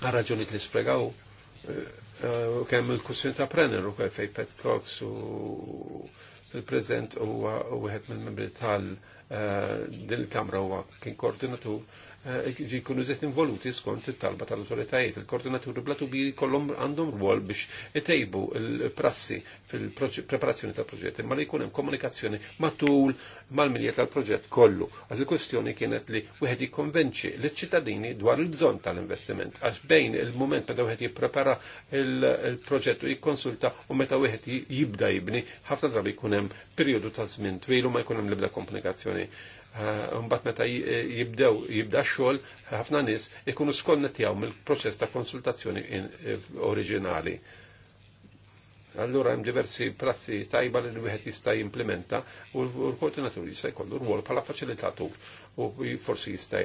għarraġunit li spiegaw eh, eh, kemm il-kussin ta' Brenner u kaj fej Pet Cox u fil-prezent u għed mill-membri tal din il-kamra huwa kien koordinatur jikunu eh, zet involuti skont il-talba tal-autoritajiet. Il-koordinaturi blatu bi kollom għandhom rwol biex etejbu il-prassi fil-preparazzjoni tal-proġett, ma li kunem komunikazzjoni matul mal-milja tal-proġett kollu. Għad il-kwestjoni kienet li wieħed konvenċi l-ċittadini dwar il-bżon tal-investiment, għax bejn il-moment meta wieħed jipprepara il-proġett u jikkonsulta u meta wieħed jibda jibni, ħafna drabi kunem periodu ta' żmien twilu ma jkunem l komunikazzjoni mbagħad eh, meta eh, jibdew jibda x-xogħol ħafna nies ikunu skonnettjaw mill-proċess ta' konsultazzjoni eh, oriġinali. Allura hemm diversi prassi tajba li wieħed jista' jimplementa u l-koordinaturi jista' jkollu rwol bħala faċilitatur u forsi jista'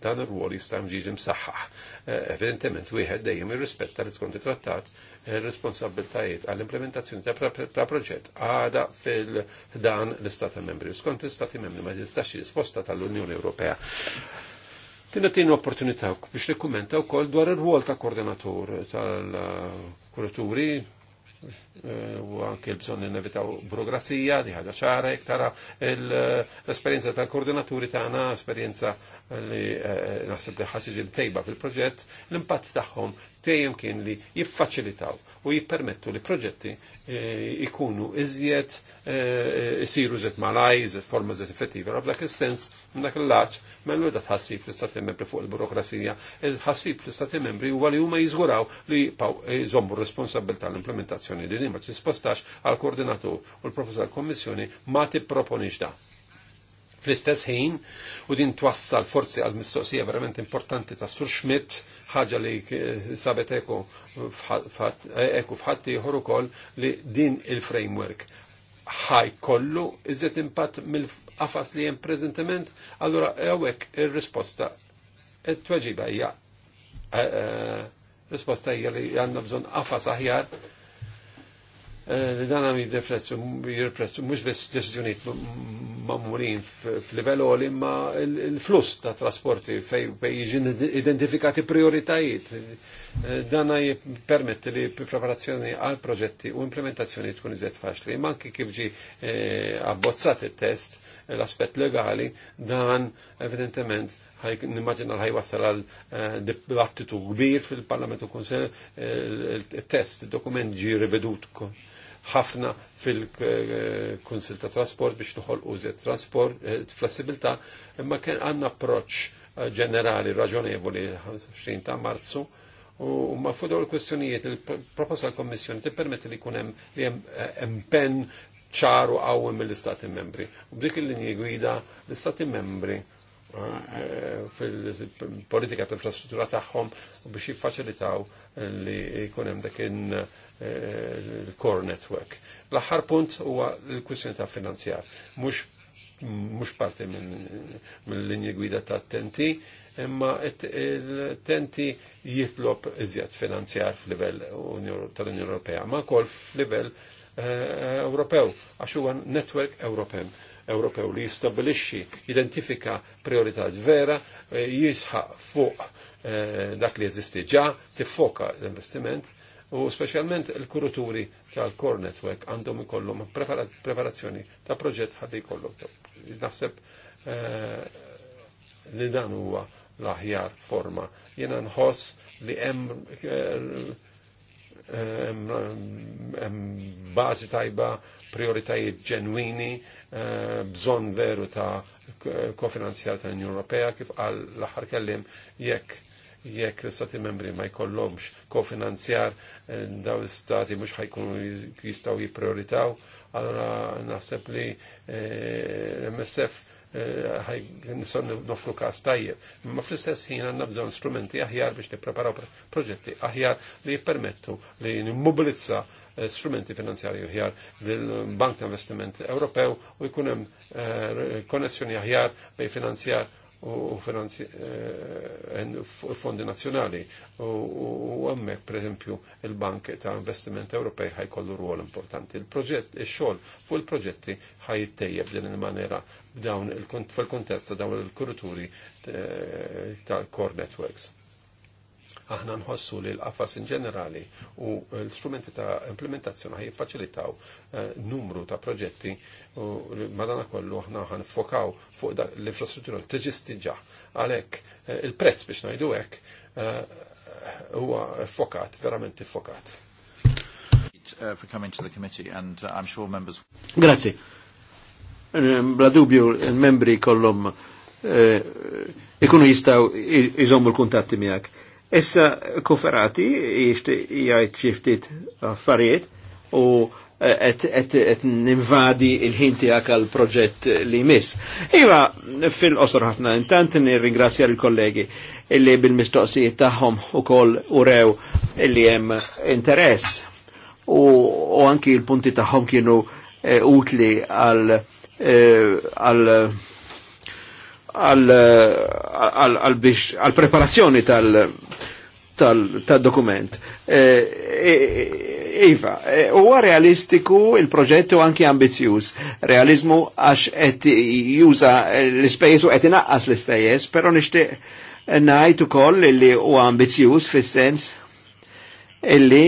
dan ir ruol jista' mġiġi msaħħaħ. Eh, evidentement, wieħed dejjem irrispetta li skont it-trattat eh, responsabiltajiet għall-implementazzjoni ta' proġett għada fil-dan l-Istati membri. Skont l-Istati membri ma jistax risposta tal-Unjoni Ewropea. Tinnatin opportunità biex nikkumenta wkoll dwar ir ruol ta' koordinatur tal-kuraturi u anke bżonni nevitaw burokrazija di ħaġa ċara, iktara l-esperienza tal-koordinaturi tagħna, esperienza li eh, nasib li ħaġiġi tejba fil-proġett, l-impatt tagħhom tejjem kien li jiffaċilitaw u jippermettu li proġetti E, ikunu iżjed e, e, isiru iżjed malaj, iżjed forma iżjed effettiva. Rabla il-sens dak il-laċ mellu da tħassib l-istati membri fuq il-burokrasija, il-ħassib l-istati membri u li huma jiżguraw li jżombu responsabil l-implementazzjoni li ma tispostax għal koordinatur u l professor l-Kommissjoni ma tipproponix da. Fl-istess ħin, u din twassal forsi għal mistoqsija verament importanti ta' Sur Schmidt, ħaġa li sabet eku fħatti ieħor ukoll li din il-framework ħaj kollu iżet impatt mill-qafas li hemm preżentament, allura għawek ir-risposta t tweġiba hija eh, eh, risposta hija li għandna bżonn qafas aħjar li eh, dan għam jirreflettu mux biss deċizjoniet mamurin f'livell għol imma l-flus ta' trasporti fej jġin identifikati prioritajiet. Eh, dan permetti li preparazzjoni għal proġetti u implementazzjoni tkun iżet faċli. Imma anki kif ġi eh, abbozzat il-test, l-aspet legali, dan evidentement nimmaġina ħaj wasal għal dibattitu kbir fil-Parlament u il-test, il-dokument ġi rivedut ħafna fil-Kunsil ta' Trasport biex tuħol użiet trasport, eh, flessibilta, imma kien għanna approċ eh, ġenerali raġonevoli 20 ta' marzu u ma' fudu l kwestjonijiet il-proposta l-Kommissjoni permetti li kunem li jempen eh, ċaru għawem mill-Istati membri. U b'dik il-linji gwida l-Istati membri fil-politika ta' infrastruttura tagħhom biex jiffaċilitaw li jkun hemm dak il core network. L-aħħar punt huwa l-kwistjoni ta' finanzjar. Mhux parti mill-linji gwida ta' tenti, imma tenti jitlob iżjed finanzjar f'livell tal-Unjoni Ewropea, ma wkoll f'livell eh, Ewropew, għax huwa network Ewropew. Ewropew li jistabilixxi, identifika priorità vera, eh, jisħaq fuq eh, dak li jeżisti ġa, tiffoka l-investiment, u specialment il-kuruturi tal-core network għandhom ikollhom preparazzjoni ta' proġett ħaddi jkollhom. Naħseb eh, li dan huwa l-aħjar forma. Jiena nħoss li hemm eh, bażi tajba, prioritajiet ġenwini, eh, bżonn veru ta' kofinanzjar tal-Unjoni Ewropea kif għal l-aħħar kellim jekk jekk l-Stati membri ma jkollomx kofinanzjar eh, daw l-Stati mux ħajkunu jistaw jiprioritaw, għallora naħseb li l-MSF eh, eh, nisson nofru kas tajjeb. Ma fl-istess ħin għanna bżon strumenti aħjar biex nipreparaw proġetti aħjar li jippermettu li nimmobilizza strumenti finanzjarji aħjar l-Bank Investiment Ewropew u jkunem konnessjoni aħjar bej finanzjar u eh, fondi nazjonali u għammek per esempio, il-Bank ta' Investiment Ewropej kollu ruol importanti. Il-proġett, il-xol fu il-proġetti ħajtejjeb din il-manera fil-kontest ta' dawn il-kuruturi eh, tal-core networks. Aħna nħossu li l-qafas in ġenerali u l-strumenti ta' implementazzjoni ħaj faċilitaw eh, numru ta' proġetti u madana kollu aħna ħan fokaw fuq l-infrastruttura l-teġistiġa għalek eh, il-prezz biex najdu hekk eh, huwa fokat, verament fokat. Uh, for coming to the committee and uh, I'm sure members. Grazie. Bla dubju il-membri kollom ikunu jistaw iżommu l-kuntatti miegħek Issa kuferati jajt xiftit affarijiet u qed eh, nimvadi il-ħin tiegħek għal proġett li miss. Iva, fil osor ħafna intant nir-ringrazzja l-kollegi illi bil-mistoqsijiet mistoqsi tagħhom ukoll urew illi jem interess u anki il punti taħħom kienu eh, utli għal eh, għal preparazzjoni tal-dokument. E, e, e, iva, huwa realistiku il-proġett u anki ambizjuż. Realizmu għax qed juża l-ispejjeż u qed inaqqas l-ispejjeż, però nixtieq ngħid ukoll li huwa ambizjuż fis-sens illi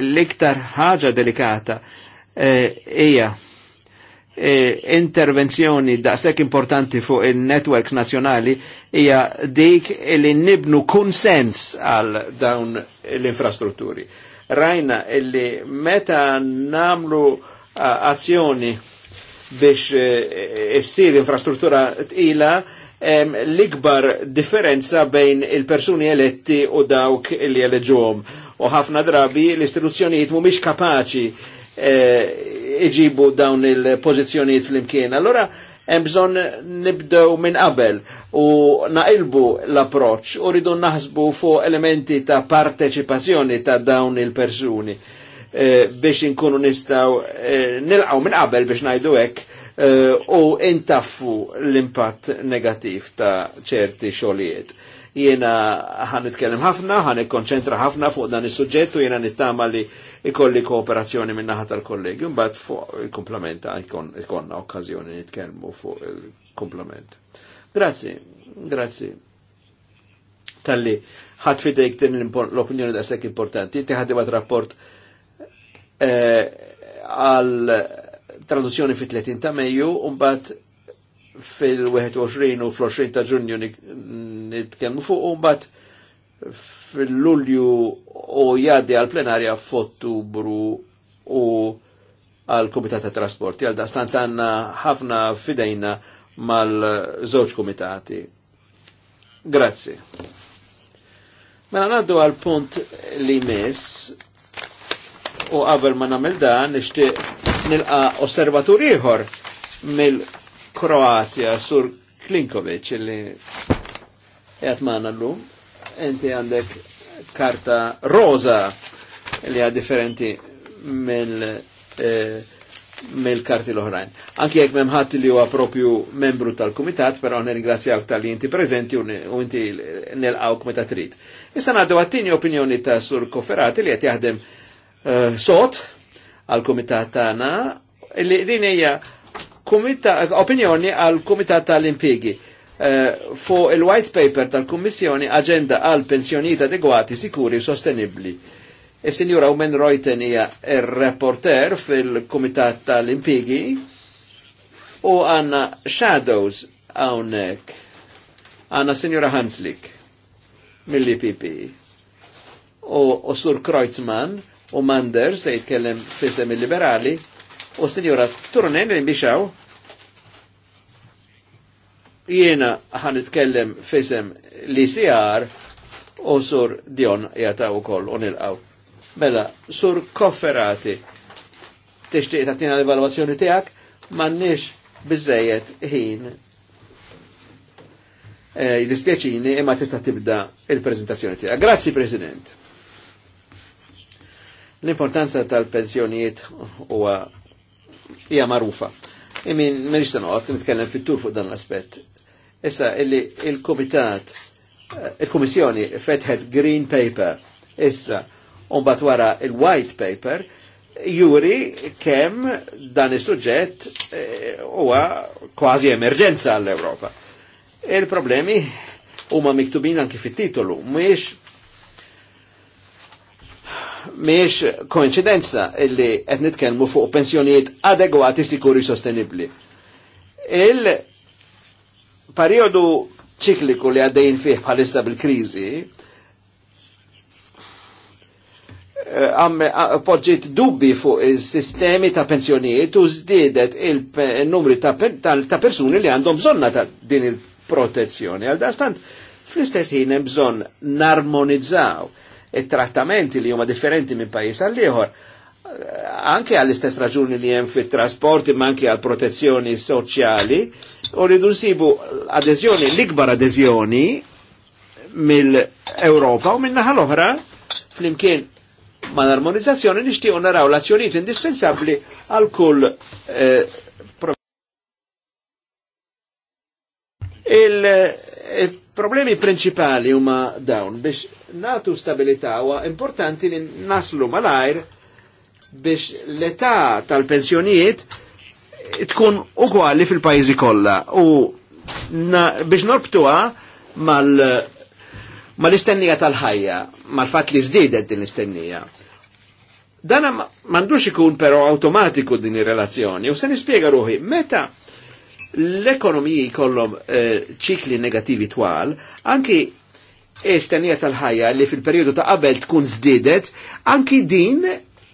l-iktar ħaġa delikata hija e, E, intervenzjoni daqstek importanti fuq il-networks nazjonali hija dik li nibnu konsens għal dawn l-infrastrutturi. Rajna illi meta namlu azzjoni biex e, e, issir infrastruttura tqila l-ikbar differenza bejn il-persuni eletti u dawk li eleġuhom. U ħafna drabi l-istituzzjonijiet mhumiex kapaċi e, iġibu dawn il-pozizjoniet fl-imkien. Allora, hemm bżonn nibdew minn qabel u naqilbu l-approċċ u rridu naħsbu fuq elementi ta' parteċipazzjoni ta' dawn il-persuni eh, biex inkunu nistaw nilqgħu eh, nilqaw minn qabel biex ngħidu hekk eh, u intaffu l-impatt negattiv ta' ċerti xogħlijiet jiena ħan ħafna, ħan ikkonċentra ħafna fuq dan is-suġġett u jiena nittama li ikolli kooperazzjoni minn naħa tal-kollegium, bat fuq il-komplementa ikonna okkazjoni nitkellmu fuq il-komplement. Grazzi, grazzi. Talli, ħat fidejk din l-opinjoni da' sekk importanti, inti ħaddibat rapport eh, għal traduzzjoni fit-30 ta' Mejju, un-bat fil-21 u fl-20 ta' ġunju nitkellmu fuq, un-bat fil-Lulju u jaddi għal-plenarja f'Ottubru u għal-Komitat ta' Trasporti. Jalda, stant għanna ħafna fidejna mal-żewġ komitati. Grazzi. Mela għaddu għal-punt li miss u qabel ma namel dan nixtieq nilqa osservatur ieħor mill-Kroazja sur Klinkovic li qiegħed magħna llum enti għandek karta rosa li għad differenti mill eh, karti l-oħrajn. Anki jek memħat li huwa propju membru tal-kumitat, però nirringrazzjawk tal-li inti prezenti u inti nil-għaw meta rrit. Issa għaddu għattini opinjoni ta' Sur Koferati li qed jaħdem eh, sot għal-kumitat tagħna li din hija opinjoni għal-kumitat tal-impjegi. Eh, fuq il-white paper tal-Kummissjoni Agenda għal pensjonijiet adegwati, sikuri u sostenibli. il e sinjura Umen Reuten hija reporter fil-Kumitat tal-Impigi u għanna Shadows għawnek. Għanna Sinjura Hanslik mill-IPP u Sur Kreutzmann u Manders se jitkellem fisem il-liberali u Sinjura Turnen li mbixaw Jiena ħan itkellem fisem li sijar u sur Dion u ukoll u nilqaw. Mela, sur kofferati tixtieq tina l-evalwazzjoni tiegħek m'għandniex biżejjed ħin e, jidispjaċini imma tista' tibda il-preżentazzjoni tiegħek. Grazzi President. L-importanza tal-pensjonijiet huwa hija magħrufa. Imin m'għandix se noqgħod nitkellem fit-tur fuq dan l aspet Issa, illi il-Komitat, eh, il-Komissjoni fetħet Green Paper, issa, unbat wara il-White Paper, juri kem dan is-suġġett eh, huwa e, kważi emerġenza għall europa Il-problemi huma miktubin anki fit-titolu, mhijiex miex koincidenza illi qed nitkellmu fuq pensjonijiet adegwati sikuri sostenibbli. Il- periodu ċikliku li għaddejn fih bħalissa bil-krizi, eh, poġġiet dubbi fuq il-sistemi ta' pensjonijiet u zdidet il-numri ta', persuni li għandhom bżonna ta' din il-protezzjoni. Għal dastant, fl-istess ħin bżon bżonn narmonizzaw it-trattamenti li huma differenti minn pajjiż għall ieħor anche alle stesse ragioni di hemm trasporti ma anche alle protezioni sociali o ridursibu adesioni, l'Igbar adesioni ikbar mill-Europa o minnaħa l flimkien ma l'armonizzazione nishti nixtiequ naraw l-azzjonijiet indispensabbli għal eh, Il-problemi eh, principali huma daun bish natu stabilità huwa importanti li naslu malajr biex l-età tal-pensjonijiet tkun uguali fil-pajjiżi kollha u biex norbtuha mal istennija tal-ħajja, mal-fat li żdiedet din l-istennija. Dana mandux ikun però automatiku din ir-relazzjoni u se nispjega ruħi meta l-ekonomiji kollom eh, ċikli negativi twal, anki istennija tal-ħajja li fil-periodu ta' qabel tkun żdiedet, anki din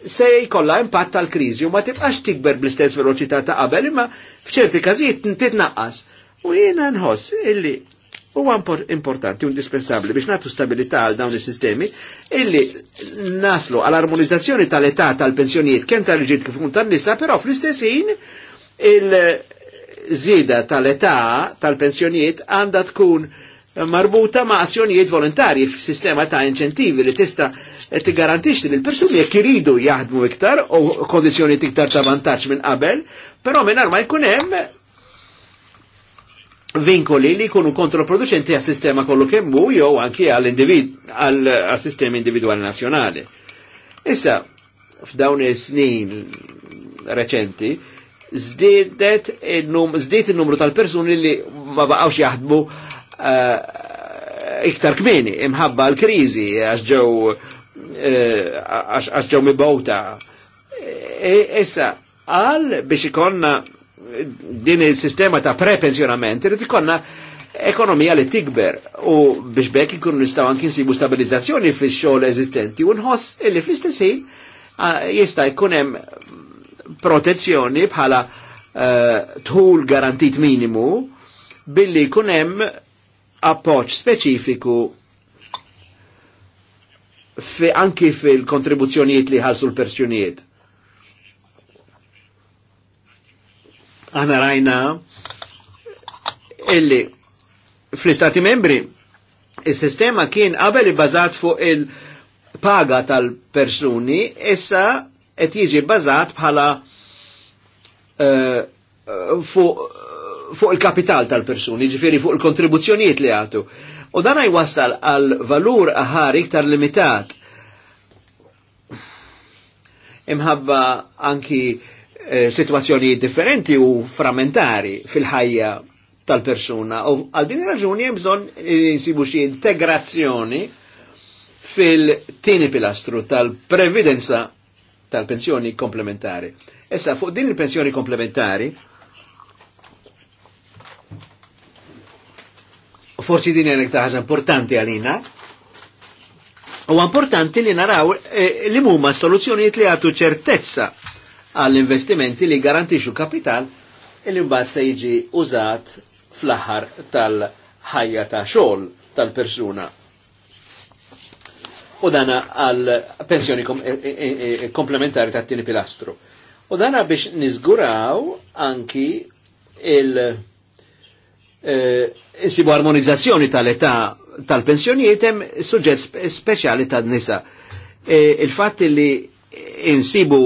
se jkollha impatt tal-kriżi u ma tibqax tikber bl-istess veloċità ta' qabel imma f'ċerti każijiet titnaqqas. U jiena nħoss illi huwa importanti u indispensabbli biex nagħtu stabilità għal dawn is-sistemi illi naslu għal armonizzazzjoni tal-età tal-pensjonijiet kemm tal-riġid kif tan-nisa, però fl-istess ħin il-żieda tal-età tal-pensjonijiet għandha tkun marbuta ma' azzjonijiet volontarji f'sistema ta' inċentivi li tista' garantix li l-persuni jekk iridu jaħdmu iktar u kondizjoni iktar ta' vantaċ minn qabel, però minn ma jkun hemm vinkoli li jkunu kontraproducenti għal sistema kollu kemmu jew anki għal sistema individuali nazjonali. Issa, f'dawn snin reċenti, zdidet il-num, il-numru tal-persuni li ma baqawx jaħdmu eh, iktar kmini, imħabba l-krizi, għax ġew Eh, għax ġew mibgħuta. E, issa għal biex ikonna din il-sistema ta' prepensjonament, irid ikonna ekonomija li tikber u biex bekk ikun nistaw anki nsibu stabilizzazzjoni fix xogħol eżistenti u nħoss illi fl-istess ħin jista' jkun hemm protezzjoni bħala eh, tħul garantit minimu billi jkun hemm appoġġ speċifiku fi anki fil-kontribuzzjonijiet li ħalsu l-persjonijiet. Aħna rajna illi fl-istati membri il-sistema kien qabel bazat fuq il-paga tal-persuni, issa qed jiġi bazat bħala uh, fuq il-kapital tal-persuni, ġifiri fuq il-kontribuzzjonijiet li għatu. Uh, U dan jwassal għal valur aħar iktar limitat imħabba anki eh, situazzjoni differenti u frammentari fil-ħajja tal-persuna. U għal din raġuni hemm jinsibu xie integrazzjoni fil-tieni pilastru tal-previdenza tal-pensjoni komplementari. Issa fuq din il-pensjoni komplementari forsi din għanek taħġa importanti għalina. U importanti li naraw eh, li mumma soluzzjonijiet li għatu ċertezza għall-investimenti li garantixu kapital e li mbagħad se jiġi użat fl-aħħar tal-ħajja ta' xogħol tal-persuna. U dana għal pensjoni kom ta' e-, e-, e komplementari tieni pilastru. U dana biex niżguraw anki il- Eh, insibu armonizzazzjoni tal-età tal-pensjonijiet hemm suġġett speċjali tan-nisa. Eh, il fat li insibu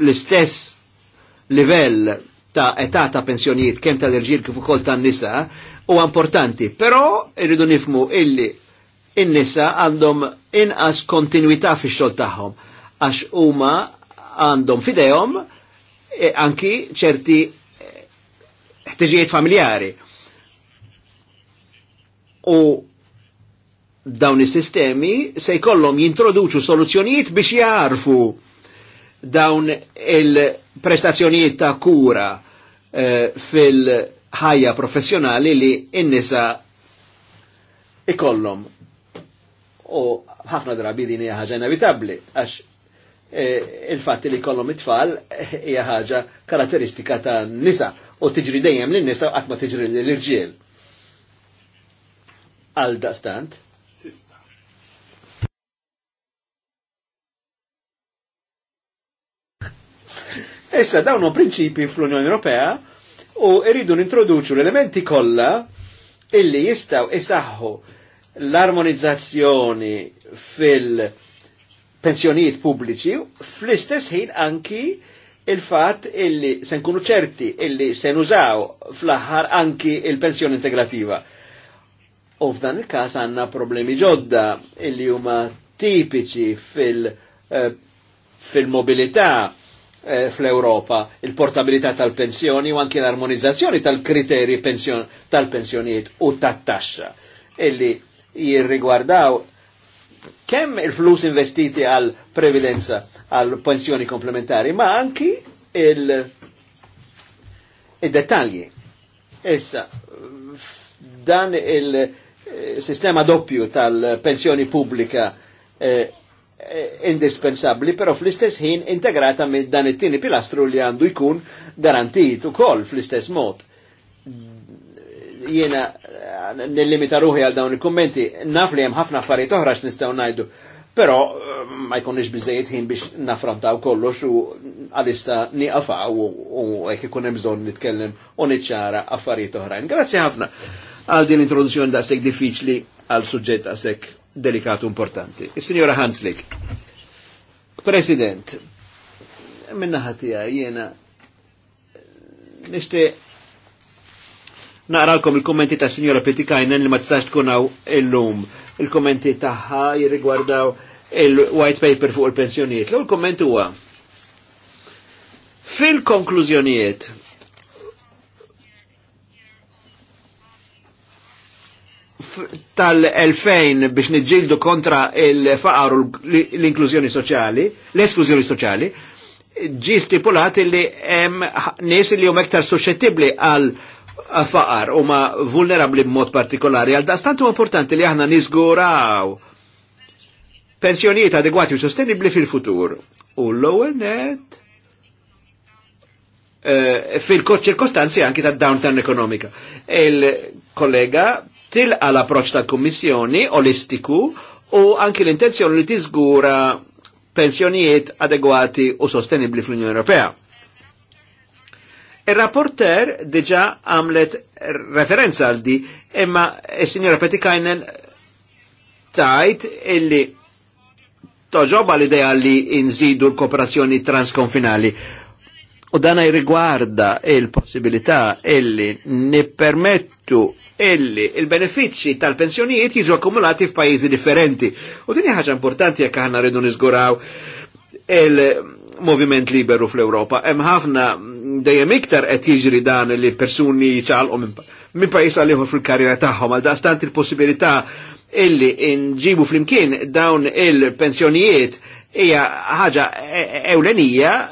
l-istess livell ta' età ta' pensjonijiet kemm tal-irġiel kif ukoll tan-nisa huwa importanti, però irridu nifmu illi in-nisa għandhom inqas kontinuità fix-xogħol tagħhom għax huma għandhom fidejhom eh, anki ċerti ħtiġijiet familjari u dawn is-sistemi se jkollhom jintroduċu soluzzjonijiet biex jarfu dawn il-prestazzjonijiet ta' kura eh, fil-ħajja professjonali li n-nisa ikollhom. U ħafna drabi din hija ħaġa inevitabbli għax eh, il-fatt li kollhom it-tfal hija ħaġa karatteristika ta' nisa u tiġri dejjem lin-nisa qatt ma tiġri l-irġiel għal dastant. Issa dawnu prinċipi fl-Unjoni Ewropea u rridu nintroduċu l-elementi kollha illi jistaw isaħħu l-armonizzazzjoni fil-pensjonijiet pubbliċi fl-istess ħin anki il-fat illi se nkunu ċerti illi se nużaw fl-aħħar anki il-pensjoni integrativa U f'dan il kas għanna problemi ġodda illi huma tipiċi fil- eh, fil-mobilità eh, fl-Europa, il-portabilità tal-pensjoni u anki l-armonizzazzjoni tal-kriteri tal-pensjoniet u tat-taxxa illi jirrigwardaw kemm il-flus investiti għal previdenza għal pensjoni komplementari, ma anki il-dettalji. Il Issa, dan il- Eh, sistema doppju tal-pensjoni pubblika eh, eh, indispensabli, però fl-istess ħin integrata minn dan it-tieni pilastru li għandu jkun garantit ukoll fl-istess mod. Jiena eh, nillimita ruħi għal dawn il-kommenti, naf li hemm ħafna affarijiet oħra x'nistgħu ngħidu, però ma jkunx biżejjed ħin biex naffrontaw kollox u għalissa niqafaw u hekk ikun hemm bżonn nitkellem u niċċara affarijiet oħrajn. Grazzi ħafna għal din introduzzjoni da' sekk diffiċli għal suġġett da' sekk delikatu importanti. Il-Signora Hanslik, President, minna ħatija jena nishti naqralkom il-kommenti ta' Signora Petikajnen li ma tistax tkunaw il-lum. Il-kommenti tagħha jirrigwardaw il-white paper fuq il pensioniet L-ewwel komment huwa fil-konklużjonijiet tal-2000 biex nġildu kontra il-faqar u l-inklużjoni soċjali, l-esklużjoni soċjali, ġi stipulat li hemm nies li hum iktar suscettibbli għal faqar u ma vulnerabli b'mod partikolari. Għal dastant u importanti li aħna niżguraw pensjonijiet adegwati u sostenibli fil-futur. U l-ewwel net eh, fil-ċirkostanzi anki ta' downtown ekonomika. Il-kollega tilqa l-approċ tal-Kummissjoni olistiku u anki l-intenzjoni li tiżgura pensjonijiet adegwati u sostenibli fl-Unjoni Ewropea. Il-rapporter diġa għamlet referenza għal di, imma il-Signora Petikajnen tajt illi toġoba l-ideja li inżidu l-kooperazzjoni transkonfinali U dana jirrigwarda il-possibilità illi nippermettu illi il benefici tal-pensjonijiet jiġu akkumulati f'pajjiżi differenti. U din ħaġa importanti jekk aħna rridu niżguraw il-moviment liberu fl-Ewropa. Hemm ħafna dejjem iktar qed jiġri dan li persuni u minn pajjiż għal fil-karriera tagħhom għal daqstant il-possibilità illi nġibu flimkien dawn il-pensjonijiet hija ħaġa e- e- ewlenija eh,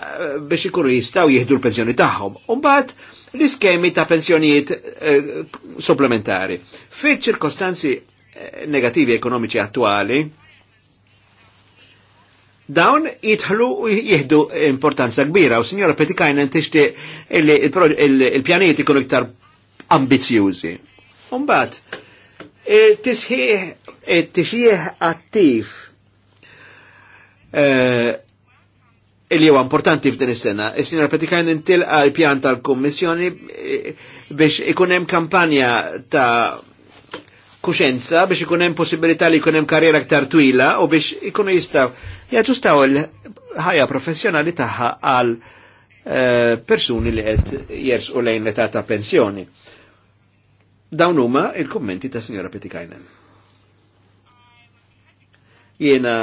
biex ikunu jistgħu jieħdu l-pensjoni tagħhom. Umbagħad l-iskemi ta' pensjonijiet eh, supplementari. Fit ċirkostanzi eh, negativi ekonomiċi attuali, dawn jitħlu u jihdu importanza kbira u signora Petikajnen tixti il-pjaniet ikunu iktar ambizjużi. Umbat, tisħieħ attiv Eh, li huwa importanti f'din is-sena. E, is-sena pratikajn intilqa l-pjan tal-Kummissjoni eh, biex ikun hemm kampanja ta' kuxenza biex ikun hemm possibilità li jkun hemm karriera aktar twila u biex ikunu jistgħu jaġustaw il-ħajja professjonali tagħha għal eh, persuni li qed jersqu lejn l-età ta' pensjoni. Dawn huma il-kummenti ta' Sinjora Petikajnen. Jiena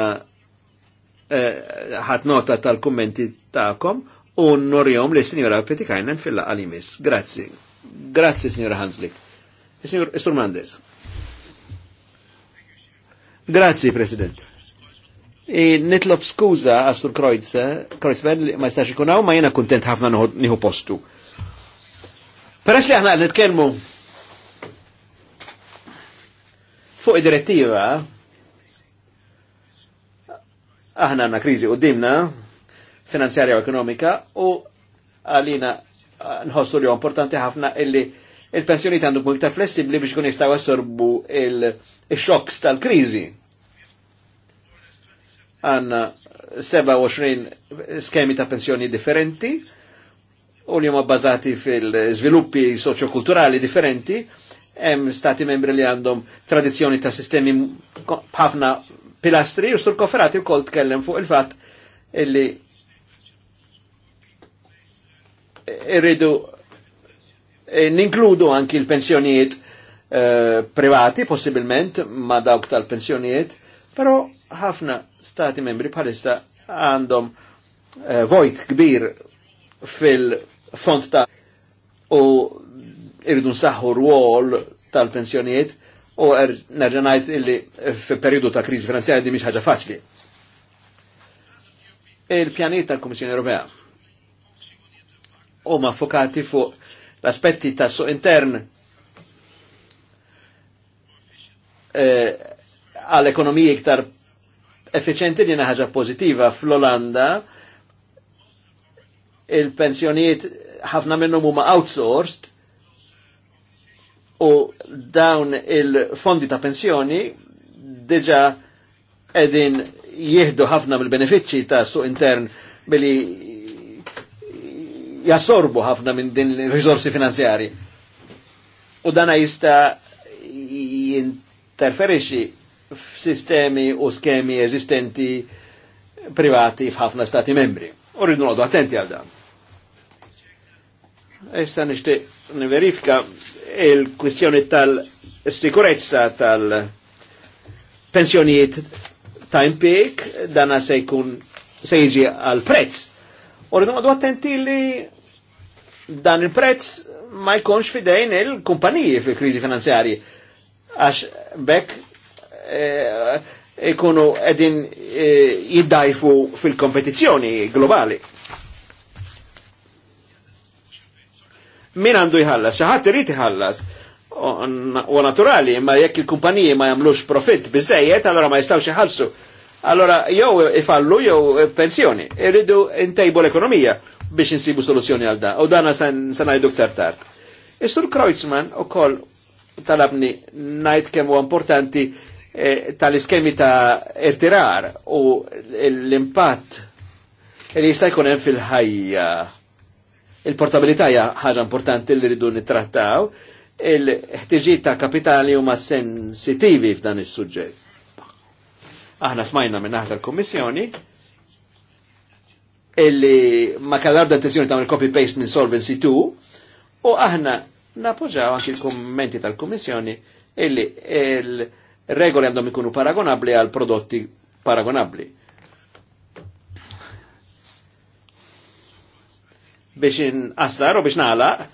Eh, ħat nota tal kommenti ta'kom u norjom li s-Sinjora Petikajnen fil-għalimis. Grazzi. Grazzi, Sinjora Hanslik. Sinjor Isur Mandes. Grazzi, President. I nitlob skuza għastur Kreuzberg eh, li ma jistax ikunaw, ma jena kontent ħafna nieħu postu. Peress li għal nitkellmu fuq id-direttiva Aħna għanna krizi u dimna, finanzjarja u ekonomika, u għalina eh, nħossu li importanti ħafna illi il-pensjoni għandu kun iktar flessibli biex kun jistaw jassorbu il-xoks tal-krizi. Għanna 27 skemi ta' pensjoni differenti, u li huma bbażati fil-żviluppi soċjokulturali differenti, hemm stati membri li għandhom tradizzjoni ta' sistemi ħafna pilastri u sur koferati u kol tkellem fuq il-fat illi irridu eh, ninkludu anki l pensionijiet eh, privati possibilment ma dawk tal pensioniet, però ħafna stati membri bħalissa għandhom eh, vojt kbir fil-font ta' u irridu nsaħħu rwol tal pensioniet u er, nerġanajt illi fi periodu ta' kriżi finanzjarja di miex ħaġa faċli. Il-pjaniet tal-Kummissjoni Ewropea huma fokati fuq l-aspetti ta' suq intern eh, għal ekonomiji iktar effiċenti li ħaġa pozitiva fl-Olanda il-pensjoniet ħafna minnhom huma outsourced u dawn il-fondi ta' pensjoni deġa edin jihdu ħafna mill-benefiċċji ta' suq intern billi jassorbu ħafna minn din il-rizorsi finanzjari. U dana jista jinterferixi f'sistemi u skemi eżistenti privati f'ħafna stati membri. U rridu attenti għal dan. Issa nishtiq niverifika il-kwistjoni tal-sikurezza tal pensjoniet time peak, dana se jkun se jiġi għal prezz. U rridu għadu attenti li dan il-prezz ma jkunx fidejn il-kumpaniji fil-krizi finanzjarji. Għax bekk eh, ikunu e, edin e, jiddajfu fil-kompetizjoni globali. min għandu jħallas, xaħat irrit jħallas. U naturali, ma jekk il-kumpaniji ma jamlux profit bizzejiet, allora ma jistawx jħallsu. Allora, jew ifallu jew pensjoni, irridu intejbu l-ekonomija biex insibu soluzzjoni għal da. U dana sanajdu ktar tard. Istur Kreuzmann u koll talabni najt kemmu importanti eh, tal-iskemi ta' irtirar u l-impatt li jista' jkun hemm fil-ħajja Il-portabilità hija ħaġa importanti li rridu nittrattaw, il-ħtiġijiet ta' kapitali huma sensitivi f'dan is-suġġett. Aħna smajna minn aħdar kummissjoni illi ma kellha attenzjoni ta' copy paste minn Solvency 2 u aħna napoġaw anki l-kommenti tal-Kommissjoni illi il-regoli għandhom ikunu paragonabli għal prodotti paragonabli. biex inqassar u biex nagħlaq,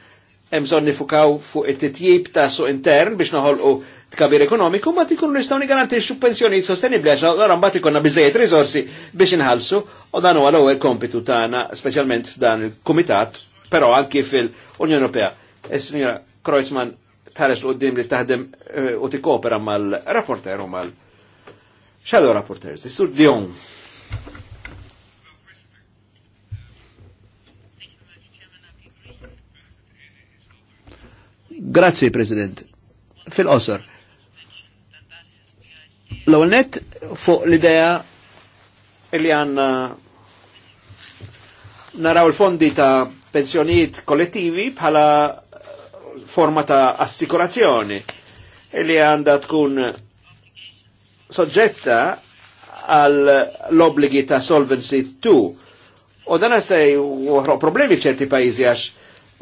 hemm bżonn nifukaw fuq it-titjib ta' suq intern biex noħolqu tkabir ekonomiku, ma tikunu nistgħu nigarantixxu pensjoni sostenibli, għax għarra mbati konna biżejjed rizorsi biex inħallsu u dan huwa l-ewwel kompitu tagħna speċjalment dan il-kumitat, però anki fil-Unjoni Ewropea. Is-Sinjora eh, Kreuzmann tħares l qoddim li taħdem eh, u mal-rapporter mal-rapporter u mal xadu rapporters, s sur Dion. Grazzi, President. Fil-qosor. L-ewwel net fuq l-idea li għanna naraw l fondi ta' pensjonijiet kollettivi bħala forma ta' assikurazzjoni li għanda tkun soġġetta għal l-obligi ta' Solvency 2. U dan se problemi f'ċerti pajizi għax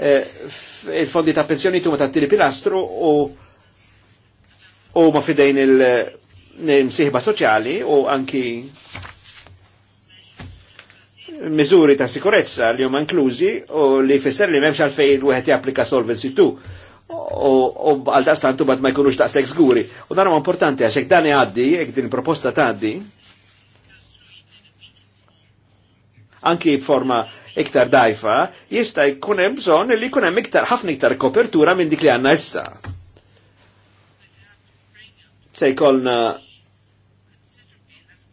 Eh, il-fondi ta' pensjoni tu ma ta' tili pilastru u u ma fidejn il-msiħba soċjali u anki mizuri ta' sikurezza li huma inklużi u li fisser li memx għalfej l wieħed japplika Solvency tu u għal daqstantu bad ma jkunux ta' daqstek zguri. U dan huwa importanti għax hekk dan għaddi, jekk din proposta ta' għaddi, anki forma iktar dajfa, jista' jkun hemm bżonn li jkun hemm iktar ħafna iktar kopertura minn dik li għandna issa. Se jkollna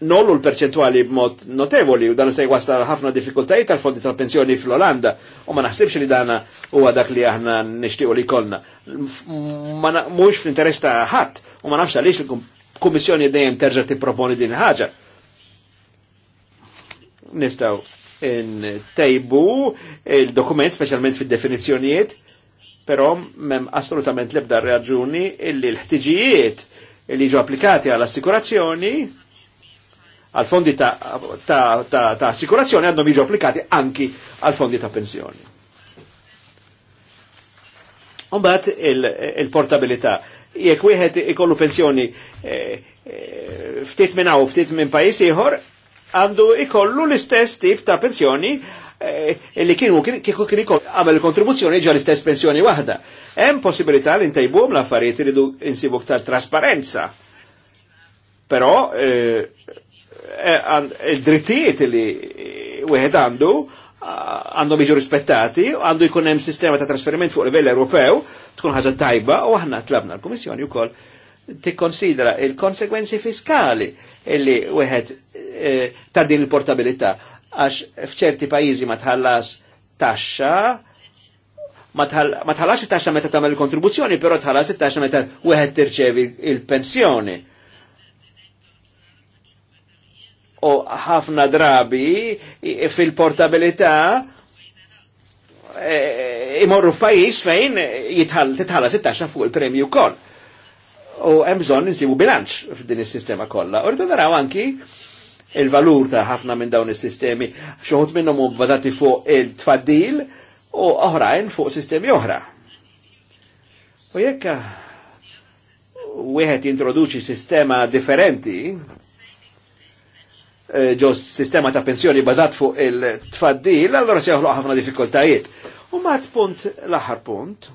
nollu l perċentwali b'mod notevoli u dan se jwassal ħafna diffikultajiet tal-fondi tal-pensjoni fl-Olanda u ma naħsibx li dana huwa dak li aħna nixtiequ li kollna. Mhux fl-interess ta' ħadd u ma nafx għaliex il-Kummissjoni dejjem terġa' tipproponi din il-ħaġa. Nistgħu tejbu il-dokument, specialment fil definizjoniet pero mem assolutament lebda raġuni illi l-ħtiġijiet illi ġu applikati għall-assikurazzjoni għal fondi ta', ta, ta, ta assikurazzjoni għandhom jiġu applikati anki għal fondi ta' pensjoni. Umbat il-portabilità. Il Jekk wieħed ikollu pensjoni eh, eh, ftit minn hawn ftit minn pajjiż ieħor, għandu ikollu l-istess tip ta' pensjoni eh, li kienu kieku kien għamel kontribuzzjoni ġa l-istess pensjoni wahda. Hemm possibilità li ntejbuhom l-affarijiet iridu insibu ktar trasparenza. Però eh, eh, il-drittijiet li wieħed għandu għandu biġu rispettati, għandu jkun hemm sistema ta' trasferiment fuq livell Ewropew, tkun ħaġa tajba u aħna tlabna l-Kummissjoni wkoll tikkonsidra il-konsekwenzi fiskali illi wieħed Eh, ta' din il-portabilità għax fċerti pajizi ma tħallas taxxa ma tħallas it-taxxa meta tagħmel il-kontribuzzjoni, però tħallas it-taxxa meta wieħed tirċevi il-pensjoni. U ħafna drabi fil-portabilità eh, imorru f'pajjiż fejn titħallas it-taxxa fuq il-premju wkoll. U hemm bżonn insibu bilanċ f'din is-sistema kollha. Ordu naraw anki il-valur ta' ħafna minn dawn is-sistemi, xoħut minnhom hum bbażati fuq il-tfaddil u oħrajn fuq sistemi oħra. U jekk wieħed introduċi sistema differenti, eh, ġo sistema ta' pensjoni bazat fuq il-tfaddil, allora se joħloq ħafna diffikultajiet. U mat punt, l-aħħar punt.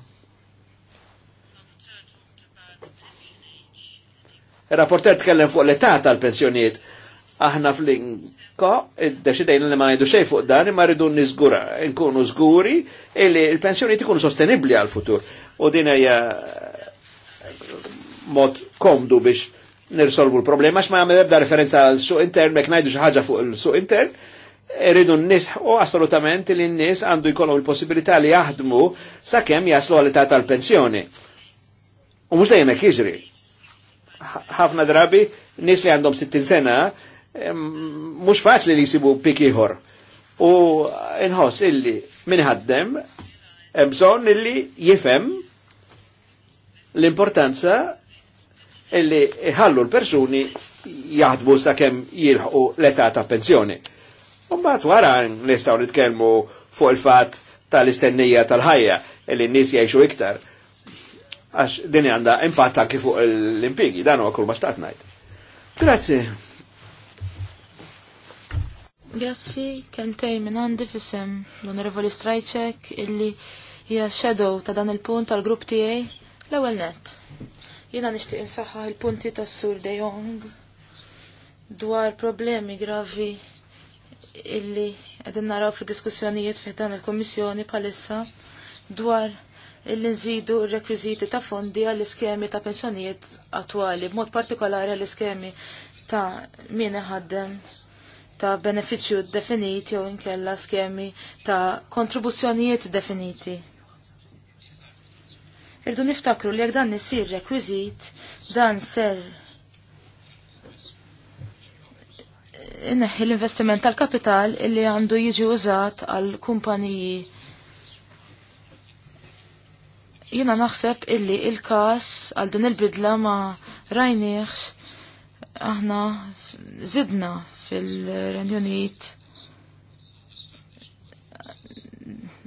Il-rapporter tkellem fuq l-età tal-pensjoniet. Aħna fl ko, id-deċidejn li ma ngħidu xej fuq dan, imma rridu nizgura nkunu zguri, li l-pensjoni tkun sostenibbli għal-futur. U din hija eh, mod komdu biex nirsolvu l-problema, x ma jgħamil ebda referenza għal suq intern, mek najdu xaħġa fuq il-suq intern, rridu u assolutament li n-nis għandu jkollhom il-possibilità li jaħdmu sakemm jaslu għal età tal-pensjoni. U mux dajem Ħafna drabi nis li għandhom 60 sena mux faċli li jisibu pikiħor. U inħoss illi minħaddem bżon illi jifem l-importanza illi ħallu l-persuni sa' kem jilħu l-età ta' pensjoni. Umbat wara nistaw nitkelmu fuq il fat tal-istennija tal-ħajja illi n nis jgħixu iktar. Għax dini għanda impatta kifu l impigi dan u kull ma xtaqt ngħid. Grazzi. Grazzi, kentej minn għandi fissem l-Onorevoli Strajċek illi hija shadow ta' dan il-punt tal-grupp tiegħi l-ewwel net. Jiena nixtieq insaħħa il-punti tas-Sur De Jong dwar problemi gravi illi qegħdin naraw fid-diskussjonijiet fih dan il-Kummissjoni bħalissa dwar illi nżidu r-rekwiżiti ta' fondi għall-iskemi ta' pensjonijiet attwali, b'mod partikolari għall-iskemi ta' min ħaddem ta' beneficju definiti jew inkella skemi ta' kontribuzzjonijiet definiti. Irdu niftakru li jekk dan isir rekwiżit, dan ser inneħi l-investiment tal-kapital illi għandu jiġi użat għal kumpaniji. Jina naħseb illi il-kas għal din il-bidla ma rajnieħx aħna zidna fil-Renjonit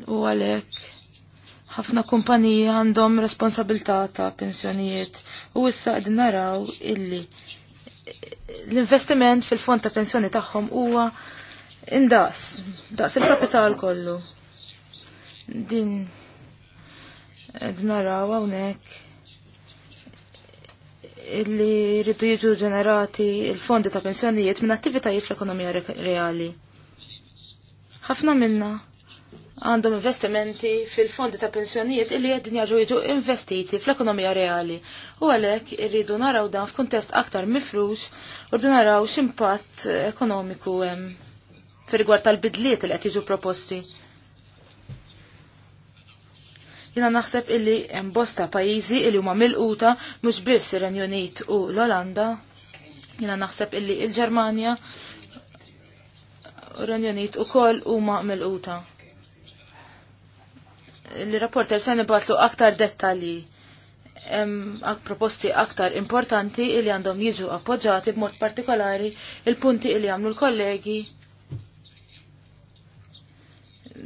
u għalek ħafna kumpaniji għandhom responsabilità ta' pensjonijiet u issa qegħdin naraw illi l-investiment fil-fond ta' pensjoni tagħhom huwa indas, daqs il-kapital kollu. Din qed naraw hawnhekk li rridu jiġu ġenerati il-fondi ta' pensjonijiet minn attivitajiet fl-ekonomija reali. Ħafna minna għandhom investimenti fil-fondi ta' pensjonijiet illi qegħdin jaġu jiġu investiti fl-ekonomija reali. U għalek irridu naraw dan f'kuntest aktar mifrux u rridu naraw x'impatt ekonomiku hemm rigward tal-bidliet li qed jiġu proposti. Jina naħseb illi hemm bosta pajjiżi illi huma milquta mhux biss ir-Renju Unit u l-Olanda. Jina naħseb illi il-Ġermanja u r-Renju Unit ukoll huma milquta. Il-rapporter se nibatlu aktar dettalji hemm proposti aktar importanti li għandhom jiġu appoġġati b'mod partikolari il-punti li għamlu l-kollegi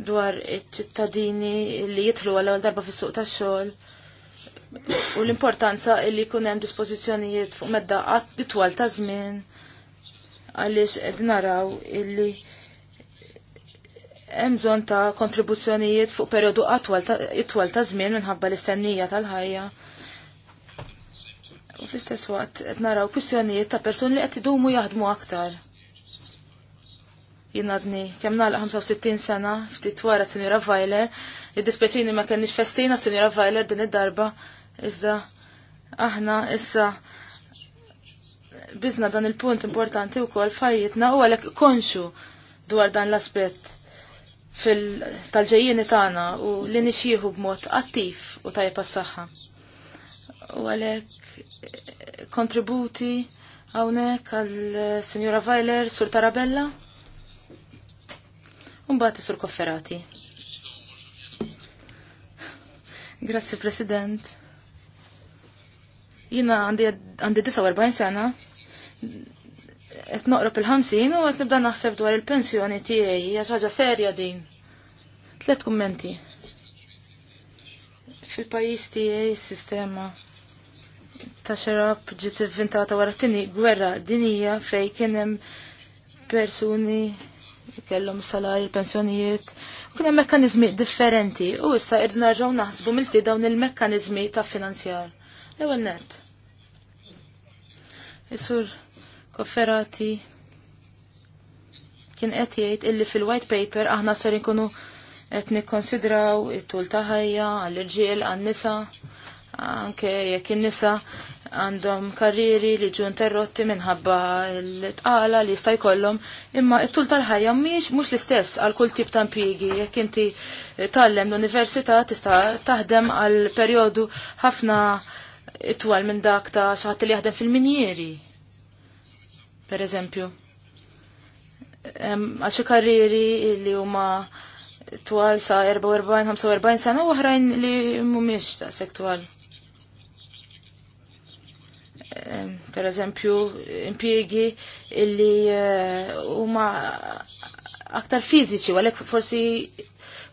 dwar iċ-ċittadini li jitlu għal darba fis-suq tax-xogħol u l-importanza li jkun hemm dispożizzjonijiet fuq medda itwal ta' żmien għaliex qed naraw illi hemm bżonn ta' kontribuzzjonijiet fuq perjodu itwal ta' żmien minħabba l-istennija tal-ħajja. U fl-istess waqt qed naraw kwistjonijiet ta' persuni li qed idumu jaħdmu aktar jinnadni kemm nagħlaq 65 sena ftit wara Sinjura Vajler, id-dispeċini ma kenniex festina Senjora Vajler din id-darba, iżda aħna issa bizna dan il-punt importanti u kol fajjitna u għalek konxu dwar dan l-aspet tal ġejjini tagħna u li nixieħu b'mod attiv u tajpa s saħħa U għalek kontributi hawnhekk għal senjora Vajler Sur Tarabella Mbagħad isur kofferati. Grazzi President. Jina għandi 49 sena qed noqrob il ħamsin u qed nibda naħseb dwar il-pensjoni tiegħi hija ħaġa serja din. Tlet kummenti. Fil-pajjiż tiegħi s-sistema ta' xerab ġiet inventata wara t-tieni gwerra dinija fej kien hemm persuni kellhom salari, pensjonijiet, u kien hemm mekkaniżmi differenti u issa qed narġgħu naħsbu minn dawn il-mekkaniżmi ta' finanzjar. Ewa net. Isur Kofferati kien qed jgħid illi fil-white paper aħna ser inkunu qed nikkonsidraw it-tul ta' ħajja għall-irġiel għan-nisa anke jekk in-nisa għandhom karriri li ġu interrotti minħabba l-tqala li jista' jkollhom, imma t-tul tal-ħajja mhix mhux l-istess għal kull tip ta' impjiegi. Jekk inti tallem l-università tista' taħdem għal perjodu ħafna itwal minn dak ta' xi ħadd li jaħdem fil-minjieri. Per eżempju. Għal karriri li huma twal sa' 44-45 sena u oħrajn li mhumiex ta' sektwal. Ehm, per eżempju impjiegi illi eh, huma aktar fiżiċi u għalhekk forsi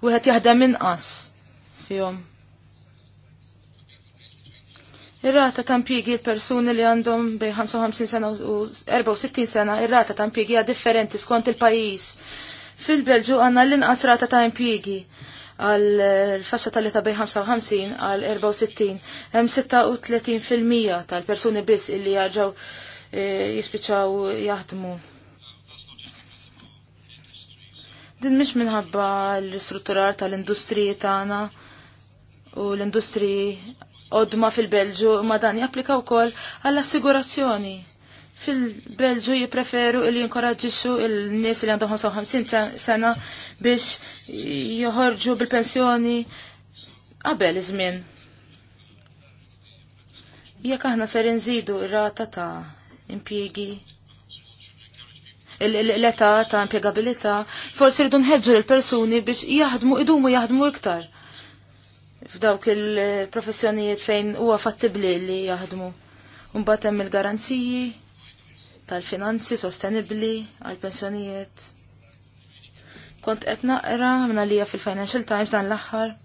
wieħed jaħdem inqas fihom. Ir-rata ta' impjiegi l-persuni li għandhom bejn 55 sena u 64 sena, ir-rata ta' impjiegi hija differenti skont il-pajjiż. Fil-Belġu għandna l-inqas rata ta' impjiegi għal fassa tal 55 għal 64 hemm 36% tal-persuni biss illi jaġaw eh, jispiċaw jaħdmu. Din mish minħabba l-istrutturar tal-industriji tagħna u l-industriji odma fil-Belġu ma dan japplika wkoll għall-assigurazzjoni fil-Belġu jipreferu li jinkoraġġixxu il-nies li għandhom 55 sena biex joħorġu bil-pensjoni qabel iż-żmien. Jekk aħna ser inżidu r-rata ta' impjiegi l-età ta' impjegabilità, forsi rridu nħeġġu l-persuni biex jaħdmu idumu jaħdmu iktar f'dawk il-professjonijiet fejn huwa fattibli li jaħdmu. Mbagħad hemm il-garanziji tal-finanzi sostenibli għal-pensjonijiet. Kont qed naqra minna lija fil-Financial Times dan l-aħħar.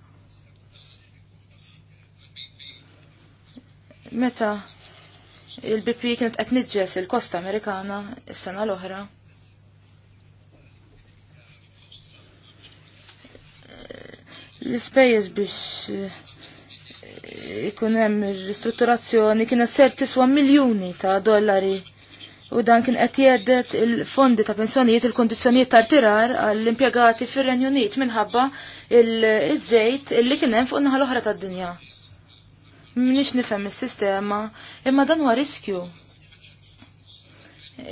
Meta il-BP kienet qed niġġes il-Kosta Amerikana is-sena l-oħra. L-ispejjeż biex eh, ikun hemm ristrutturazzjoni kienet ser tiswa miljuni ta' dollari u dan kien qed jgħeddet il-fondi ta' pensjonijiet il-kondizzjonijiet tar tirar għall-impjegati fir-Renju Unit minħabba iż-żejt illi kien hemm fuq naħa l-oħra tad-dinja. Mniex nifhem is-sistema, imma dan huwa riskju.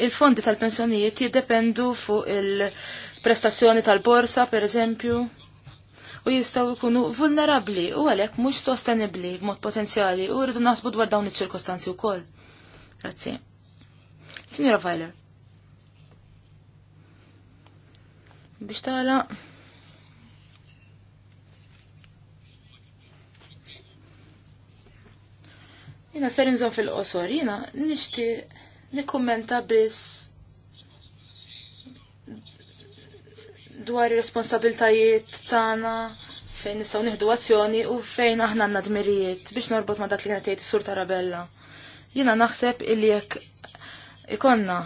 Il-fondi tal-pensjonijiet jiddependu fuq il-prestazzjoni tal-borsa, per eżempju, u jistgħu jkunu vulnerabbli u għalhekk mhux sostenibbli b'mod potenzjali u rridu naħsbu dwar dawn iċ-ċirkostanzi wkoll. Grazie. Signora Fajler. Biex tala. Jina ser nżon fil-qosor, jina nishti nikkommenta biss dwar ir-responsabiltajiet tagħna fejn nistgħu nieħdu azzjoni u fejn aħna nadmirijiet dmirijiet biex norbot ma' dak li kienet tgħid is-Sur Tarabella. Jiena naħseb il jek ikonna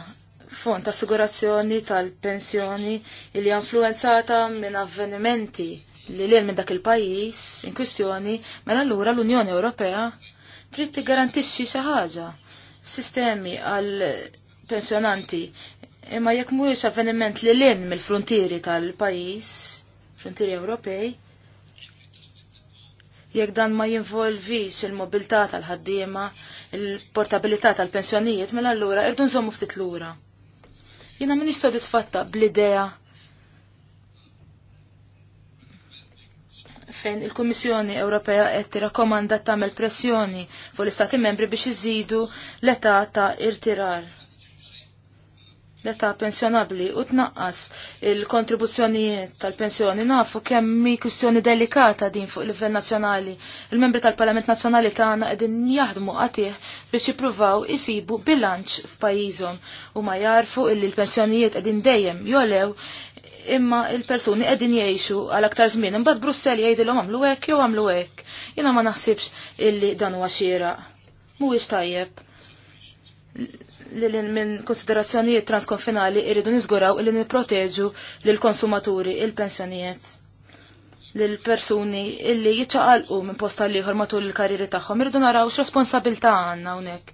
fond ta' assigurazzjoni tal-pensjoni li influenzata minn avvenimenti li l minn dak il-pajis in kwistjoni, mela allura l-Unjoni Ewropea trid tigarantixxi xi ħaġa sistemi għal pensjonanti imma jekk mhuwiex avveniment li l mill-frontieri tal-pajis, frontieri Ewropej, jekk dan ma jinvolvix il-mobilità tal-ħaddiema, il-portabilità tal-pensjonijiet, mela allura irdu nżommu ftit lura. Jiena m'iniex sodisfatta bl-idea fejn il-Kummissjoni Ewropea qed tirrakkomanda tagħmel pressjoni fuq l-Istati Membri biex iżidu l-età ta' irtirar l-età pensjonabli u tnaqqas il-kontribuzzjonijiet tal-pensjoni nafu kemm mi kwistjoni delikata din fuq livell nazzjonali. Il-membri tal-Parlament Nazzjonali tagħna qegħdin jaħdmu qatih biex jippruvaw isibu bilanċ f'pajjiżhom u ma jarfu illi l-pensjonijiet qegħdin dejjem jolew imma il-persuni qegħdin jgħixu għal aktar żmien imbagħad Brussell jgħidilhom għamlu hekk jew għamlu hekk. Jiena ma naħsibx illi dan huwa xieraq. Mhuwiex tajjeb li minn konsiderazzjonijiet transkonfinali irridu niżguraw li nipproteġu lill konsumaturi il-pensjonijiet lill persuni illi jiċċaqalqu minn posta li matul il-karriri tagħhom irridu naraw x'responsabilità għandna hawnhekk.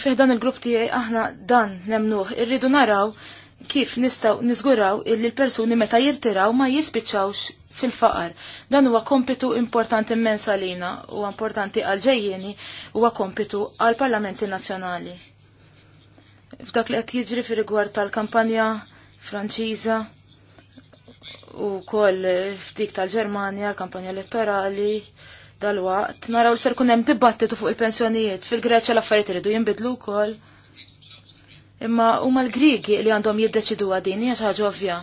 Fih dan il-grupp tiegħi aħna dan nemnuh irridu naraw kif nistaw nizguraw illi l-persuni meta jirtiraw ma jispiċċawx fil-faqar. Dan huwa kompitu importanti immens lina u importanti għal-ġejjeni huwa kompitu għal-Parlamenti Nazzjonali. F'dak li qed jiġri fir-rigward tal-kampanja Franċiża u koll f'dik tal-Ġermanja, l-kampanja elettorali, dal-waqt, naraw ser kunem hemm dibattitu fuq il-pensjonijiet. Fil-Greċja l-affarijiet iridu jinbidlu wkoll Imma huma l griegi li għandhom jiddeċidu għadin, hija xi ħaġa ovvja.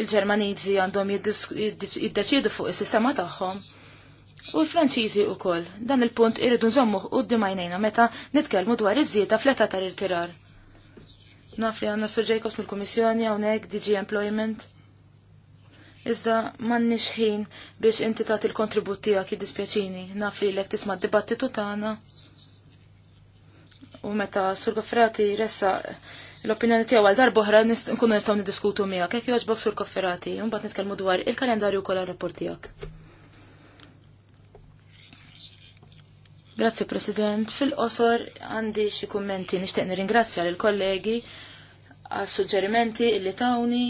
Il-Ġermaniżi għandhom jiddeċidu fuq is-sistema tagħhom. U l-Franċiżi wkoll. Dan il-punt irridu nżommuh qudiem għajnejna meta nitkellmu dwar iż-żieda fl-età tar-irtirar. Naf li għandna Sur Jacobs mill-Kummissjoni hawnhekk DG Employment. Iżda m'għandniex ħin biex inti tagħti l-kontribut tiegħek jiddispjaċini. Naf li lek tisma' d-dibattitu tagħna u meta Sur Kofferati ressa l-opinjoni tiegħu għal darba oħra nkunu nistgħu niddiskutu miegħek jekk jogħġbok Sur Kofferati u mbagħad nitkellmu dwar il-kalendarju wkoll għar-rapport tiegħek. Grazzi President, fil-qosor għandi xi kummenti nixtieq nirringrazzja lill kollegi għas suġġerimenti illi tawni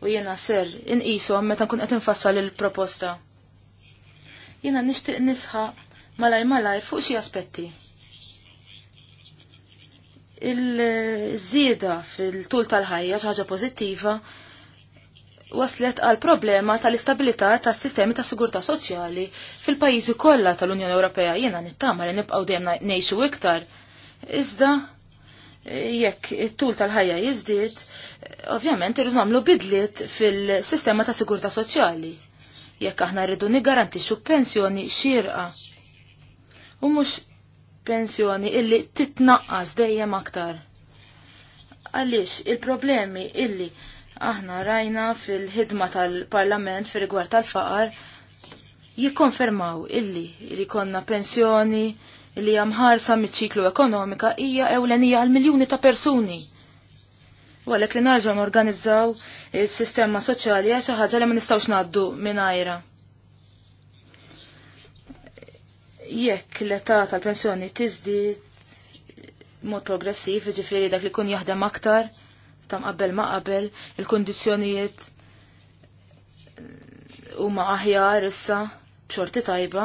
u jiena ser inqishom meta nkun qed infassal il-proposta. Jiena nixtieq nisħaq malaj malaj fuq xi aspetti il-żieda fil-tul tal-ħajja xaġa ħaġa pożittiva waslet għal problema tal-istabilità tas-sistemi ta' sigurtà soċjali fil-pajjiżi kollha tal-Unjoni Ewropea jiena nittama li nibqgħu dejjem ngħixu iktar. Iżda jekk it-tul tal-ħajja jiżdied, ovvjament irridu nagħmlu bidliet fil-sistema ta' sigurtà soċjali. Jekk aħna rridu nigarantixxu pensjoni xierqa. U mhux pensjoni illi titnaqqas dejjem aktar. Għaliex il-problemi illi aħna rajna fil-ħidma tal-parlament fil rigward tal-faqar jikkonfermaw illi li konna pensjoni illi jamħarsa mit-ċiklu ekonomika hija ewlenija għal miljuni ta' persuni. U li narġa organizzaw il-sistema soċjali għaxa ħagġa li ma nistawx naddu minn ajra. jekk l-età tal-pensjoni tiżdied mod progressiv, ġifiri dak li kun jaħdem aktar, tam qabel ma qabel, il-kondizjonijiet eh, huma aħjar issa b'xorti tajba.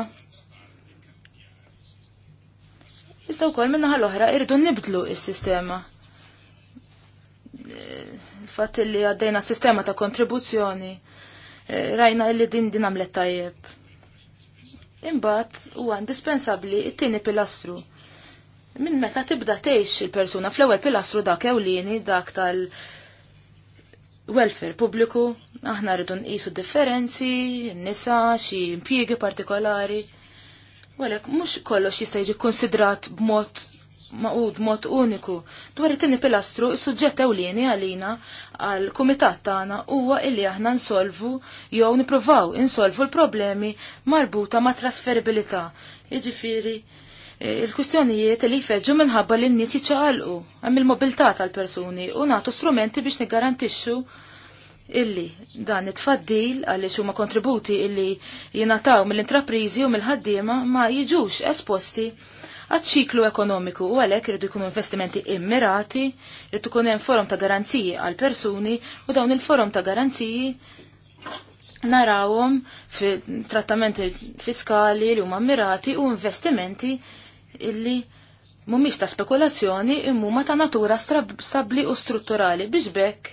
Iżda wkoll minna l-oħra irdu nibdlu il sistema eh, Fatt li għaddejna s sistema ta' kontribuzzjoni, eh, rajna illi din din għamlet tajjeb Imbagħad huwa indispensabbli it-tieni pilastru. Minn meta tibda tgħix il-persuna fl-ewwel pilastru dak ewlieni dak tal- welfare pubbliku, aħna rridu nqisu differenzi, nisa, xi impjiegi partikolari. Walek, mhux kollox jista' jiġi konsidrat b'mod maqud mod uniku dwar it-tieni pilastru is-suġġett ewlieni għalina għal kumitat tagħna huwa illi aħna nsolvu jew nippruvaw insolvu l-problemi marbuta ma' trasferibilità. Jiġifieri eh, il-kwistjonijiet li jfeġġu minħabba li n-nies jiċċaqalqu hemm il-mobilità tal-persuni u nagħtu strumenti biex niggarantixxu illi dan it-faddil għalix huma kontributi illi jinataw mill intrapriżi u mill-ħaddiema ma jiġux esposti għadċiklu ċiklu ekonomiku u għalhekk irid ikunu investimenti immirati, rridu ikun hemm forum ta' garanziji għal persuni u dawn il-forum ta' garanziji narawhom fi trattamenti fiskali li huma mirati u investimenti illi mhumiex ta' spekulazzjoni imma ta' natura stabbli u strutturali biex bekk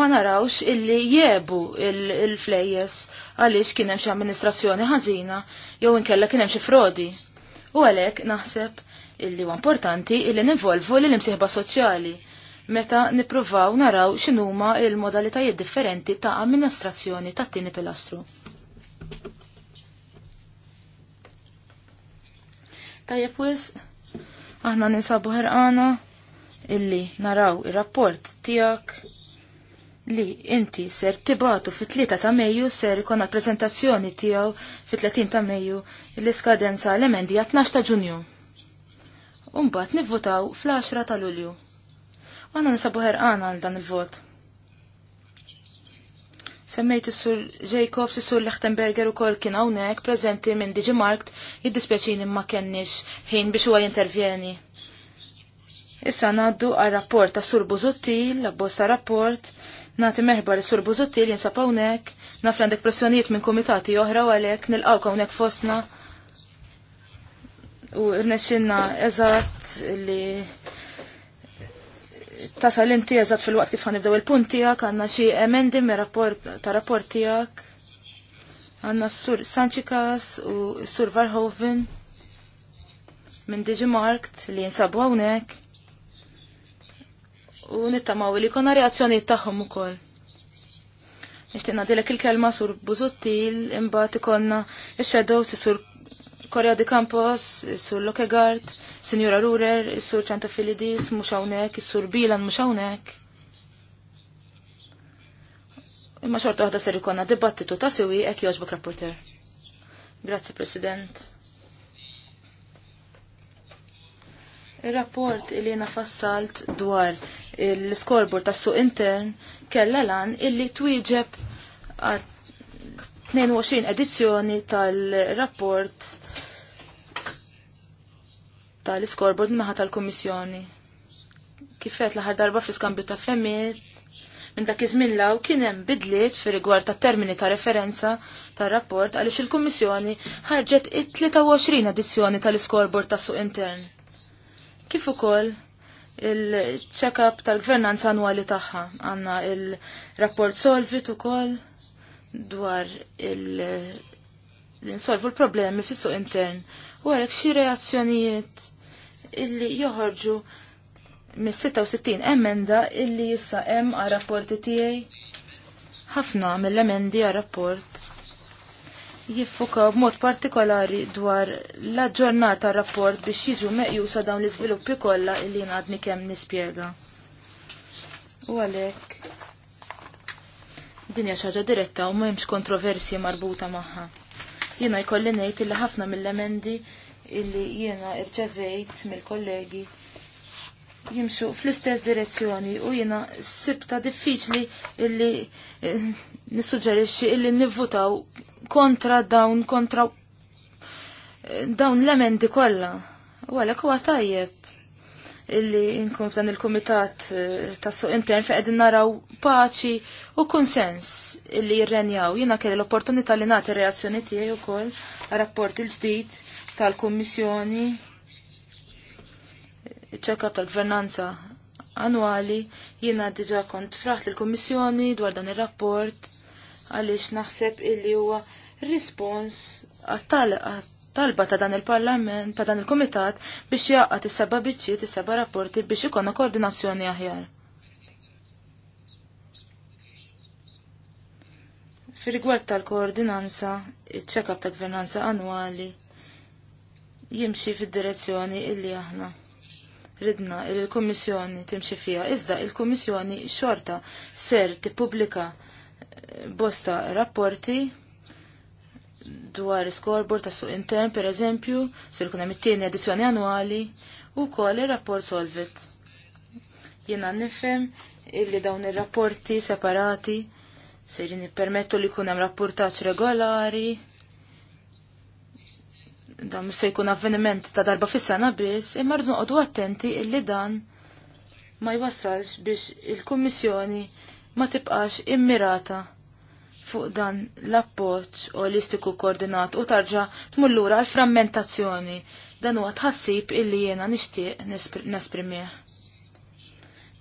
ma narawx illi jiebu il-flejjes għaliex kien hemm xi amministrazzjoni ħażina jew inkella kien hemm xi frodi. U għalhekk naħseb illi huwa importanti illi ninvolvu l imsieħba soċjali meta nippruvaw naraw x'inhuma il-modalitajiet differenti ta' amministrazzjoni tat-tieni pilastru. Tajjeb wis, aħna ninsabu ħerqana illi naraw ir-rapport tiegħek li inti ser tibatu fit-3 ta' Mejju ser ikonna prezentazzjoni tiegħu fit-30 ta' Mejju l-iskadenza l-emendi 12 ta' Ġunju. Umbat nivvotaw fl-10 ta' Lulju. Għana nisabu ħerqana għal dan il-vot. Semmejt is-sur Jacobs, is-sur Lechtenberger u kol kien hawnhekk preżenti minn Digi Markt jiddispjaċini ma kenniex ħin biex huwa jintervjeni. Issa ngħaddu għar rapport ta' sur busuttil la bosta rapport, Nati merħba li sur Buzutti li nsab hawnhekk, naf għandek pressjonijiet minn kumitati oħra u għalhekk nilqgħu hawnhekk fostna. U rnexxinna eżatt li tasal inti eżatt fil-waqt kif ħanibdew il-punt tiegħek, għandna xi emendi ta' rapport tiegħek. Għandna s-sur Sanċikas u s-sur Varhoven minn Digimarkt li jinsabu hawnhekk u nittamaw li konna reazzjoni tagħhom ukoll. Nixtieq dilek il-kelma sur Buzuttil imbagħad ikollna ix-shadows sur Korea di Campos, sur Lokegard, Sinjura Rurer, sur Ċantafilidis mhux hawnhekk, is-sur Bilan mhux hawnhekk. Imma xorta waħda ser konna dibattitu ta' siwi hekk jogħġbok rapporter. Grazzi President. Il-rapport li jena fassalt dwar l-skorbur tas-suq intern kella lan illi twieġeb 22 edizzjoni tal-rapport tal skorbur naħa tal-Komissjoni. Kifet l-ħar darba fl-iskambju ta' femmiet, minn dak iż-żmien law kien hemm bidliet fi rigward ta' termini ta' referenza tar rapport għaliex il-Kummissjoni ħarġet it-23 edizzjoni tal-iskorbord ta' suq intern. Kif ukoll il-check-up tal-gvernanza annuali tagħha. Għandna il-rapport solvit ukoll dwar il insolvu l-problemi fis-suq intern u għarek xi reazzjonijiet illi joħorġu mis-66 emenda illi issa hemm għal rapporti tiegħi ħafna mill-emendi għal rapport jiffuka b'mod partikolari dwar l-aġġornar tar rapport biex jiġu meqjusa dawn l-iżviluppi kollha li ngħadni kemm nispjega. U għalhekk Dinja xi ħaġa diretta u m'hemmx kontroversji marbuta magħha. Jiena jkolli ngħid li ħafna mill-emendi illi jiena irċevejt mill-kollegi jimxu fl-istess direzzjoni u jiena sibta diffiċli illi eh, nissuġġerixxi illi nivvutaw kontra dawn kontra eh, dawn l-emendi kollha. U għalhekk huwa tajjeb illi nkun f'dan il-kumitat eh, tas-suq intern fejn qegħdin naraw paċi u kunsens illi jirrenjaw. Jiena kelli l-opportunità li nagħti reazzjoni tiegħi wkoll rapport il-ġdid tal-Kummissjoni ċekab tal-gvernanza annwali jiena diġa kont fraħt il kummissjoni dwar dan ir-rapport għaliex naħseb illi huwa rispons għat-talba ta' dan il-parlament, ta' dan il-komitat biex jaqqat is-seba biċċiet, is-seba rapporti biex ikonna koordinazzjoni aħjar. Fir-rigward tal-koordinanza, check ta' gvernanza annwali jimxi fid-direzzjoni illi aħna ridna il-Kommissjoni timxi fija, iżda il-Kommissjoni xorta ser tippubblika bosta rapporti dwar scoreboard ta' suq intern, per eżempju, sir ikun hemm it-tieni edizzjoni annwali u koll ir-rapport Solvit. Jiena nifem illi dawn ir-rapporti separati ser jippermettu li jkun hemm rapportaġġ regolari. Dan se jkun avveniment ta' darba fis-sena biss, imma rdu noqogħdu attenti illi dan ma jwassalx biex il-Kummissjoni ma tibqax immirata fuq dan l-appoċ holistiku koordinat u tarġa tmullura l-frammentazzjoni dan huwa tħassib illi jiena nixtieq nesprimih.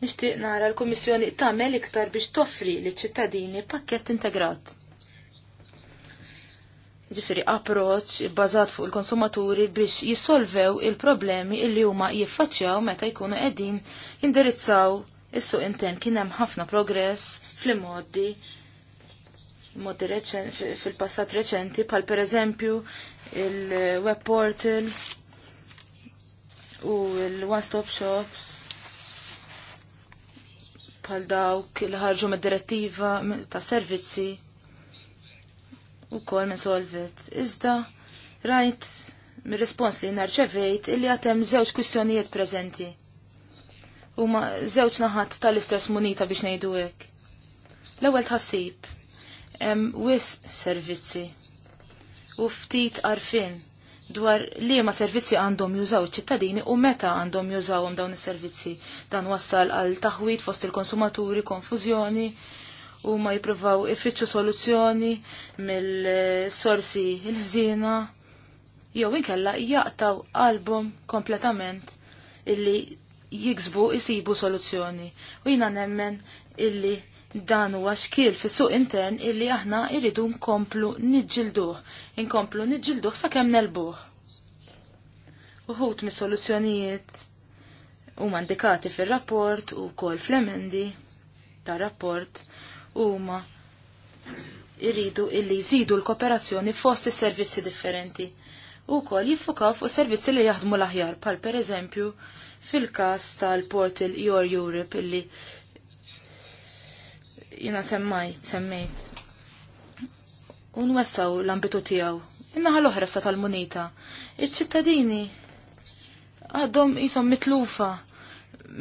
Nixtieq nara l-Kummissjoni tagħmel iktar biex toffri li ċittadini pakkett integrat. Ġifieri approċ bbażat fuq il-konsumaturi biex jissolvew il-problemi illi huma jiffaċċjaw meta jkunu qegħdin jindirizzaw is-suq intern kien hemm ħafna progress fl-immoddi fil-passat reċenti, pal per eżempju il-web portal u il-one-stop shops pal dawk il-ħarġu mid-direttiva ta' servizzi u kol minn solvet. Iżda, rajt, mir respons li narċevejt illi għatem zewċ kustjonijiet prezenti. U ma zewċ naħat tal-istess munita biex nejduwek. L-ewel tħassib hemm wis servizzi u ftit arfin dwar li ma servizzi għandhom jużaw ċittadini u meta għandhom jużawhom dawn is-servizzi. Dan wassal għal taħwit fost il-konsumaturi, konfużjoni u ma jipruvaw ifittxu soluzzjoni mill-sorsi il-ħżina jew inkella jaqtaw album kompletament illi jiksbu isibu soluzzjoni. U jina nemmen illi dan huwa xkil fis-suq intern illi aħna irridu nkomplu niġġilduh, inkomplu niġġilduh sakemm nelbuh. Uħut mis-soluzzjonijiet huma indikati fir-rapport u kol fl-emendi tar-rapport huma irridu illi jżidu l-kooperazzjoni fost is-servizzi differenti u kol jiffukaw fuq servizzi li jaħdmu l-aħjar, pal per eżempju fil-kas tal-portal Your Europe illi jina semmajt, semmejt. wessaw l-ambitu tijaw. Innaħa l-oħra sa tal-munita. Iċ-ċittadini għaddhom jisom mitlufa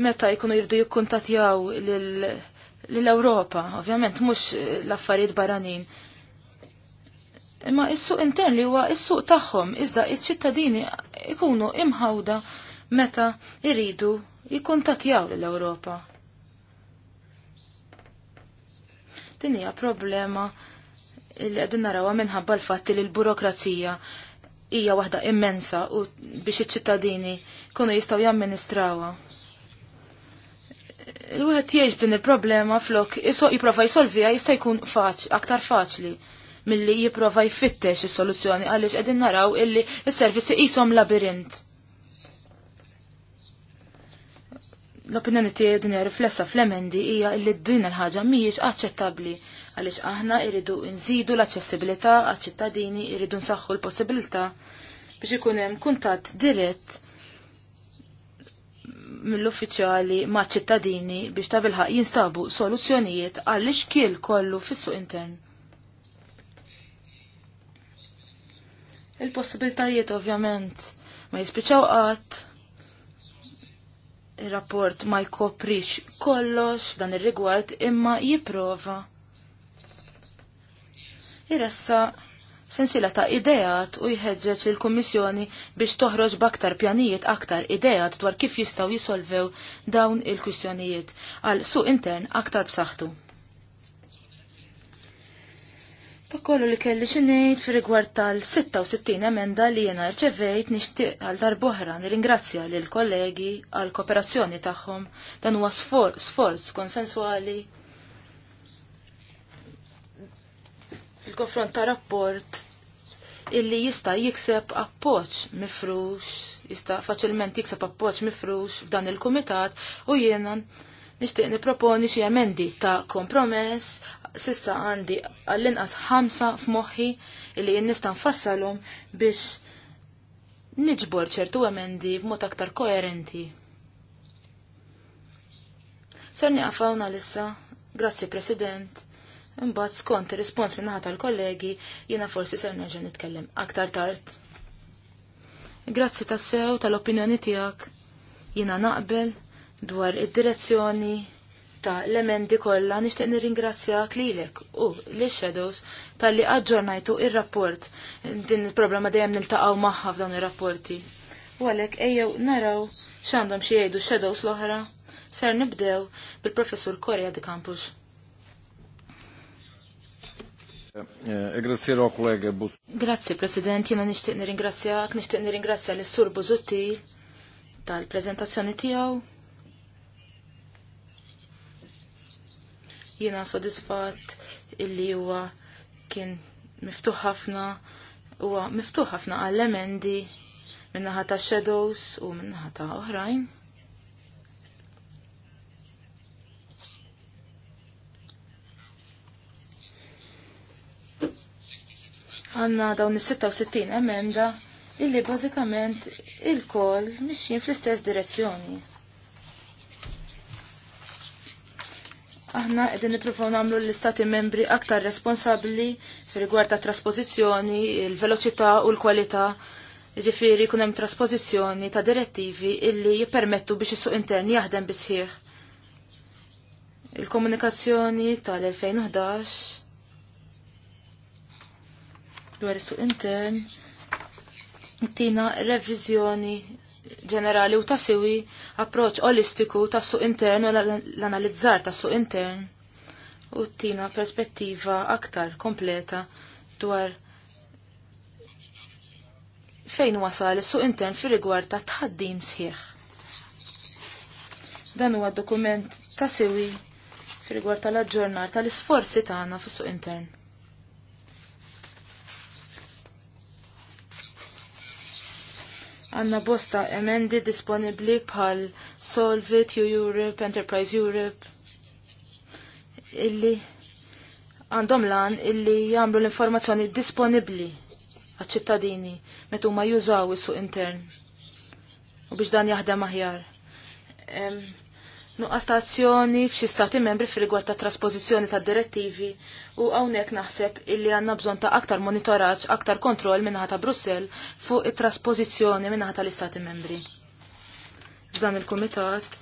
meta jkunu jirdu jikkuntatjaw l-Europa, ovvjament, mux l-affarijiet baranin. Imma is-suq intern li huwa is-suq tagħhom, iżda iċ-ċittadini ikunu imħawda meta jridu jikkuntatjaw l-Europa. Din hija problema li qegħdin narawha minħabba l-fatt li l-burokrazija hija waħda immensa u biex iċ-ċittadini kunu jistgħu jamministrawha. Il-wieħed jgħix din il-problema flok jipprova jsolvija jista' jkun aktar faċli milli jipprova jfittex is-soluzzjoni għaliex qegħdin naraw illi s-servizzi qishom labirint l-opinjoni tiegħi din riflessa fl-emendi hija li din il-ħaġa mhijiex aċċettabbli għaliex aħna jridu nżidu l-aċċessibilità għaċ-ċittadini jridu nsaħħu l-possibilità biex ikun hemm kuntatt dirett mill-uffiċjali ma' ċittadini biex ta' bilħaq jinstabu soluzzjonijiet għall kiel kollu fis-suq intern. Il-possibilitajiet ovvjament ma jispiċaw qatt il-rapport ma jkoprix kollox dan ir-rigward imma jipprova iressa sensila ta' idejat u jħeġġeġ il-Kommissjoni biex toħroġ baktar pjanijiet aktar idejat dwar kif jistaw jisolvew dawn il-kwistjonijiet għal suq intern aktar b'saħħtu. Ta' li kelli xinejt fi rigward tal-66 emenda li jena rċevejt nixtieq għal darboħra nirringrazzja l kollegi għal kooperazzjoni tagħhom dan huwa sforz konsensuali il-konfront ta' rapport illi jista' jikseb appoġġ mifrux, jista' faċilment jikseb appoġġ mifrux f'dan il-kumitat u jiena nixtieq niproponi xi emendi ta' kompromess sissa għandi għall-inqas ħamsa f'moħħi illi jien nista' nfassalhom biex niġbor ċertu emendi b'mod aktar koerenti. Ser għafawna lissa, grazzi President, imbagħad skont ir-rispons minn tal-kollegi jiena forsi ser nerġa' nitkellem aktar tard. Grazzi tassew tal-opinjoni tiegħek jiena naqbel dwar id-direzzjoni ta' l-emendi kollha nixtieq nirringrazzjak lilek u li shadows tal-li aġġornajtu il rapport din il-problema dejjem niltaqgħu magħha f'dawn ir-rapporti. U għalhekk ejjew naraw x'għandhom xi jgħidu shadows l-oħra ser nibdew bil-professur Korea de Campus. Eh, Grazzi President, jiena nixtieq nirringrazzjak, nixtieq nirringrazzja l-Sur Buzutti tal prezentazzjoni tiegħu Jiena sodisfatt illi huwa kien miftuħ ħafna huwa miftuħ ħafna għall emendi minnaħa ta' shadows u minnaħa ta' oħrajn. Għanna dawn is-66 emenda illi bażikament il-kol mixjin fl-istess direzzjoni. Aħna qegħdin nippruvaw nagħmlu l-istati membri aktar responsabbli fir-rigward ta' trasposizzjoni, il-veloċità u l-kwalità. Ġifieri jkun hemm trasposizzjoni ta' direttivi illi jippermettu biex is-suq intern jaħdem bisħieħ. Il-komunikazzjoni tal-2011 dwar is-suq intern tina reviżjoni ġenerali u ta' approċ olistiku ta' suq intern u l-analizzar ta' suq intern u tina perspettiva aktar kompleta dwar fejn wasal is-suq intern fi rigward ta' tħaddim sħiħ. Dan huwa dokument ta' siwi fir rigward tal-aġġornar tal-isforzi tagħna fis-suq intern. għanna bosta emendi disponibli bħal Solvit, U Europe, Enterprise Europe, illi għandhom lan illi jagħmlu l-informazzjoni disponibli għal ċittadini meta huma jużaw is-suq intern u biex dan jaħdem aħjar nuqqas ta' azzjoni f'xi stati membri f'rigward ta' trasposizzjoni ta' direttivi u hawnhekk naħseb illi għandna bżonn ta' aktar monitoraġġ, aktar kontroll minnaħa ta' Brussell fuq it-trasposizzjoni minnaħa tal-istati membri. F'dan il-kumitat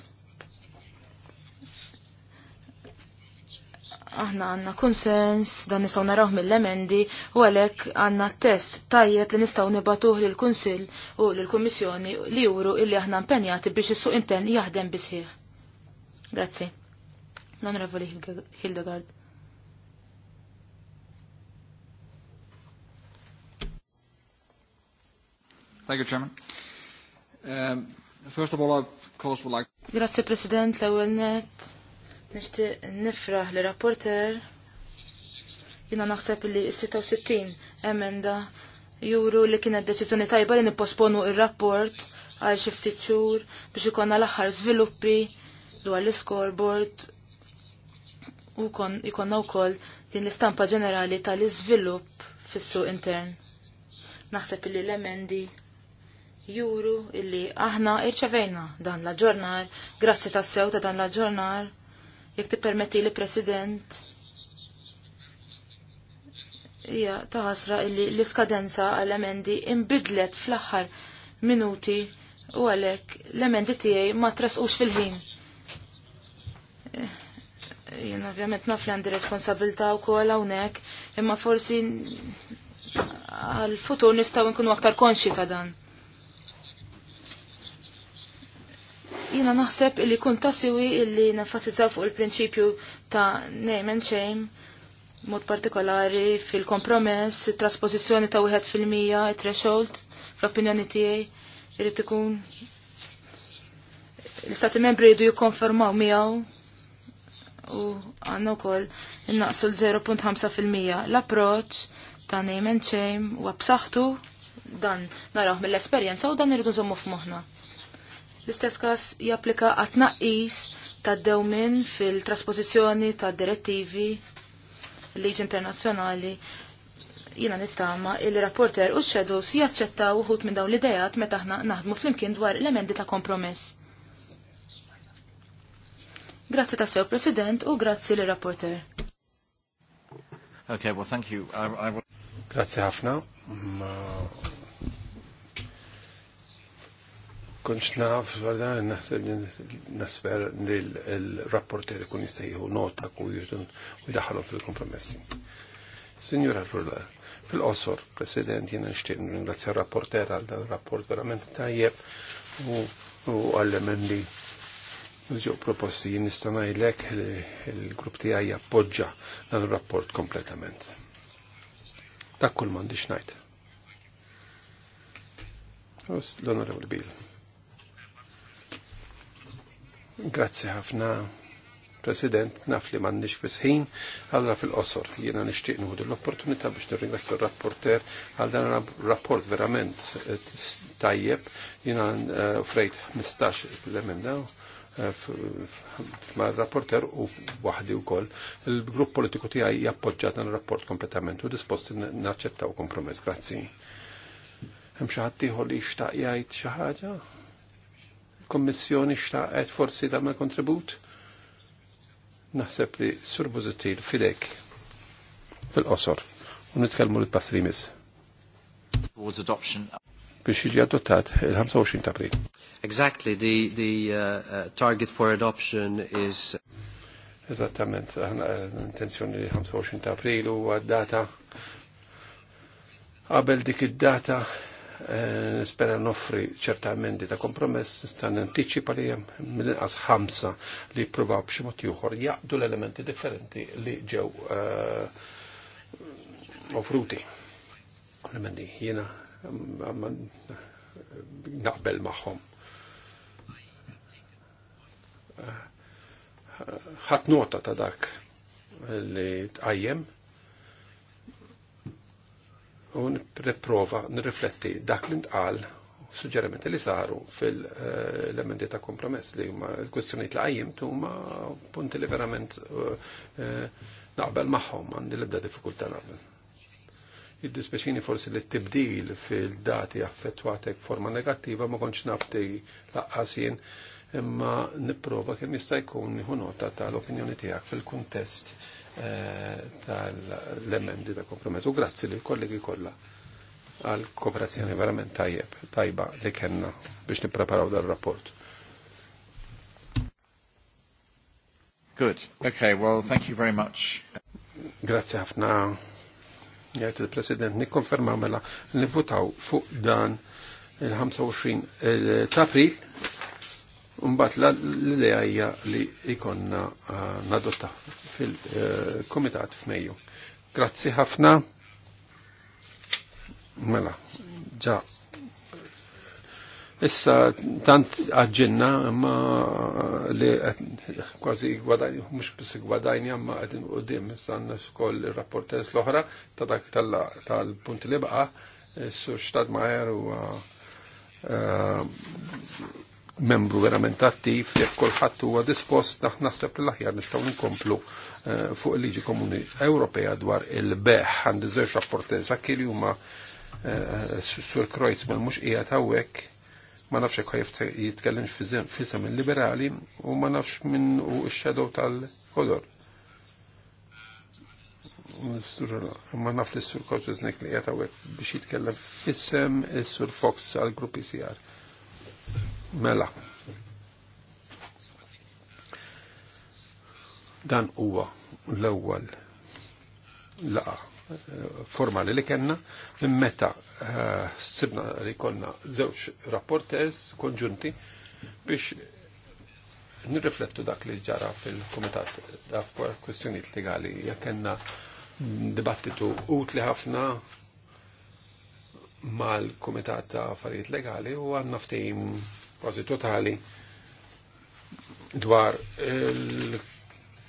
aħna għanna konsens, dan nistaw narawh mill-emendi, u għalek għanna test tajjeb li nistaw nibatuh l-Kunsil u l-Kommissjoni li juru illi aħna impenjati biex is-suq intern jaħdem bisħiħ. Grazzi. L-Onorevoli Hildegard. Thank you, Chairman. Um, first of all, of course, would like... Grazie, President, l-ewel Nishti nifraħ li rapporter. Jina naħseb li 66 emenda juru li kienet deċizjoni tajba li nipposponu il-rapport għal xi ftit xhur biex ikonna l-aħħar żviluppi dwar l-scoreboard u ikonna wkoll din l-istampa ġenerali tal-iżvilupp fis-suq intern. Naħseb illi l-emendi juru illi aħna irċevejna dan l-aġġornar, grazzi tas-sew ta' dan l jek jekk tippermetti li President. Ija, taħasra illi l-iskadenza għal-emendi imbidlet fl-axħar minuti u għalek l-emendi tijaj ma trasqux fil-ħin. Eh, jien ovvjament naf li għandi responsabilta u kol hawnhekk, imma forsi għal-futur nistgħu nkunu aktar konxi ta' dan. Jiena naħseb li kun tasiwi illi nenfasizzaw fuq il-prinċipju ta' name and shame mod partikolari fil-kompromess, trasposizjoni ta' wieħed fil-mija, threshold, fl-opinjoni tiegħi, irid ikun l-istati membri jridu jikkonfermaw miegħu u għanna wkoll innaqsu l-0.5%. L-approċ ta' name and shame u b'saħħtu dan naraw mill-esperjenza u dan irridu nżommu f'moħħna. L-istess każ japplika għat-tnaqqis ta' dewmin fil trasposizjoni ta' direttivi liġi internazzjonali jina nittama il-rapporter u x xedus jaċċettaw uħut minn dawn l-idejat meta aħna naħdmu flimkien dwar l-emendi ta' kompromess. Grazzi ta' sew President u grazzi li rapporter. Okay, well, thank you. I, I... Grazzi ħafna. Ma... Konċ naf, għarda, nasper li l-rapporter kun jistajju nota u jutun u daħalhom fil-kompromessi. Signora Furla, fil-qosor, President, jena nishtiq ringrazzja rapporter għal dan rapport verament tajjeb u għall-emendi ġew proposti nista' ngħidlek il-grupp għaj jappoġġa dan il rapport kompletament. Dak kull m'għandix ngħid. L-Onorevoli Bil. Grazzi ħafna. President, naf li mandi fisħin, għallra fil-qosor, jena nishtiq nħudu l-opportunità biex nirringrazzja l rapporter għal dan rapport verament tajjeb, jena eh, frejt 15 l emendaw ma' rapporter u waħdi u koll. Il-grupp politiku tiegħi jappoġġat dan rapport kompletament u dispost naċċettaw kompromess. Grazzi. Hemm xi ħadd ieħor li jixtaq jgħid xi ħaġa? Kommissjoni xtaqet forsi dam kontribut? Naħseb li sur fidek fil-qosor u nitkellmu l-pass Towards adoption biex jiġi adottat il-25 ta' april. Exactly, the, the uh, uh target for adoption is... Eżattament, l-intenzjoni eh, li 25 ta' april u għad-data qabel dik id-data eh, nispera noffri ċerta emendi ta' kompromess nistan anticipa li jem mill-inqas ħamsa li provaw juħor jaqdu l-elementi differenti li ġew eh, offruti. l naqbel magħhom. Ħadd nota ta' dak li tqajjem u nipprova nirrifletti dak li ntqal suġġerimenti li saru fil emendi ta' kompromess li huma l kwistjonijiet li għajjimt huma punti li verament eh, eh, naqbel magħhom għandi l-ebda diffikultà naqbel. Id-dispeċini forsi li t-tibdil fil-dati affettwatek forma negattiva ma konċ nafti laqqasien imma niprofa kemm nista' jkun nota tal-opinjoni tiegħek fil-kuntest eh, tal-emendi ta' komprometu Grazzi li kollegi kollha għal kooperazzjoni verament tajjeb, tajba li kellna biex nippreparaw dal-rapport. Good. Okay, well, thank you very much. Grazie ħafna jgħet il-President nikkonferma mela nivvutaw fuq dan il-25 eh, ta' april Umbat l-idea hija li ikonna eh, nadotta fil-komitat eh, f'Mejju. Grazzi ħafna. Mela, ġa Issa tant għadġinna imma li kważi gwadajni, mux bis gwadajni imma għadin u dim, għanna skoll il-rapportez l-ohra ta' dak tal-punt li baqa, issu xtad maħer u eh, membru verament attiv, jek kolħat u dispost naħseb l ħjar nistaw nkomplu eh, fuq il-liġi komuni Ewropeja dwar il-beħ għandi zewġ għakil juma huma eh, sur Kreuzman mux qiegħed hawnhekk ma nafx jekk jitkellem f'isem il-liberali u ma nafx minn u x-shadow tal-kodor. Ma naf li s-sur Koċuznik li jgħata biex jitkellem f'isem il-sur Fox għal-grupp ICR. E mela. Dan huwa l-ewwel laqa formali li kena minn meta eh, sibna li konna zewċ rapporters konġunti biex nirriflettu dak li ġara fil-komitat għaf kwestjoniet legali Ja kena dibattitu utli ħafna mal-komitat ta' affarijiet legali u għanna ftehim kważi totali dwar il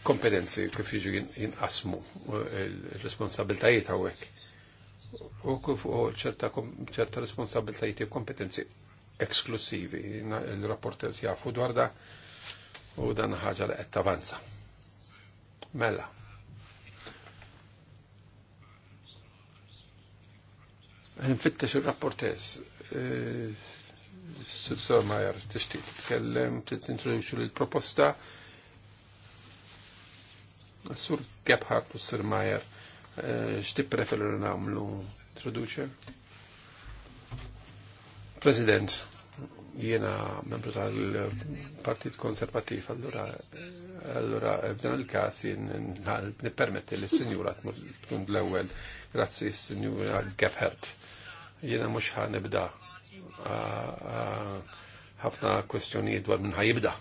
kompetenzi kif jiġu jinqasmu il-responsabiltajiet eh, hawnhekk. U kif ċerta responsabiltajiet u kompetenzi eksklusivi. Il-rapporters jafu dwar da u dan ħaġa li qed avanza. Mela. Nfittex il-rapporters. Eh, Sir Majer, tixtieq tkellem, titintroduċu l-proposta. Sur Gebhardt u Sir Mayer, eh, xti preferu namlu traduċer? President, jiena membru tal-Partit Konservativ, allora, allura eh, eh, f'dan il-każ nippermetti li s-sinjura tkun l ewel Grazzi s senjura Gebhardt. Jiena mux ħan nibda ħafna kwestjoni dwar minn ħajibda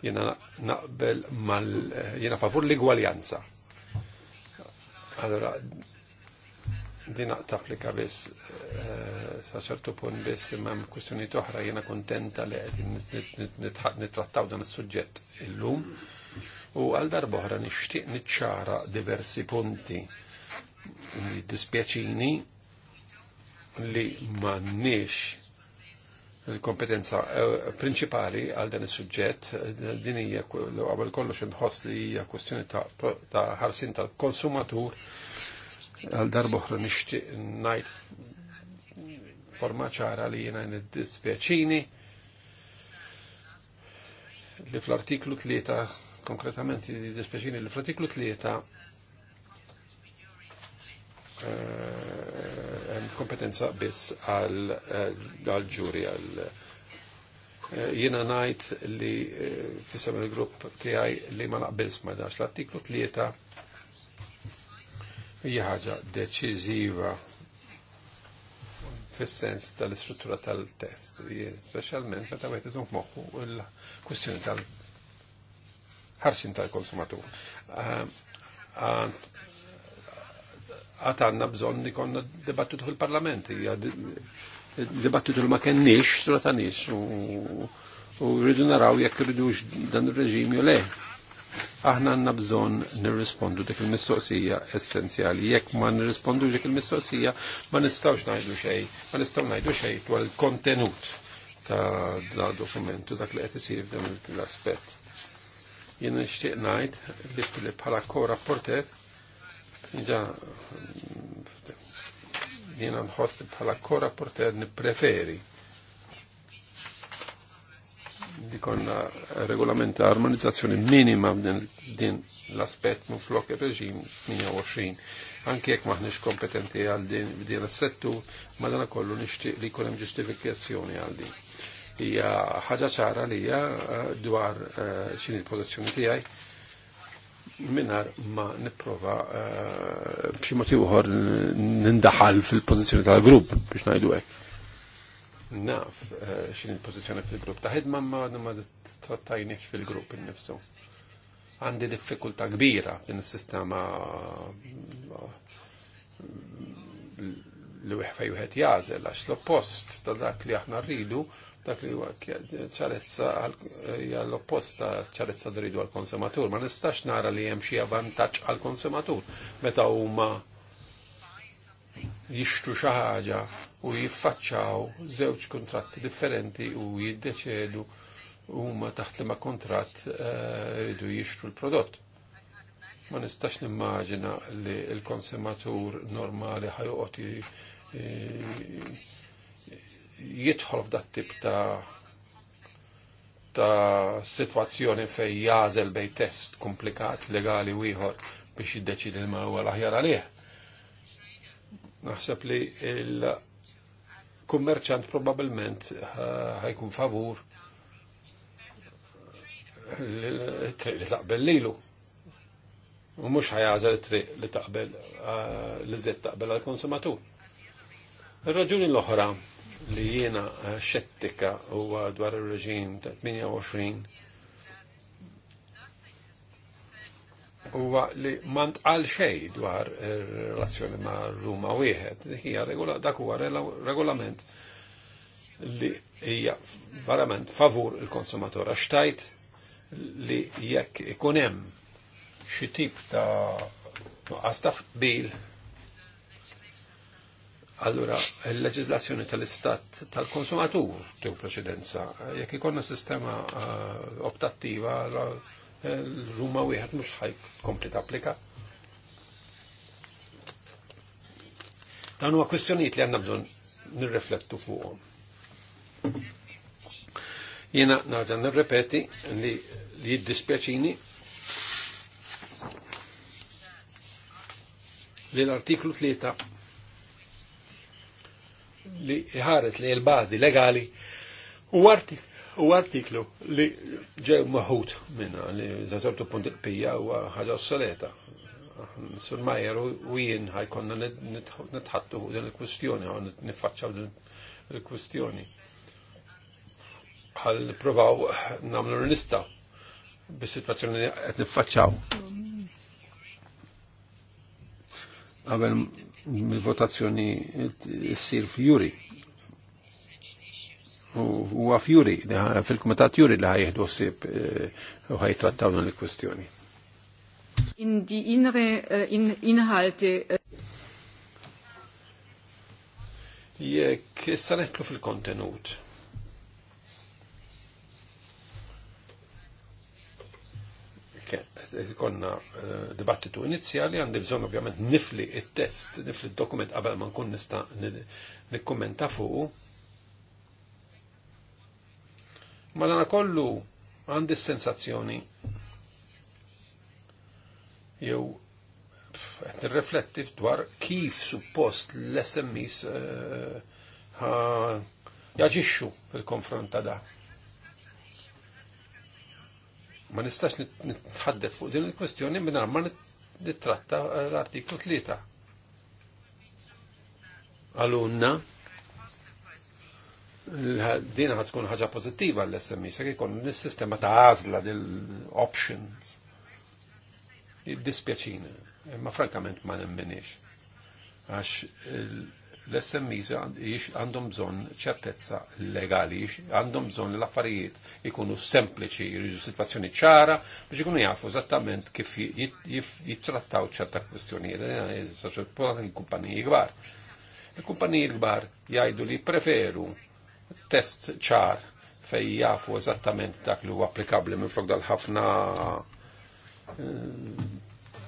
jena naqbel mal jena favur l-igwaljanza. Allora, din tapplika biss eh, sa ċertu punt biss imma hemm kwistjonijiet oħra jiena kontenta li qed nittrattaw dan is-suġġett illum u għal darba oħra nixtieq niċċara diversi punti dispjaċini li m'għandniex il-kompetenza eh, principali għal dan is-suġġett eh, din hija qabel kollox inħoss li hija kwestjoni ta' ħarsin tal-konsumatur għal darba oħra nixtieq ngħid forma ċara li jiena niddispjaċini li fl-artiklu 3 konkretament niddispjaċini li fl-artiklu 3 Eh, kompetenza biss għal eh, ġuri għal eh, jiena ngħid li fisem il-grupp tijaj li ma naqbils ma dax l-artiklu tlieta jħagġa deċiziva fissens fis-sens tal-istruttura tal-test, speċjalment meta wieħed iżum moħu l-kwistjoni tal-ħarsin tal-konsumatur għatanna bżon li konna dibattitu fil-parlament. Dibattitu ma kenniex, sulatanix, u rridu naraw jekk rridux dan il-reġim jo le. Aħna għanna bżon nirrispondu dik il-mistoqsija essenzjali. Jekk ma nirrispondu dik il-mistoqsija, ma nistawx najdu xej, ma nistaw najdu xej dwar il-kontenut ta' dokumentu dak li qed isir f'dan l-aspett. Jien nixtieq ngħid li bħala ko rapporter Iġa, jena nħost bħala kora korrapporter nipreferi di konna regolamenta armonizzazzjoni minima din, l-aspet mu flok e reġim 28. Anki jekk maħnix kompetenti għal din din settu, ma dan kollu nishti li kolem hemm ġustifikazzjoni għal din. Hija ħaġa ċara li hija eh, dwar eh, xini il pozizjoni tijaj, minnar ma niprofa eh, b'xi mod ieħor nindaħal fil-pożizzjoni tal-grupp biex ngħidu hekk. Naf eh, x'in il-pożizzjoni fil-grupp ta' ħidma ma ma trattajniex fil-grupp innifsu. Għandi diffikultà kbira din is-sistema eh, li wieħed fejn jazel jażel għax l-oppost ta' dak li aħna rridu dak li huwa ċarezza hija l-opposta ċarezza dridu għall-konsumatur. Ma nistax nara li hemm xi avvantaġġ għall-konsumatur meta huma jixtru xi ħaġa u jiffaċċaw żewġ kuntratti differenti u jiddeċedu huma taħt li ma kontratt rridu eh, jixtru l-prodott. Ma nistax nimmaġina li l-konsumatur normali ħajoqgħod jidħol f'dat tip ta' ta' situazzjoni fej jażel bej test komplikat legali u jħor biex jiddeċidi ma huwa l-aħjar għalih. Naħseb li il-kummerċant probabbilment ħajkun favur it-triq li taqbel lilu. U mux ħajazel triq li taqbel li zed taqbel għal-konsumatur. Il-raġuni l-oħra li jiena eh, xettika u dwar il reġim ta' 28 huwa li mant għal xej dwar il relazzjoni ma' Ruma wieħed. Dik hija dak huwa regolament li hija verament favur il-konsumatur għax li jekk ikun hemm xi tip ta' nuqqas ta' bil Allura, il-leġizlazzjoni tal-istat tal-konsumatur tew preċedenza. Jekk ikonna sistema eh, optattiva, l-ruma eh, wieħed mhux ħaj kompli applika. Dan huwa kwistjonijiet li għandna bżonn nirriflettu fuqhom. Jiena narġa' nirrepeti li li jiddispjaċini li l-artiklu 3 li ħares li l-bazi legali u artiklu li ġew maħut minna li zatortu punt il-pija u ħaġa s-soleta. Sur Majer u jien ħajkonna nitħattu din il-kwistjoni, u nifacċaw din il-kwistjoni. Għal provaw namlu l nista bis-situazzjoni li għet nifacċaw. Għabel il votazzjoni sir f'juri. U għafjuri, fil-komitat juri li ħajħdu sib eh, u ħajtrattaw dan il-kwestjoni. In di inre inħalti. Eh, eh, Jek, s-sanetlu fil-kontenut. konna eh, dibattitu inizjali għandi bżon ovvjament nifli il-test, nifli il-dokument qabel ma nkun nista nikkommenta fuq. Ma dana kollu għandi sensazzjoni jew qed nirrifletti dwar kif suppost l-SMIs eh, jaġixxu fil-konfront ta' da' Ma nistax nitħaddef fuq din il-kwestjoni minn ma nittratta l-artiklu 3. Għalunna, din tkun ħaġa pozittiva l-SMI, sa' kikon nis-sistema ta' għazla dil-options. Dispjaċina, ma frankament ma nemmenix. Għax l-SMEs għandhom bżon ċertezza legali, għandhom bżon l-affarijiet ikunu sempliċi, jiridu situazzjoni ċara, biex ikunu jafu eżattament kif jittrattaw ċerta kwestjoni, soċjal kumpaniji gbar. Il-kumpaniji gbar jajdu li preferu test ċar fej jafu eżattament dak li huwa applikabli minn flok dal-ħafna eh,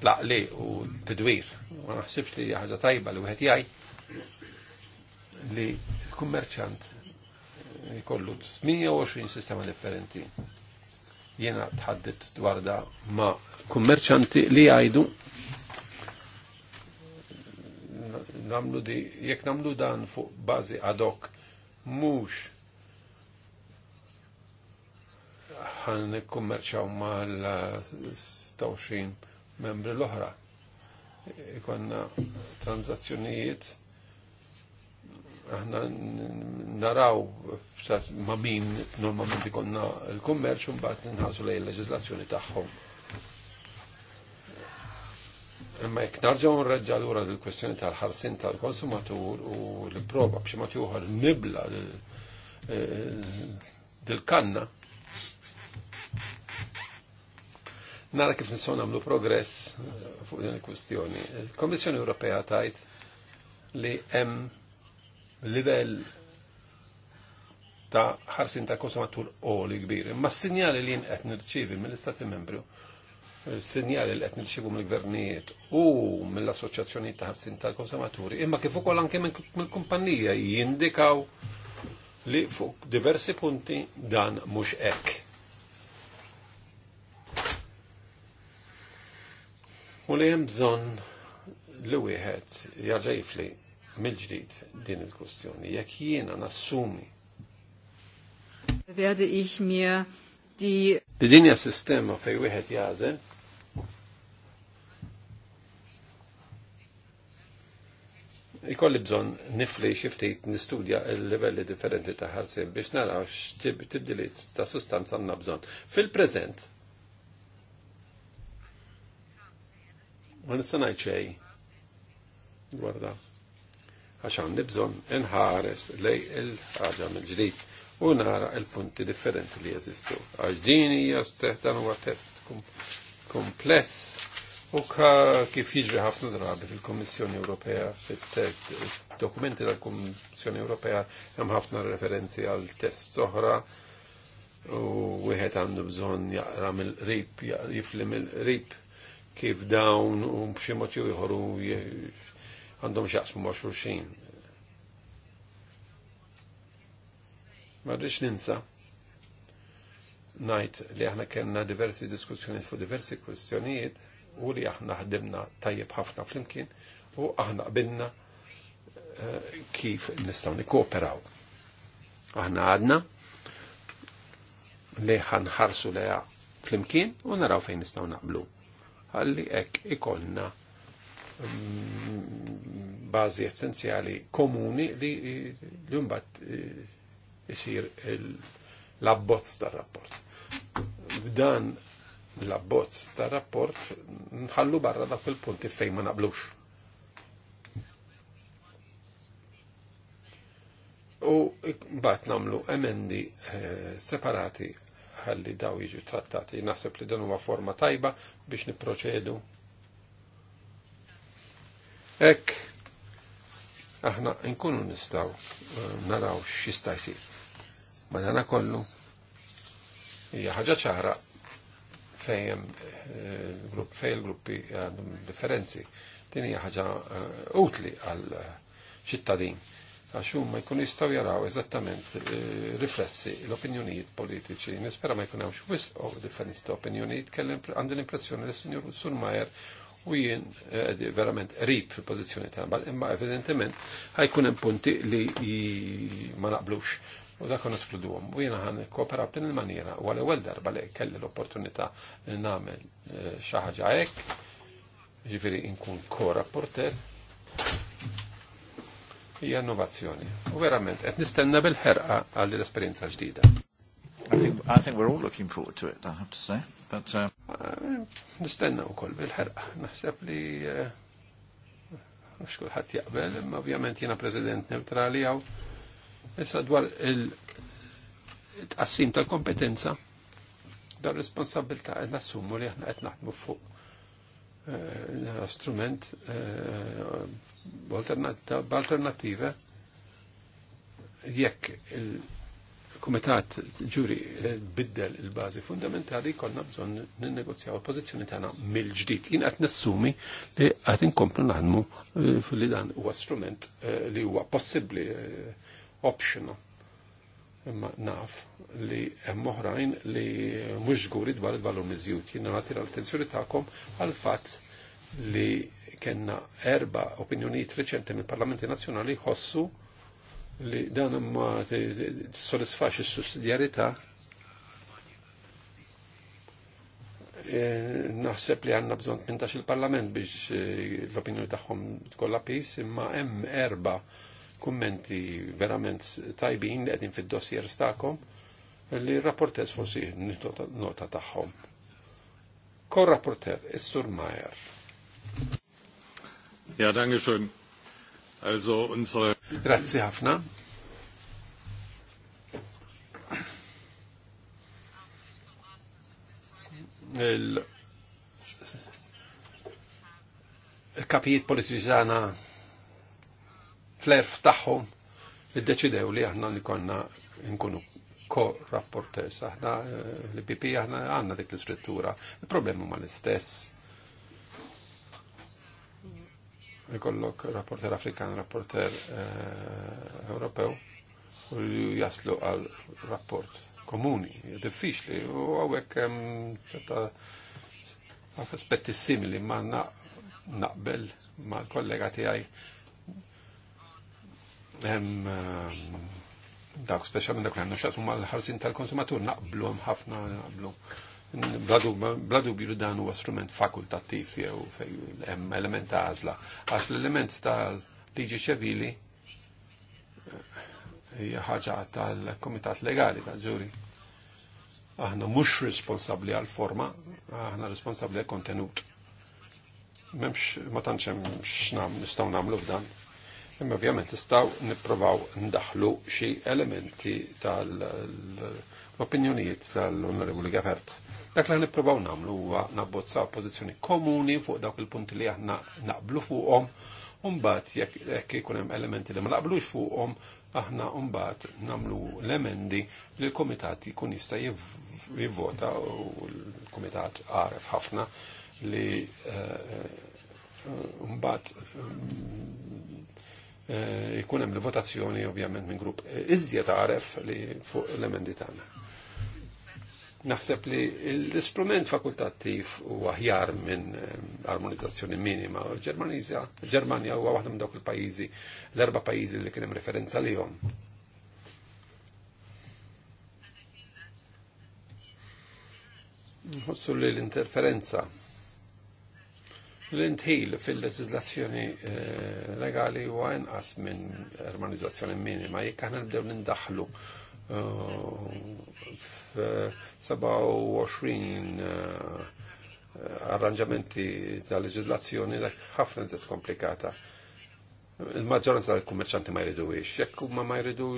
tlaqli u tidwir. Ma naħsibx li ħaġa tajba li wieħed jgħid li l-kummerċant jkollu eh, 120 sistema differenti. Jena tħaddit dwar da ma kummerċanti li għajdu namlu di, jek namlu dan fuq bazi ad hoc, mux għan kummerċaw ma l-26 membri l-oħra. Ikonna tranzazzjonijiet aħna naraw ma' min normalment ikonna l-kummerċ u mbagħad nħarsu lejn il leġislazzjoni tagħhom. Imma jekk narġgħu nreġġa' lura l-kwestjoni tal-ħarsin tal-konsumatur u l-prova b'xi ma tieħor nibla dil-kanna. Nara kif nistgħu nagħmlu progress fuq din il-kwestjoni. Il-Kommissjoni Ewropea tajt li hemm livell ta' ħarsin ta' konsumatur oli kbir. Ma s-sinjali li jien qed nirċivi mill-Istati Membru, s-sinjali li qed nirċivu mill-gvernijiet u mill-assoċjazzjoni ta' ħarsin ta' konsumaturi, imma kif ukoll anke mill-kumpanija jindikaw li fuq diversi punti dan mhux hekk. U li hemm bżonn li wieħed jarġa' jifli mill-ġdid din il kustjoni Jekk jiena nassumi werde ich mir die Bidinja sistema fej wieħed jażel ikolli bżon nifli xiftit nistudja il-livelli differenti ta' ħasib biex naraw x'tib tibdiliet ta' sustanza għanna bżon. fil prezent ma nista' ngħid xejn għax għandi bżonn inħares lej il-ħaġa mill ġdijt u nara il-punti differenti li jazistu. Għax din hija dan huwa test kompless u kif jġri ħafna drabi fil komissjoni Ewropea fit-dokumenti tal komissjoni Ewropea jem ħafna referenzi għal test soħra u wieħed għandu bżonn jaqra mill-qrib, jiflim mill-qrib kif dawn u b'xi mod ieħor għandhom xaqsmu ma' xulxin. Ma rridx ninsa najt li aħna kena diversi diskussjoniet fu diversi kwistjonijiet u li aħna ħdimna tajjeb ħafna flimkien u aħna qbilna eh, kif nistgħu kooperaw. Aħna għadna li ħanħarsu leha flimkien u naraw fejn nistgħu naqblu. Ħalli hekk ikollna Mm, bażi essenzjali komuni li l mbagħad eh, isir l-abbozz tar-rapport. Dan l-abbozz tar-rapport nħallu barra dak il-punti fejn ma naqblux. U mbagħad nagħmlu emendi eh, separati għalli daw jiġu trattati. Naħseb li dan huwa forma tajba biex niproċedu Ek, aħna nkunu nistaw eh, naraw x'jista' jsir. Madana kollu hija ħaġa ċara fejjem eh, grupp fejn il-gruppi għandhom differenzi. Din hija ħaġa eh, utli għal ċittadin għax huma jkun jistgħu jaraw eżattament riflessi l-opinjonijiet politiċi. Nispera ma jkun hawnx wisq differenzi ta' opinjonijiet kellem għandi l-impressjoni li s-Sinjur Surmajer u jien eh, verament rib fil-pozizjoni ta' imma evidentement ħajkun hemm punti li ma naqblux u dak kon U jiena ħan koopera b'din il-maniera. U għal-ewel darba li kelli l-opportunità nagħmel eh, xi ħaġa hekk ġifiri nkun ko-rapporter, hija innovazzjoni. U verament, qed nistenna bil-ħerqa għal l-esperjenza ġdida. I think, I think we're all looking forward to it, I have to say. But, uh, Nistenna u koll bil-ħerqa. Naħseb li eh, mux kullħat jaqbel, ma ovvjament jena prezident neutrali għaw. Issa dwar il-tqassim tal-kompetenza, dar responsabilta għed nassumu li għahna għed naħdmu fuq eh, strument eh, b'alternative jekk il- il-Kumitat ġuri eh, biddel il-bażi fundamentali konna bżonn ninnegozjaw negozjaw pożizzjoni tagħna mill-ġdid. Jien qed nessumi li qed inkomplu naħdmu eh, li dan huwa strument eh, li huwa possibbli optional. Imma naf li hemm oħrajn li mhux żguri dwar il-valur miżjud. Jien nagħti l-attenzjoni tagħkom għal fatt li kellna erba opinjonijiet reċenti mill-Parlamenti Nazzjonali ħossu li dan ma t-solisfax il-sussidjarita e, naħseb li għanna bżon 18 il-parlament biex e, l-opinjoni tagħhom tkollha pis, imma hemm erba' kummenti verament tajbin li qegħdin fid-dossier stakom li rapportez forsi nota tagħhom. Kor rapporter, is Majer. Ja, danke schön. Also unsere Grazzi ħafna. Il kapijiet politiċana flerf id-deċidew li aħna nikonna nkunu ko rapportes aħna eh, l-PP aħna għanna dik l-istruttura, il-problema ma l-istess ikollok rapporter Afrikan, rapporter eh, Ewropew u li jaslu għal rapport komuni. Diffiċli u għawek ċerta aspetti simili ma na, naqbel ma l-kollega tijaj hemm dawk speċjalment dak li għandu xaqsmu mal-ħarsin tal-konsumatur naqblu hemm ħafna naqblu bladu dubju dan u strument fakultattiv jew hemm element ta' għazla. Għax l-element tal tiġi ċevili eh, hija ħaġa tal-Komitat Legali tal-Ġuri. Aħna mux responsabli għal forma aħna responsabli għal kontenut Memx ma tanċem x'nam nistaw namlu f'dan. Imma ovvjament nistaw nipprovaw ndaħlu xie elementi tal-opinjonijiet tal-Onorevoli Gavert Dak li nipprovaw nagħmlu huwa nabbozza pożizzjoni komuni fuq dawk il-punti li aħna naqblu fuqhom u mbagħad jekk ikun hemm elementi li ma naqblux fuqhom aħna mbagħad nagħmlu l-emendi li l-kumitat jkun jista' jivvota u l-kumitat għaref ħafna li eh, mbagħad eh, jkun hemm il-votazzjoni ovvjament minn grupp iżjed għaref li fuq l-emendi tagħna naħseb li l-istrument fakultattiv u aħjar minn ehm, armonizzazzjoni minima u Ġermanizja, Ġermanja huwa waħda minn dawk il-pajjiżi, l-erba' pajjiżi li kien hemm referenza lihom. Nħossu li l-interferenza l-intħil fil-leġizlazzjoni eh, legali huwa inqas minn armonizzazzjoni minima jekk aħna nibdew nindaħħlu Uh, f-27 uh, arranġamenti ta' leġizlazzjoni dak ħafna zed komplikata. Il-maġġoranza tal-kummerċanti ma jridu ix, jekk huma ma jridu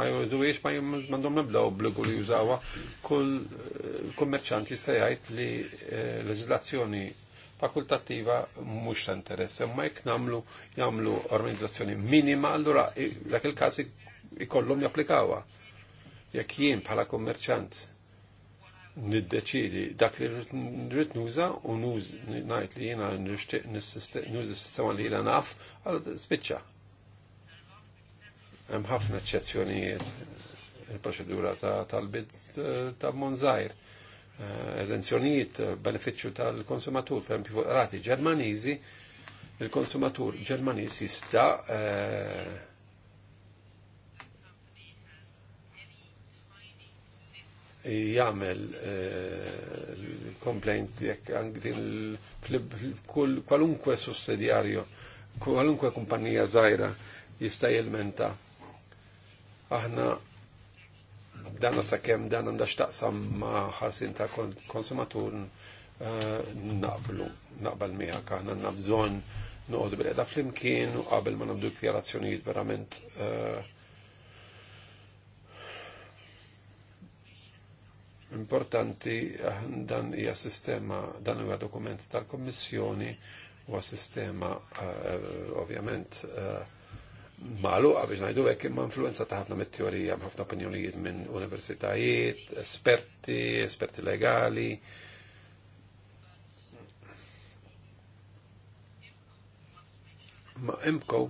ma jridu ix, ma mandom nibda obbligu li jużawa, kull eh, kummerċant jista' jgħid li eh, leġizlazzjoni fakultattiva mhux ta' interess, imma jekk nagħmlu jagħmlu organizzazzjoni minima, allura dak il-każ ikollhom japplikawha. Jekk jien bħala kommerċant niddeċidi dak li rrit nuża u ngħid li jiena nixtieq nuż is sistema li jiena naf, għal spiċċa. Hemm ħafna eċċezzjonijiet il-proċedura tal bidz ta' Monzajr. Eh, eżenzjonijiet, benefiċċju tal-konsumatur, per rati ġermaniżi, il-konsumatur ġermaniż jista' eh, jagħmel eh, complaint jekk din kwalunkwe sussidjarju, kwalunkwe kumpanija żgħira jista' jilmenta. Aħna dana sakemm dan għandha x'taqsam ma' ħarsin ta' konsumatur eh, naqblu, naqbal miegħek aħna għandna bżonn noqogħdu bil-qeda flimkien u qabel ma nagħmlu dikjarazzjonijiet verament uh, Importanti dan hija sistema, dan huwa dokument tal-Kommissjoni huwa sistema eh, ovvjament eh, malu biex ngħidu hekk imma influenza ta' ħafna mit-teorija ħafna opinjonijiet minn universitajiet, esperti, esperti legali. Ma imkow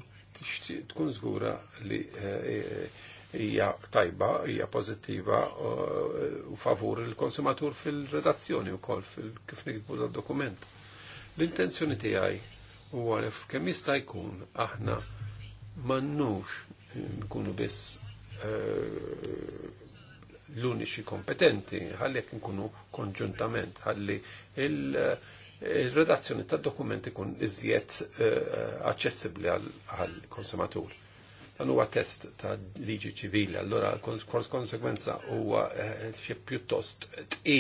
tkun żgura li eh, hija tajba, hija pożittiva uh, u favur il-konsumatur fil-redazzjoni wkoll kif nikbu dokument. L-intenzjoni tiegħi huwa li kem jista' jkun aħna mannux nkunu biss uh, l-uniċi kompetenti, għalli jek nkunu konġuntament, ħalli il-redazzjoni tad dokument ikun iżjed uh, aċċessibbli għall konsumatur Dan huwa test ta' liġi ċivili, allora kors konsekwenza huwa xie eh, pjuttost u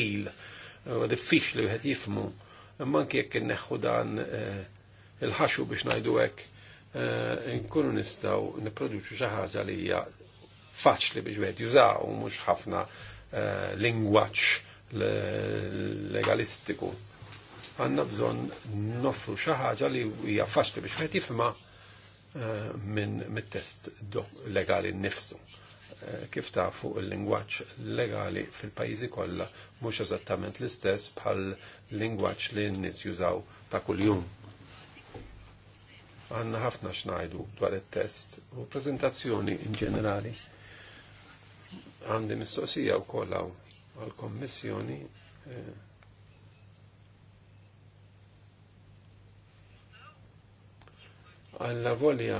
huwa li għed jifmu. Imma anke jekk inneħħu dan eh, il-ħaxu biex najdu għek, eh, nkunu nistaw niproduċu xaħġa ħaġa li hija faċli biex għed jużaw mux ħafna lingwaċ legalistiku. Għanna bżon noffru xaħġa ħaġa li hija faċli biex għed jifma, Eh, minn mit-test legali nifsu. Eh, kif tafu il-lingwaġġ legali fil-pajjiżi kollha mhux eżattament l-istess bħal lingwaġġ li n-nies jużaw ta' kuljum. Għanna ħafna xnajdu dwar it-test u prezentazzjoni in ġenerali. Għandi mistoqsija wkoll hawn għall-Kommissjoni eh, għalla volja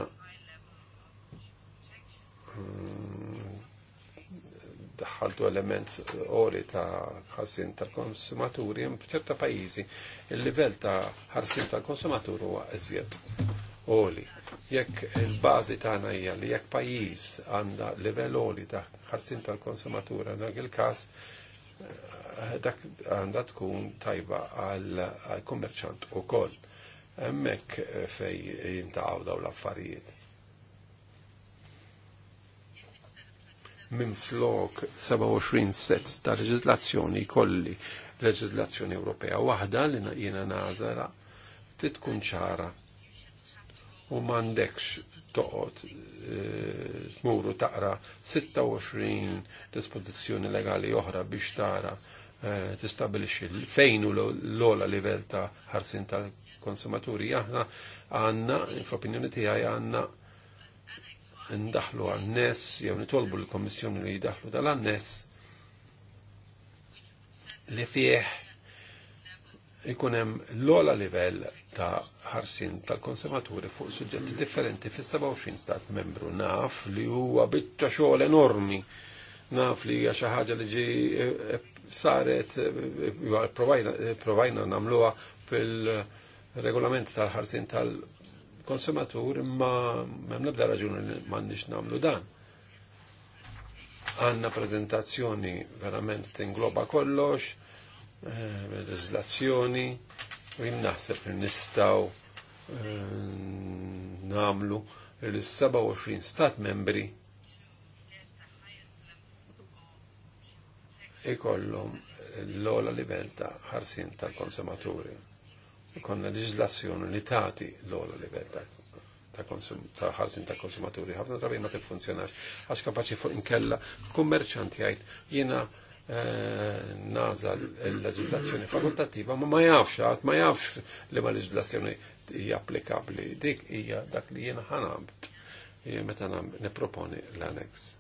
daħħaltu element ori ta' ħarsin tal-konsumaturi, f'ċerta pajizi il-livell ta' ħarsin tal konsumaturi huwa eżjed oli. Jekk il-bażi tagħna hija li jekk pajjiż għandha livell oli ta' ħarsin tal-konsumatura dak il-każ eh, dak għandha tkun tajba għal kummerċant ukoll Hemmhekk eh, fej jintaqgħu daw l-affarijiet. Minn flok 27 set ta' leġiżlazzjoni kolli leġiżlazzjoni Ewropea waħda li jina nazara titkun ċara u m'għandekx toqgħod eh, tmuru taqra 26 dispozizjoni legali oħra biex tara eh, tistabilixi fejn l-ola livell ta' ħarsin tal konsumaturi. Aħna għanna, f'opinjoni tiegħi għanna ndaħlu għan-nes, jew nitolbu l-Kommissjoni li jidaħlu dal-għan-nes li fih ikunem l-ola livell ta' ħarsin tal-konsumaturi fuq suġġetti differenti fi 27 stat membru. Naf li huwa biċċa xogħol enormi. Naf li hija xi ħaġa li ġi eh, eh, saret eh, provajna nagħmluha fil- regolament tal-ħarsin tal-konsumatur imma m'emm l-ebda raġuni li m'għandniex nagħmlu dan. Għandna prezentazzjoni verament ingloba kollox, eh, legislazzjoni, u jimnaħseb naħseb li nistgħu eh, nagħmlu l-27 stat membri ikollhom l-ola livell ta' ħarsin tal-konsumaturi konna legislazzjoni li tagħti l-ogħla livell ta' konsum ta' ħarsin ta' konsumaturi ħafna drabi ma tiffunzjonax għax kapaċi fuq inkella kummerċanti jgħid jiena eh, naza il leġislazzjoni fakultattiva ma ma jafx għat ma jafx li ma leġislazzjoni hija applikabli dik hija dak li jiena ħanamt eh, meta neproponi l-annex.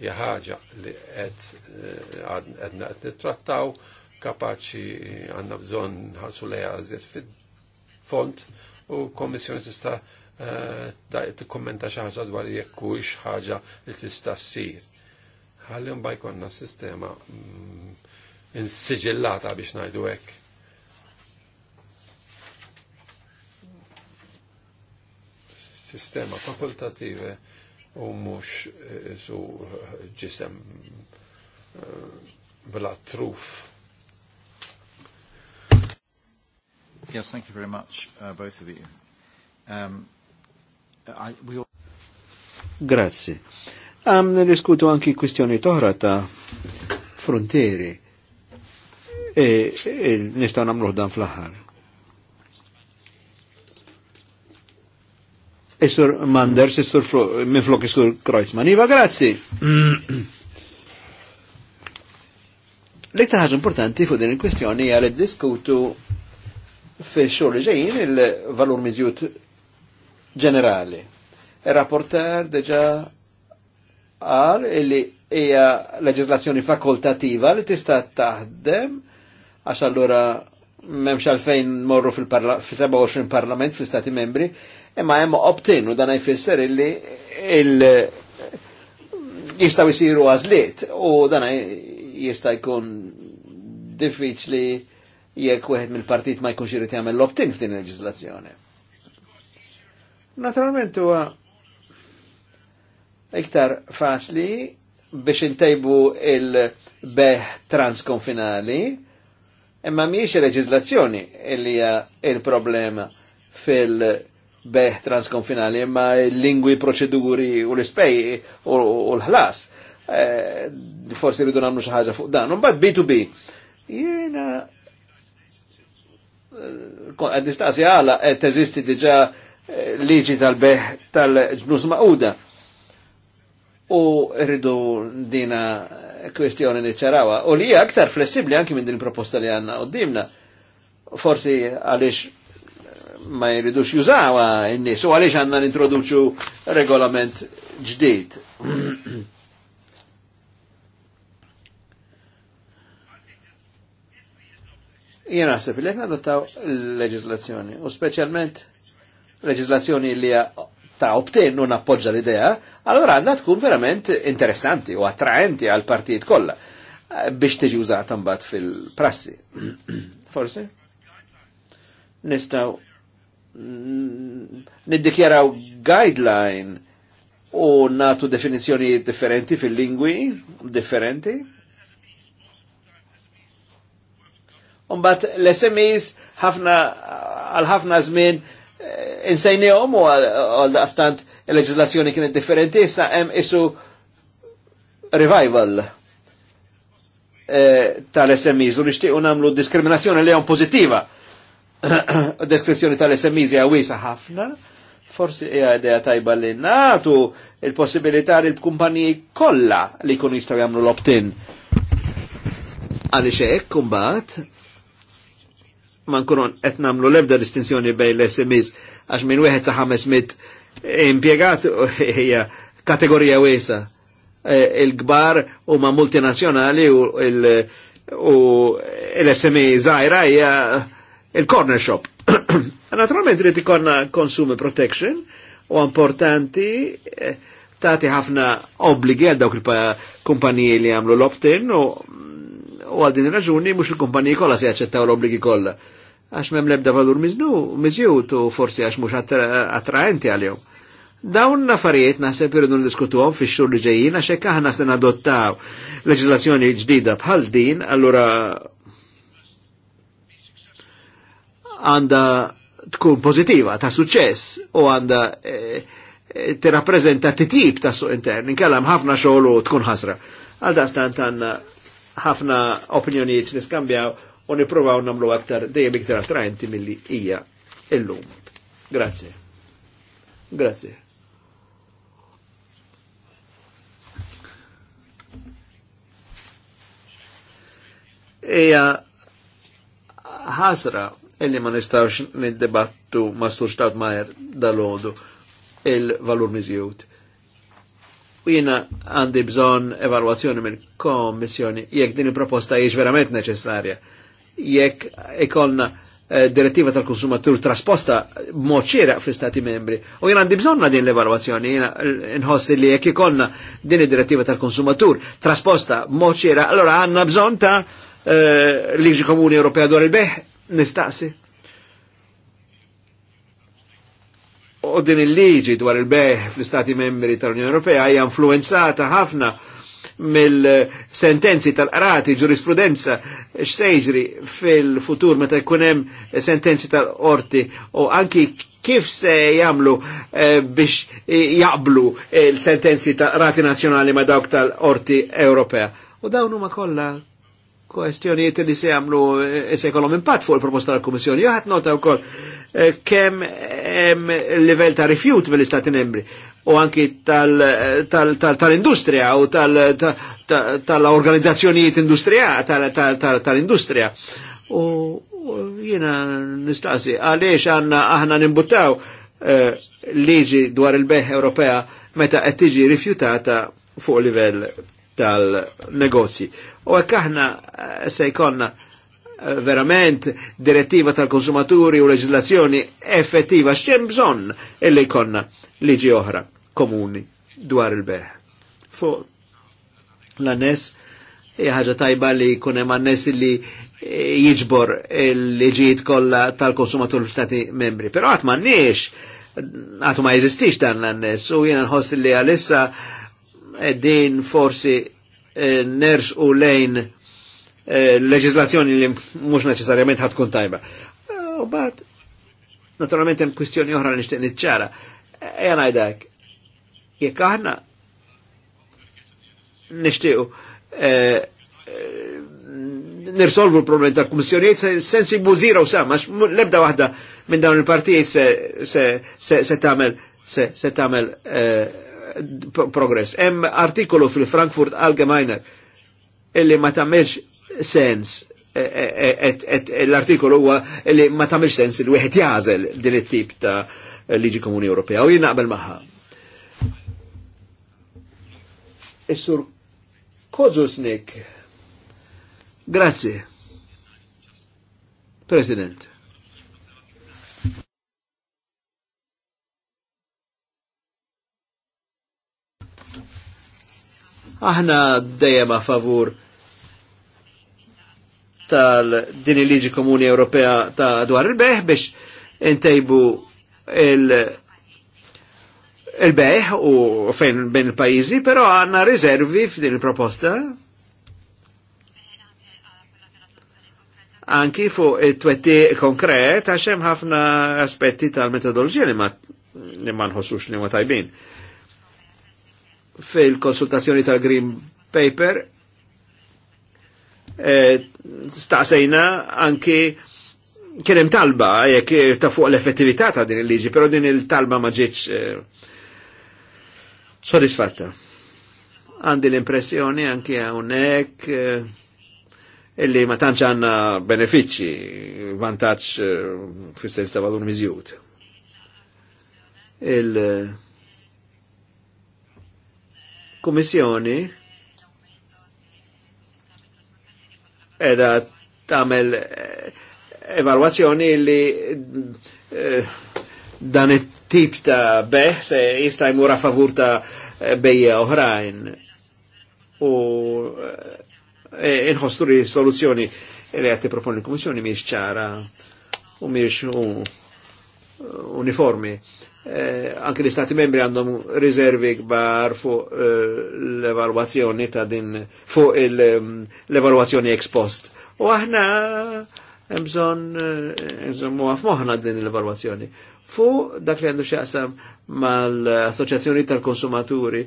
Hija ħaġa li qed eh, qed nittrattaw kapaċi għanna bżon ħarsu leja għazjet fil-font u komissjoni tista eh, t-kommenta xaħġa dwar jekku ħaġa li tista s-sir. Għallim bajkonna sistema mm, insiġillata biex najdu hekk. Sistema fakultative u mux eh, su ġisem eh, bla truf Yes, thank you very much, uh, both of you. Um, I, we all... Grazie. Għam nirriskutu anki kwistjoni toħra ta' frontieri. E, e, Nistaw namluħ dan fl-ħar. Isur e Manders, isur e minn flok isur e Kreuzmann. Iva, grazzi. L-iktar ħaġa importanti fuq din il-kwistjoni għal diskutu fi xogħol li ġejjin il-valur miżjut ġenerali. Il-rapporter deġa għal li hija leġislazzjoni fakultativa li tista' taħdem għax allura memx għalfejn morru fil-27 parlament fil-stati membri, imma hemm opt-in u dan jfisser illi il jistaw jisiru għazliet u dan jista' jkun diffiċli jekk weħed mill-partit ma jkunx irid jagħmel l-optin f'din il leġislazzjoni Naturalment huwa iktar faċli biex intejbu il-beħ transkonfinali, imma miex il-leġislazzjoni illi hija il-problema fil-beħ transkonfinali, imma l lingwi, proċeduri u l-ispej u l-ħlas. Eh, forsi rridu nagħmlu xi ħaġa fuq dan. Imbagħad B2B. Jiena għad nistaqsija għala eh, teżisti diġa eh, liġi tal-beħ tal-ġnus maquda. U rridu dina kwestjoni niċċarawa. U li aktar flessibli anki minn din proposta li għanna u dimna. Forsi għalix ma jridux jużawa in nis u għalix għanna nintroduċu regolament ġdid. Jena naħseb li għedna l-leġizlazzjoni, u specialment leġizlazzjoni li ta' obtin non appoġġa l-idea, allora għandha tkun verament interessanti u attraenti għal partijiet kollha eh, biex tiġi użata mbagħad fil-prassi. Forse? Nistaw niddikjaraw guideline u natu definizjoni differenti fil-lingwi, differenti, Umbat l-SMEs ħafna għal ħafna żmien eh, insejnihom u għal daqstant il-leġislazzjoni kienet differenti, issa hemm isu revival eh, tal-SMEs u nixtiequ nagħmlu diskriminazzjoni li hemm pożittiva. Deskrizzjoni tal-SMEs hija wiesa ħafna forsi hija idea tajba li natu il-possibilità li l-kumpaniji kollha li jkunu jistgħu jagħmlu l-opt-in. Għaliex hekk kumbat ma nkunon qed namlu l-ebda distinzjoni bejn l-SMEs għax minn wieħed sa' 500 impjegat hija kategorija wiesa. E, Il-kbar huma multinazzjonali u l-SME zaħira hija il-corner shop. Naturalment rrid ikonna consumer protection u importanti e, tagħti ħafna obbligi għal dawk il-kumpaniji li għamlu l-opt-in u għal din raġuni mux il-kumpaniji kolla se jaċċettaw l-obligi kolla għax mem lebda valur miznu, mizjut u forsi għax mux attraenti għal-jom. Dawn l-affarijiet naħseb irridu ndiskutuhom fix-xhur li ġejjin għax hekk aħna se nadottaw leġislazzjoni ġdida bħal din, allura għanda tkun pozitiva ta' suċċess u għanda eh, tirrappreżenta tip ta' suq intern, inkellem ħafna xogħol u tkun ħasra. Għal dastant għandna ħafna opinjonijiet niskambjaw u niprovaw namlu aktar dejjem iktar attraenti milli hija illum. Grazie. Grazie. Eja ħasra illi ma nistawx niddebattu ma s-sustat majer dal-ħodu il-valur mizjut. U jina għandi bżon evalwazzjoni minn kommissjoni jekk din il-proposta jiex verament neċessarja jekk ikonna eh, direttiva tal-konsumatur trasposta mod fl-Stati membri. U jena għandi bżonna din l-evaluazzjoni, jena nħossi li jekk ikonna din il direttiva tal-konsumatur trasposta mod allora għanna bżon ta' l eh, liġi komuni Ewropea dwar il-beħ, nistaqsi. U din il-liġi dwar il-beħ fl-Stati membri tal-Unjoni Ewropea hija influenzata ħafna mill-sentenzi tal-qrati, ġurisprudenza, x-sejġri fil-futur meta jkun hemm sentenzi tal-qorti u anki kif se jagħmlu eh, biex jaqblu l-sentenzi tal-qrati nazzjonali ma dawk tal-qorti Ewropea. U dawn huma kollha kwestjonijiet li se jagħmlu eh, se jkollhom impat fuq il-proposta tal komissjoni Jaħat nota wkoll eh, kemm hemm livell ta' rifjut mill-Istati Membri u anki tal-industrija u tal-organizzazzjonijiet industria u tal organizzazzjonijiet industrija tal industria U jina nistaqsi, għaliex għanna aħna nimbuttaw eh, liġi dwar il-beħ Ewropea meta qed tiġi rifjutata fuq livell tal-negozji. U hekk aħna eh, se jkollna Eh, verament direttiva tal-konsumaturi u leġislazzjoni effettiva x'hemm bżon illi konna liġi oħra komuni dwar il-beħ. Fu l-annes hija ħaġa tajba li kunem annes li eh, jiġbor il-liġijiet kolla tal-konsumatur fl-Stati membri. Però qatt m'għandniex għatu ma jizistix dan l-annes u jena nħossi li għalissa eh, din forsi ners u lejn Eh, leġizlazzjoni li mux neċessarjament ħat kun tajba. Eh, u bat, naturalment jem kwistjoni uħra li nixtieq niċċara. Ejja ngħidak, jek aħna nishtiqu eh, nirsolvu l-problemi ta' kummissjonijiet sensi buzira u sam, lebda wahda minn dawn il-partijiet se tagħmel se tagħmel progress. Hemm artikolu fil-Frankfurt Allgemeiner illi ma tagħmilx sens e, e, e, l-artikolu huwa li ma tagħmilx sens li wieħed jażel din it-tip ta' liġi komuni Ewropea u jien naqbel magħha. Is-sur Kozusnik. Grazzi. President. Aħna dejjem a favur tal-din il-liġi komuni Ewropea ta' dwar il-beħ biex intejbu il- beħ u fejn ben il-pajizi, pero għanna riservi f'din il-proposta. Anki fu it-twetti konkret, għaxem ħafna aspetti tal-metodologija li ma nħossux li ma tajbin. Fil-konsultazzjoni tal-Green Paper, Eh, staqsejna anki kien hemm talba jekk eh, ta' fuq l-effettività ta' din il-liġi, però din il-talba ma ġietx eh, sodisfatta. Għandi l-impressjoni anki hawnhekk illi ma tantx għandna benefiċċji, vantaġġ fis-sens ta' valur miżjud. Il-Kummissjoni edha tamel eh, evalwazzjoni li eh, dan it-tip ta' beħ se jista' jmur favur ta' bejja oħrajn. U eh, inħossu li soluzzjoni li għati proponi l-Komissjoni miex ċara u miex uniformi eh, anke l-Istati membri għandhom riservi kbar fuq eh, l-evalwazzjoni ta' din fuq mm, l-evalwazzjoni ex post. U aħna hemm eh, eh, nżommu moħna din l-evalwazzjoni. Fuq dak li għandu xaqsam mal-Assoċjazzjoni tal-Konsumaturi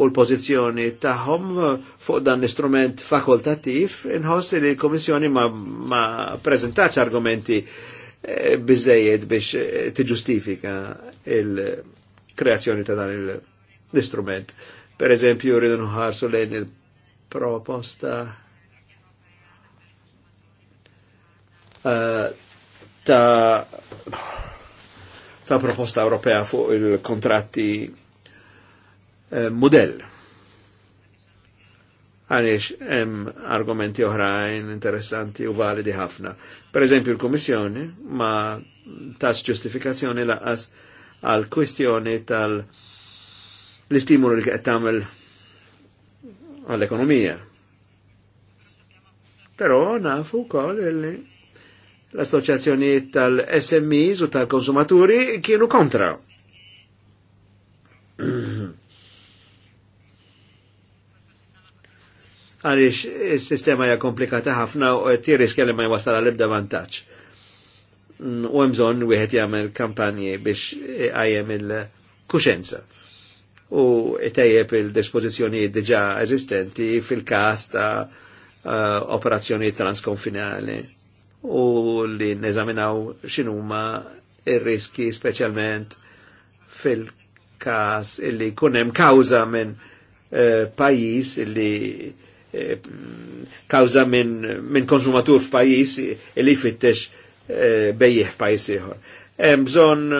u l-pozizjoni tagħhom eh, fuq dan l-istrument fakultattiv, inħoss li l-Komissjoni ma, ma prezentax argumenti eh, Eh, bizzejed biex eh, t-ġustifika il-kreazzjoni ta' dan l-istrument. Per eżempju, rridu nħarsu lejn il-proposta uh, ta' ta' proposta Ewropea fuq il-kontratti uh, modell għaliex hemm argumenti oħrajn interessanti u validi ħafna. Per eżempju, l-Kummissjoni ma tas ġustifikazzjoni laqas għal kwistjoni tal l-istimulu li qed tagħmel għall-ekonomija. Però nafu wkoll illi l-assoċjazzjonijiet tal-SMEs u tal-konsumaturi kienu kontra. għalix il-sistema hija komplikata ħafna u tiris kellem ma jwasala l-ibda vantaċ. Mm, u hemm u wieħed jgħamil kampanji biex għajem il-kuxenza u tejjeb il-dispożizzjonijiet diġà eżistenti fil-każ ta' uh, operazzjoni transkonfinali u li neżaminaw xinuma il riski specialment fil kas illi jkun hemm kawża minn pajis eh, pajjiż illi E, kawza minn konsumatur f'pajis li fittex e, bejjeħ f'pajis ieħor. Hemm bżonn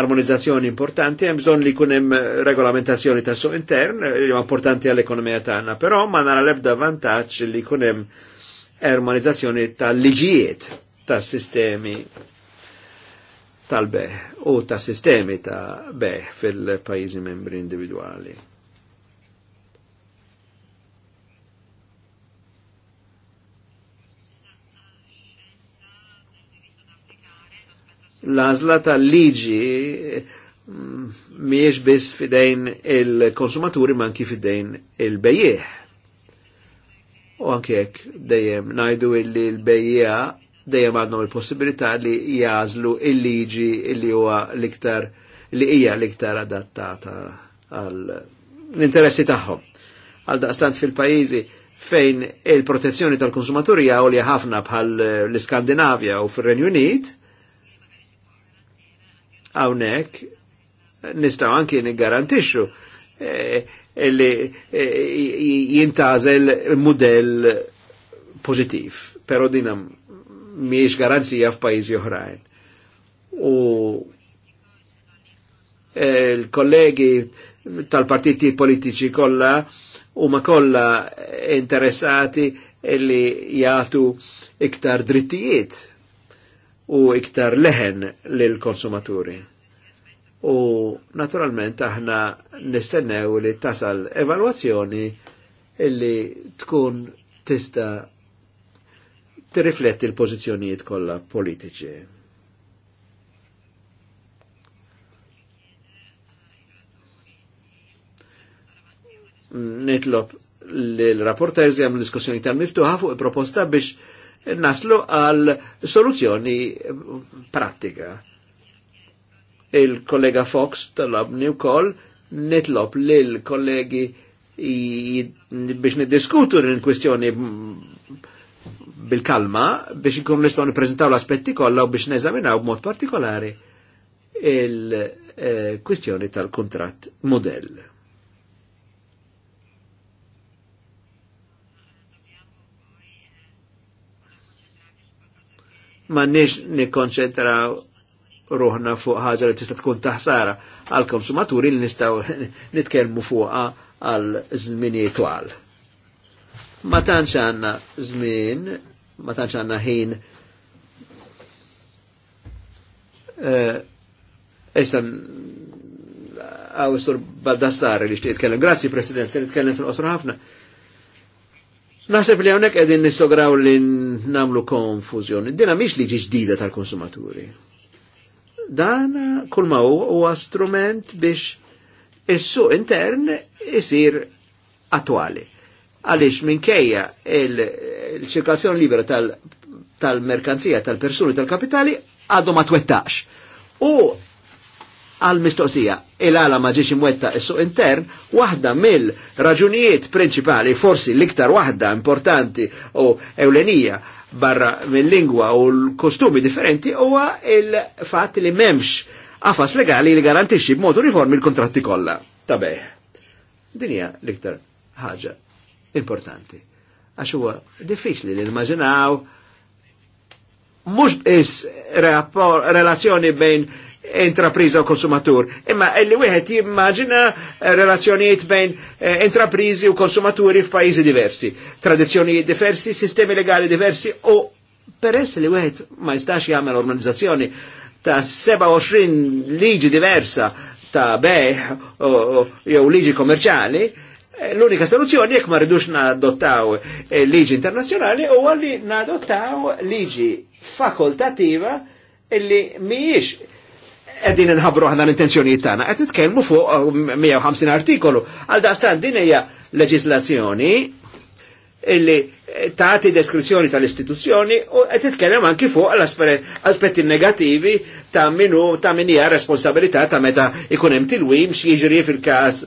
armonizzazzjoni importanti, hemm bżonn li jkun hemm regolamentazzjoni ta' suq intern, li huwa importanti għall-ekonomija tagħna, però ma nara l-ebda vantaġġ li jkun hemm armonizzazzjoni tal-liġijiet tas-sistemi tal-beħ u tas-sistemi ta' beħ fil-pajjiżi membri individwali. l-azla tal-liġi miex mm, biss fidejn il-konsumaturi ma kif fidejn il-bejjeħ. U anke jekk dejjem najdu illi l-bejjeħ dejjem għadhom il-possibilità li jazlu il-liġi illi huwa l-iktar li hija l-iktar adattata għal l-interessi tagħhom. Għal daqstant fil-pajjiżi fejn il-protezzjoni tal-konsumaturi li ħafna bħal l-Iskandinavja u fil-Renju Unit, Hawnhekk nistgħu anki niggarantixxu eh, li eh, jintazel model pozitif, pero din miex garanzija f'pajjiżi oħrajn. U eh, il-kollegi tal-partiti politiċi kolla u ma kolla interessati li jgħatu iktar drittijiet u iktar leħen lill-konsumaturi. U naturalment aħna nistennew li tasal evalwazzjoni illi tkun tista tirrifletti l-pożizzjonijiet kollha politiċi. nitlob li l-rapporter jgħamlu diskussjoni tal-miftuħa fuq il-proposta biex naslu għal soluzzjoni pratika. Il-kollega Fox talabni wkoll nitlob lil kollegi biex nidiskutu l kwestjoni bil-kalma biex ikun nistgħu niprezentaw l-aspetti kollha u biex neżaminaw b'mod partikolari il-kwistjoni eh, tal-kuntratt modell. ma nix nikonċentraw ruħna fuq ħaġa li tista' tkun taħsara għal konsumaturi li nistaw nitkellmu fuqha għal żmini twal. Ma tantx għandna żmien, ma tantx għandna ħin eh, issa għaw sur Baldassari li xtiet kellem. Grazzi President, se nitkellem fil-qosra ħafna. Naħseb li hawnhekk qegħdin nissograw li nagħmlu konfużjoni. Dina miex liġi ġdida tal-konsumaturi. Dan kull ma huwa strument biex is-suq intern isir attwali. Għaliex minkejja il-ċirkolazzjoni libera tal-merkanzija, tal-persuni, tal-kapitali għadhom ma twettax. U għal-mistoqsija. Il-għala mwetta imwetta issu intern, wahda mill-raġunijiet principali, forsi l-iktar wahda importanti u ewlenija barra mill-lingwa u l-kostumi differenti, huwa il-fat li memx għafas legali li garantixi modu riformi l-kontratti kollha. Tabe, Dinja l-iktar ħaġa importanti. Għax huwa diffiċli li nimmaġinaw mux is relazzjoni bejn intrapriża u konsumatur. Imma illi wieħed jimmaġina eh, relazzjonijiet bejn eh, intrapriżi u konsumaturi f'pajjiżi diversi, tradizzjonijiet diversi, sistemi legali diversi u peress li wieħed ma jistax jagħmel organizzazzjoni ta' 27 liġi diversa ta' beħ jew liġi kommerċali, eh, L-unika soluzzjoni jekk ma rridux nadottaw liġi internazzjonali u għalli nadottaw liġi fakultativa illi mhijiex għedin nħabru ħna l-intenzjoniet tagħna. Qed nitkellmu fuq 150 uh, artikolu. Għal dastan din hija leġislazzjoni illi tagħti deskrizzjoni tal-istituzzjoni u qed nitkelmu anki fuq l-aspetti negativi ta' minu ta' min hija responsabilità ta' meta ikun hemm tilwim xieġri fil-każ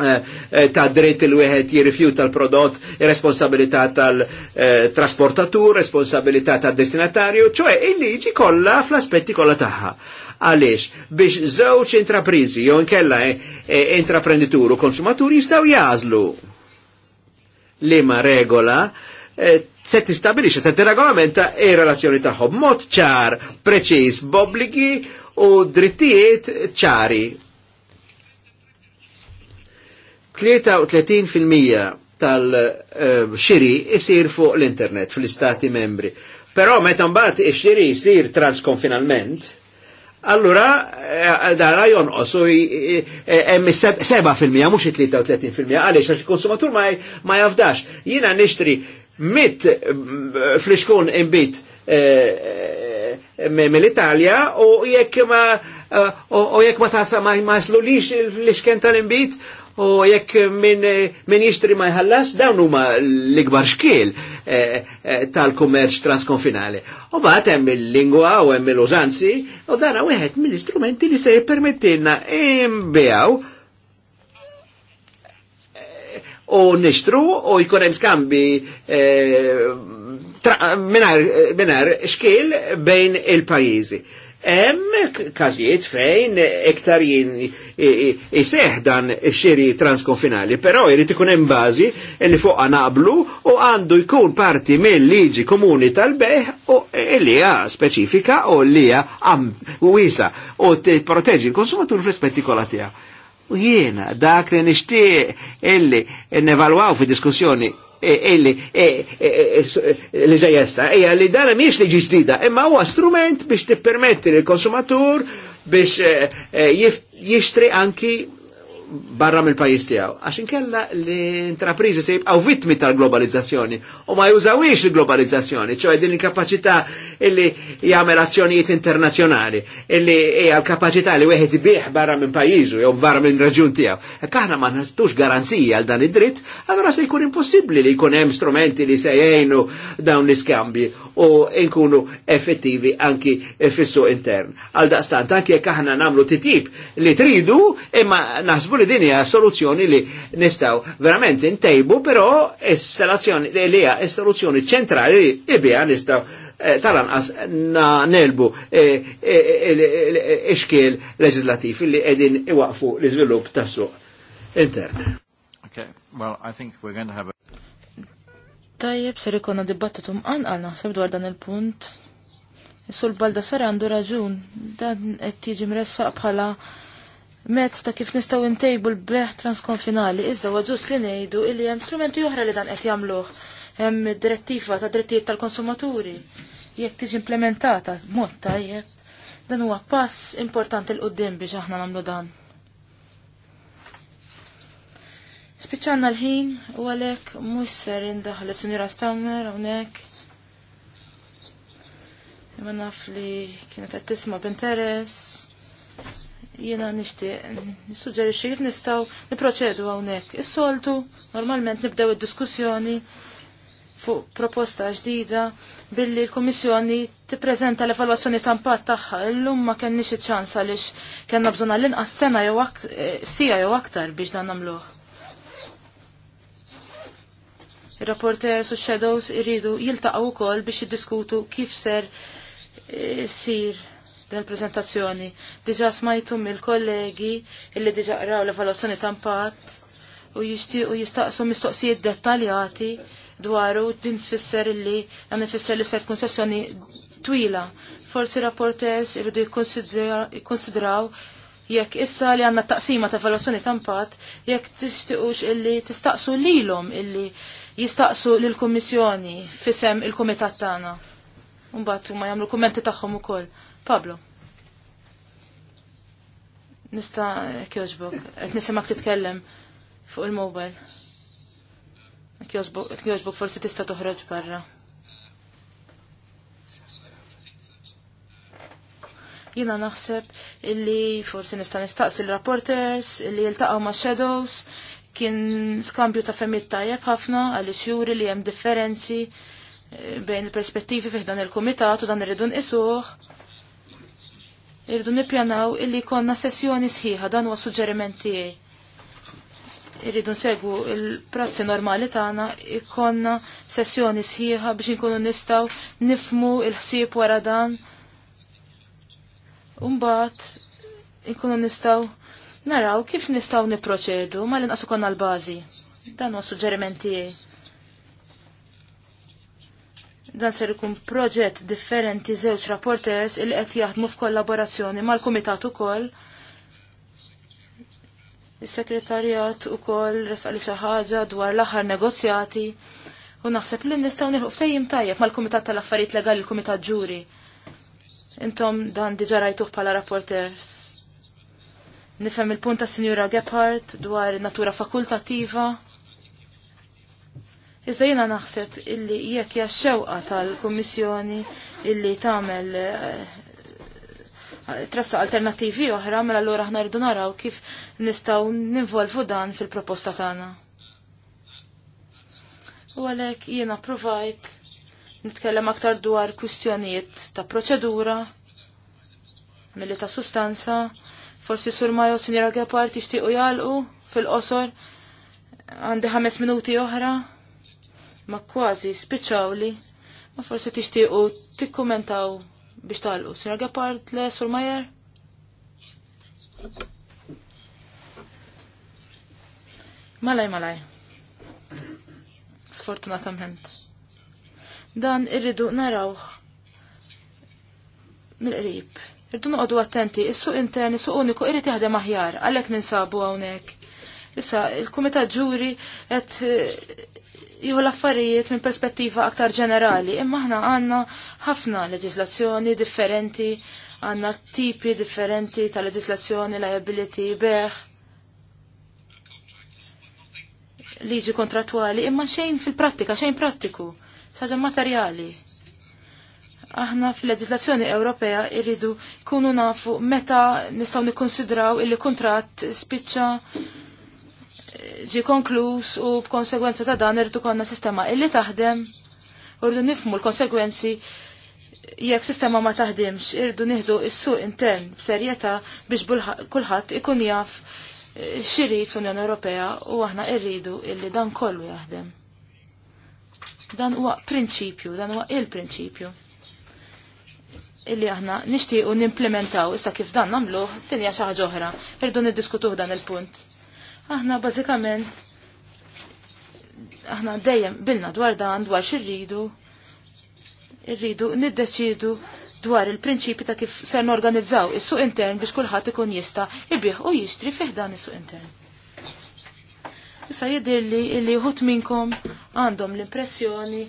Eh, ta' dritt il wieħed jirrifjuta l-prodott, responsabilità tal-trasportatur, responsabilità tal-destinatarju, ċoħe il-liġi kolla fl-aspetti kolla taħħa. Għalix, biex żewġ intraprizi, jo nkella eh, eh, intraprenditur u konsumatur jistaw jazlu lima regola se tistabilixxa se t-regolamenta relazzjoni taħħom, mod ċar, preċis, bobligi u drittijiet ċari 33% tal-xiri eh, isir fuq l-internet fl-istati membri. Però meta mbagħad ix-xiri jsir transkonfinalment, allura eh, dara jonqos osu eh, hemm 7% mhux 33% għaliex għax il-konsumatur ma jafdax. Jiena nixtri mit fl-iskun imbit mill-Italja u jekk ma u jekk ma tasa ma jmaslu lix l iskenta l imbit u jekk minn min jixtri ma jħallas dawn huma l-ikbar xkiel eh, eh, tal-kummerċ transkonfinali. U bat hemm il-lingwa u hemm il-użanzi u dara wieħed mill-istrumenti li se jippermettilna imbijaw eh, u nixtru u jkun hemm skambi eh, minar xkiel bejn il-pajjiżi. Em każijiet fejn ektar jien iseħ dan xiri transkonfinali, però jrid ikun hemm bażi li fuqha naqblu u għandu jkun parti mill-liġi komuni tal-beħ u li hija speċifika u li hija wiesa u tipproteġi l-konsumatur fl-ispetti kollha tiegħu. U jiena dak li nixtieq illi nevalwaw fi diskussjoni illi e, e, li ġajessa, e, hija li dana miex li ġdida, imma huwa strument biex tippermetti lill-konsumatur biex eh, eh, jixtri anki barra mill pajis tiegħu. Għax kella l intraprizi se jibqa'w vittmi tal-globalizzazzjoni u ma jużawiex il-globalizzazzjoni, ċoj din il-kapaċità illi jagħmel azzjonijiet internazzjonali, illi hija l-kapaċità li weħed biħ barra minn pajizu jew barra minn raġun tiegħu. Kaħna aħna ma nastux garanzija għal dan id-dritt, allora se jkun impossibbli li jkun hemm strumenti li se jgħinu dawn l iskambi u nkunu effettivi anki fissu intern. Għal daqstant, anki jekk aħna nagħmlu titjib li tridu, imma nasbu naħsbu li din hija soluzzjoni li nistgħu verament intejbu, però is-soluzzjoni li hija soluzzjoni ċentrali li bija nistgħu eh, tal-anqas nelbu eh, eh, ixkiel leġislattiv li qegħdin iwaqfu l-iżvilupp tas-suq intern. well, I think we're going to have a Tajjeb, ser ikonna dibattitu mqan mqanqal naħseb dwar dan il-punt. Sul balda sar għandu raġun, dan qed tiġi mressaq bħala mezz ta' kif nistaw intejbu l-beħ transkonfinali, iżda għadżus li nejdu illi hemm strumenti oħra li dan qed jagħmluh hemm direttiva ta' drittijiet tal-konsumaturi. Jekk tiġi implementata mod tajjeb, dan huwa pass importanti l qoddim biex aħna nagħmlu dan. Spiċċanna l-ħin u għalhekk mhux ser indaħħal is-Sinjura Stammer hawnhekk. Imma naf li kienet qed tisma' b'interess Jiena nixtieq nissuġġerixxi kif nistgħu niproċedu hawnhekk. Is-soltu normalment nibdew id-diskussjoni fuq proposta ġdida billi l-Kummissjoni tippreżenta l-evalwazzjoni ta' impatt tagħha illum ma kenniex iċ-ċans għaliex kellna bżonn għall-inqas sena jew eh, sija jew aktar biex dan nagħmluh. Ir-rapporters u shadows iridu jiltaqgħu wkoll biex jiddiskutu kif ser eh, sir din il-prezentazzjoni. Diġa smajtu mill-kollegi illi diġa qraw l-evaluazzjoni ta' u jistaqsu mistoqsijiet dettaljati dwaru din fisser illi dan ifisser li sef konsessjoni twila. Forsi rapporters irridu jikkonsidraw jekk issa li għanna taqsima ta' evaluazzjoni tampat jekk tixtiqux illi tistaqsu lilhom illi jistaqsu lill-Kummissjoni fisem il-Kumitat tagħna. Mbagħad huma jagħmlu kummenti tagħhom ukoll. Pablo. Nista kjoġbok, et nisimak titkellem fuq il-mobile. Kjoġbok forsi tista toħroġ barra. Jina naħseb illi forsi nista nistaqsi l-rapporters, illi jiltaqaw ma' shadows, kien skambju ta' femmit tajjeb ħafna għalli xjuri li hemm differenzi eh, bejn il-perspettivi fiħdan il-komitat u dan irridu nqisuh Irridu nippjanaw illi konna sessjoni sħiħa dan huwa suġġerimenti tiegħi. Irridu nsegwu il-prassi normali tagħna ikonna sessjoni sħiħa biex inkunu nistgħu nifmu il-ħsieb wara dan. Umbagħad inkunu nistgħu naraw kif nistgħu niproċedu mal-inqas ukoll l-bażi. Dan huwa suġġerimenti tiegħi. Dan ser ikun proġett differenti żewġ rapporters il qed jaħdmu f'kollaborazzjoni mal-kumitat ukoll. Is-sekretarjat ukoll li xi ħaġa dwar l-aħħar negozjati u naħseb li nistgħu nilħu ftejjim tajjeb mal-kumitat tal-affarijiet legali l-kumitat ġuri. Intom dan diġà rajtuh bħala rapporters. Nifhem il-punt tas Sinjura Gephardt dwar natura fakultattiva Iżda jiena naħseb illi jekk jaxxewqa tal-Kummissjoni illi tagħmel eh, tressa alternattivi oħra, mela allura aħna rridu naraw kif nistgħu ninvolvu dan fil-proposta tagħna. U għalhekk jiena provajt nitkellem aktar dwar kwistjonijiet ta' proċedura, milli ta' sustanza, forsi sur Majo Sinjera Gepard jixtiequ jalqu fil-qosor għandi ħames minuti oħra ma kważi spiċċawli ma forsi tixtiequ tikkumentaw biex talqu. Sir Gepard le Sur Majer? Malaj, malaj. Sfortunatament. Dan irridu narawh mill-qrib. Irridu noqogħdu attenti, is-suq intern, is-suq uniku irid jaħdem aħjar, għalhekk ninsabu hawnhekk. Issa, il-Kumitat Ġuri qed jew l-affarijiet minn perspettiva aktar ġenerali, imma aħna għandna ħafna leġislazzjoni differenti, għandna tipi differenti ta' leġislazzjoni, liability, beħ, liġi kontratwali, imma xejn fil-prattika, xejn prattiku, xaġa materjali. Aħna fil-leġislazzjoni Ewropea irridu kunu nafu meta nistgħu nikkonsidraw il kuntratt spiċċa ġi konkluż u b'konsegwenza ta' dan irdu konna sistema illi taħdem urdu nifmu l-konsegwenzi jekk sistema ma taħdimx irdu nieħdu s-suq intern b'serjetà biex kulħadd ikun jaf eh, xirrit l-Unjoni Ewropea u aħna rridu illi dan kollu jaħdem. Dan huwa prinċipju, dan huwa il-prinċipju illi aħna nixtiequ nimplementaw issa kif dan nagħmluh tinja xi ħaġa oħra. Irdu niddiskutuh dan il-punt. Aħna bażikament aħna dejjem bilna dwar dan dwar xirridu. Irridu niddeċidu dwar il-prinċipi ta' kif se norganizzaw is-suq intern biex kulħadd ikun jista' ibih u jixtri fih dan is-suq intern. Issa jidhirli li jħut minkom għandhom l-impressjoni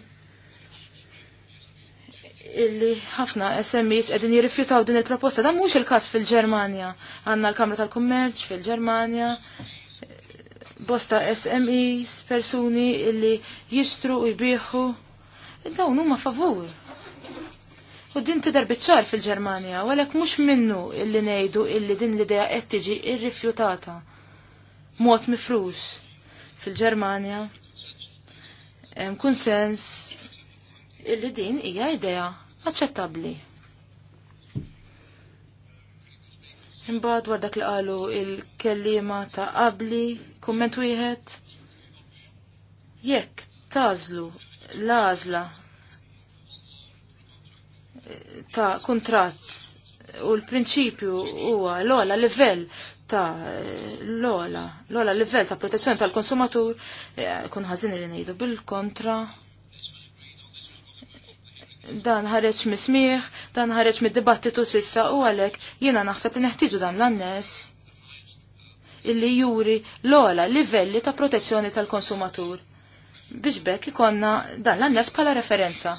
illi ħafna SMEs qegħdin jirrifjutaw din il-proposta. Dan mhux il-każ fil-Ġermanja. Għandna l-Kamra tal-Kummerċ fil-Ġermanja bosta SMEs, persuni illi jistru u jbieħu. Dawn huma favur. U din tidher biċċar fil-Ġermanja, għalhekk mhux minnu illi ngħidu illi din l-idea qed tiġi irrifjutata Mod mifrux fil-Ġermanja. Hemm kunsens illi din hija idea aċċettabbli. Imbagħad dwar dak li qalu il-kellima ta' qabli Kumment wieħed? Jekk tażlu l-għażla eh, ta' kuntratt u l-prinċipju huwa l-ola level ta' l-ola, l-ola livell ta' protezzjoni tal-konsumatur eh, kun ħażin li ngħidu bil-kontra dan ħareċ mismiħ, dan ħareċ mid-dibattitu sissa u għalek jiena naħseb li neħtiġu dan l-annes illi juri l-ola livelli ta' protezzjoni tal-konsumatur. Biex bekk ikonna dan l-annes bħala referenza.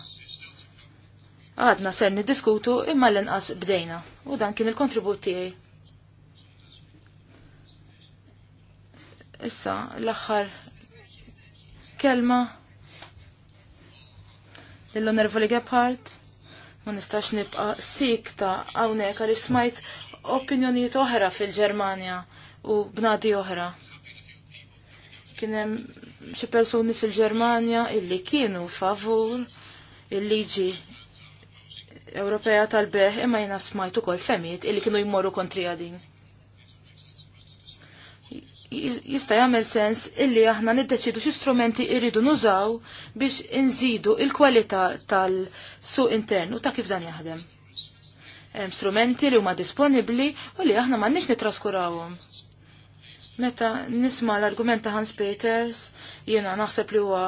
Għadna ser niddiskutu imma l-inqas bdejna u dan kien il-kontribut tiegħi. Issa l-aħħar kelma l onervoli Gebhardt ma nistax nibqa' sik ta' hawnhekk għaliex smajt opinjonijiet oħra fil-Ġermanja u bnadi oħra. Kien hemm xi persuni fil-Ġermanja illi kienu favur il-liġi Ewropea tal-beħ imma jina smajt ukoll femijiet illi kienu jmorru kontrija din. Jista' jagħmel sens illi aħna niddeċidu xi strumenti irridu nużaw biex inżidu il-kwalità tal-suq internu ta' kif dan jaħdem. Hemm strumenti li huma disponibbli u li aħna m'għandniex nitraskurawhom. Meta nisma l-argument ta' Hans Peters, jiena naħseb li huwa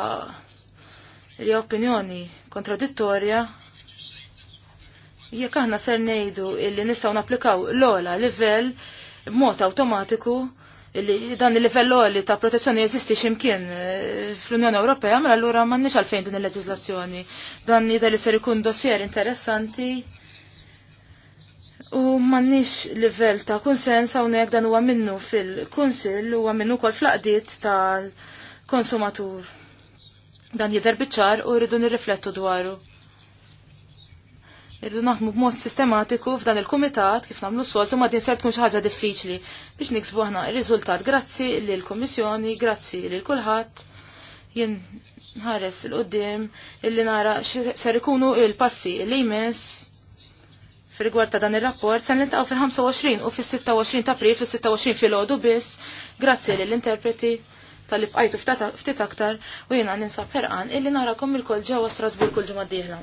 li opinjoni kontradittorja, jekk aħna ser ngħidu illi nistgħu napplikaw l-ola livell b'mod awtomatiku illi dan il-livell li ta' protezzjoni jeżisti ximkien eh, fl-Unjoni Ewropea, mela allura m'għandniex għalfejn din il-leġiżlazzjoni. Dan jidher li ser ikun dossier interessanti U mannix livell ta' konsens hawnhekk dan huwa minnu fil-kunsill u minnu kol fl-qdiet tal-konsumatur. Dan jidher biċċar u rridu nirriflettu dwaru. Irridu naħmu b'mod sistematiku f'dan il-kumitat kif nagħmlu soltu ma din ser tkun xi ħaġa diffiċli biex niksbu aħna r-riżultat. Grazzi lill-Kummissjoni, grazzi lil kulħadd. Jien ħares l-qudiem illi nara ser ikunu il-passi li jmiss fil-rigward ta' dan ir-rapport se intaw fil-25 u fil 26 ta' April fis-26 filgħodu biss. Grazzi lill-interpreti tal-li ftit aktar u jiena ninsab Perqan, illi narakom il-kol ġewwa Strasburg kull ġimgħa dieħla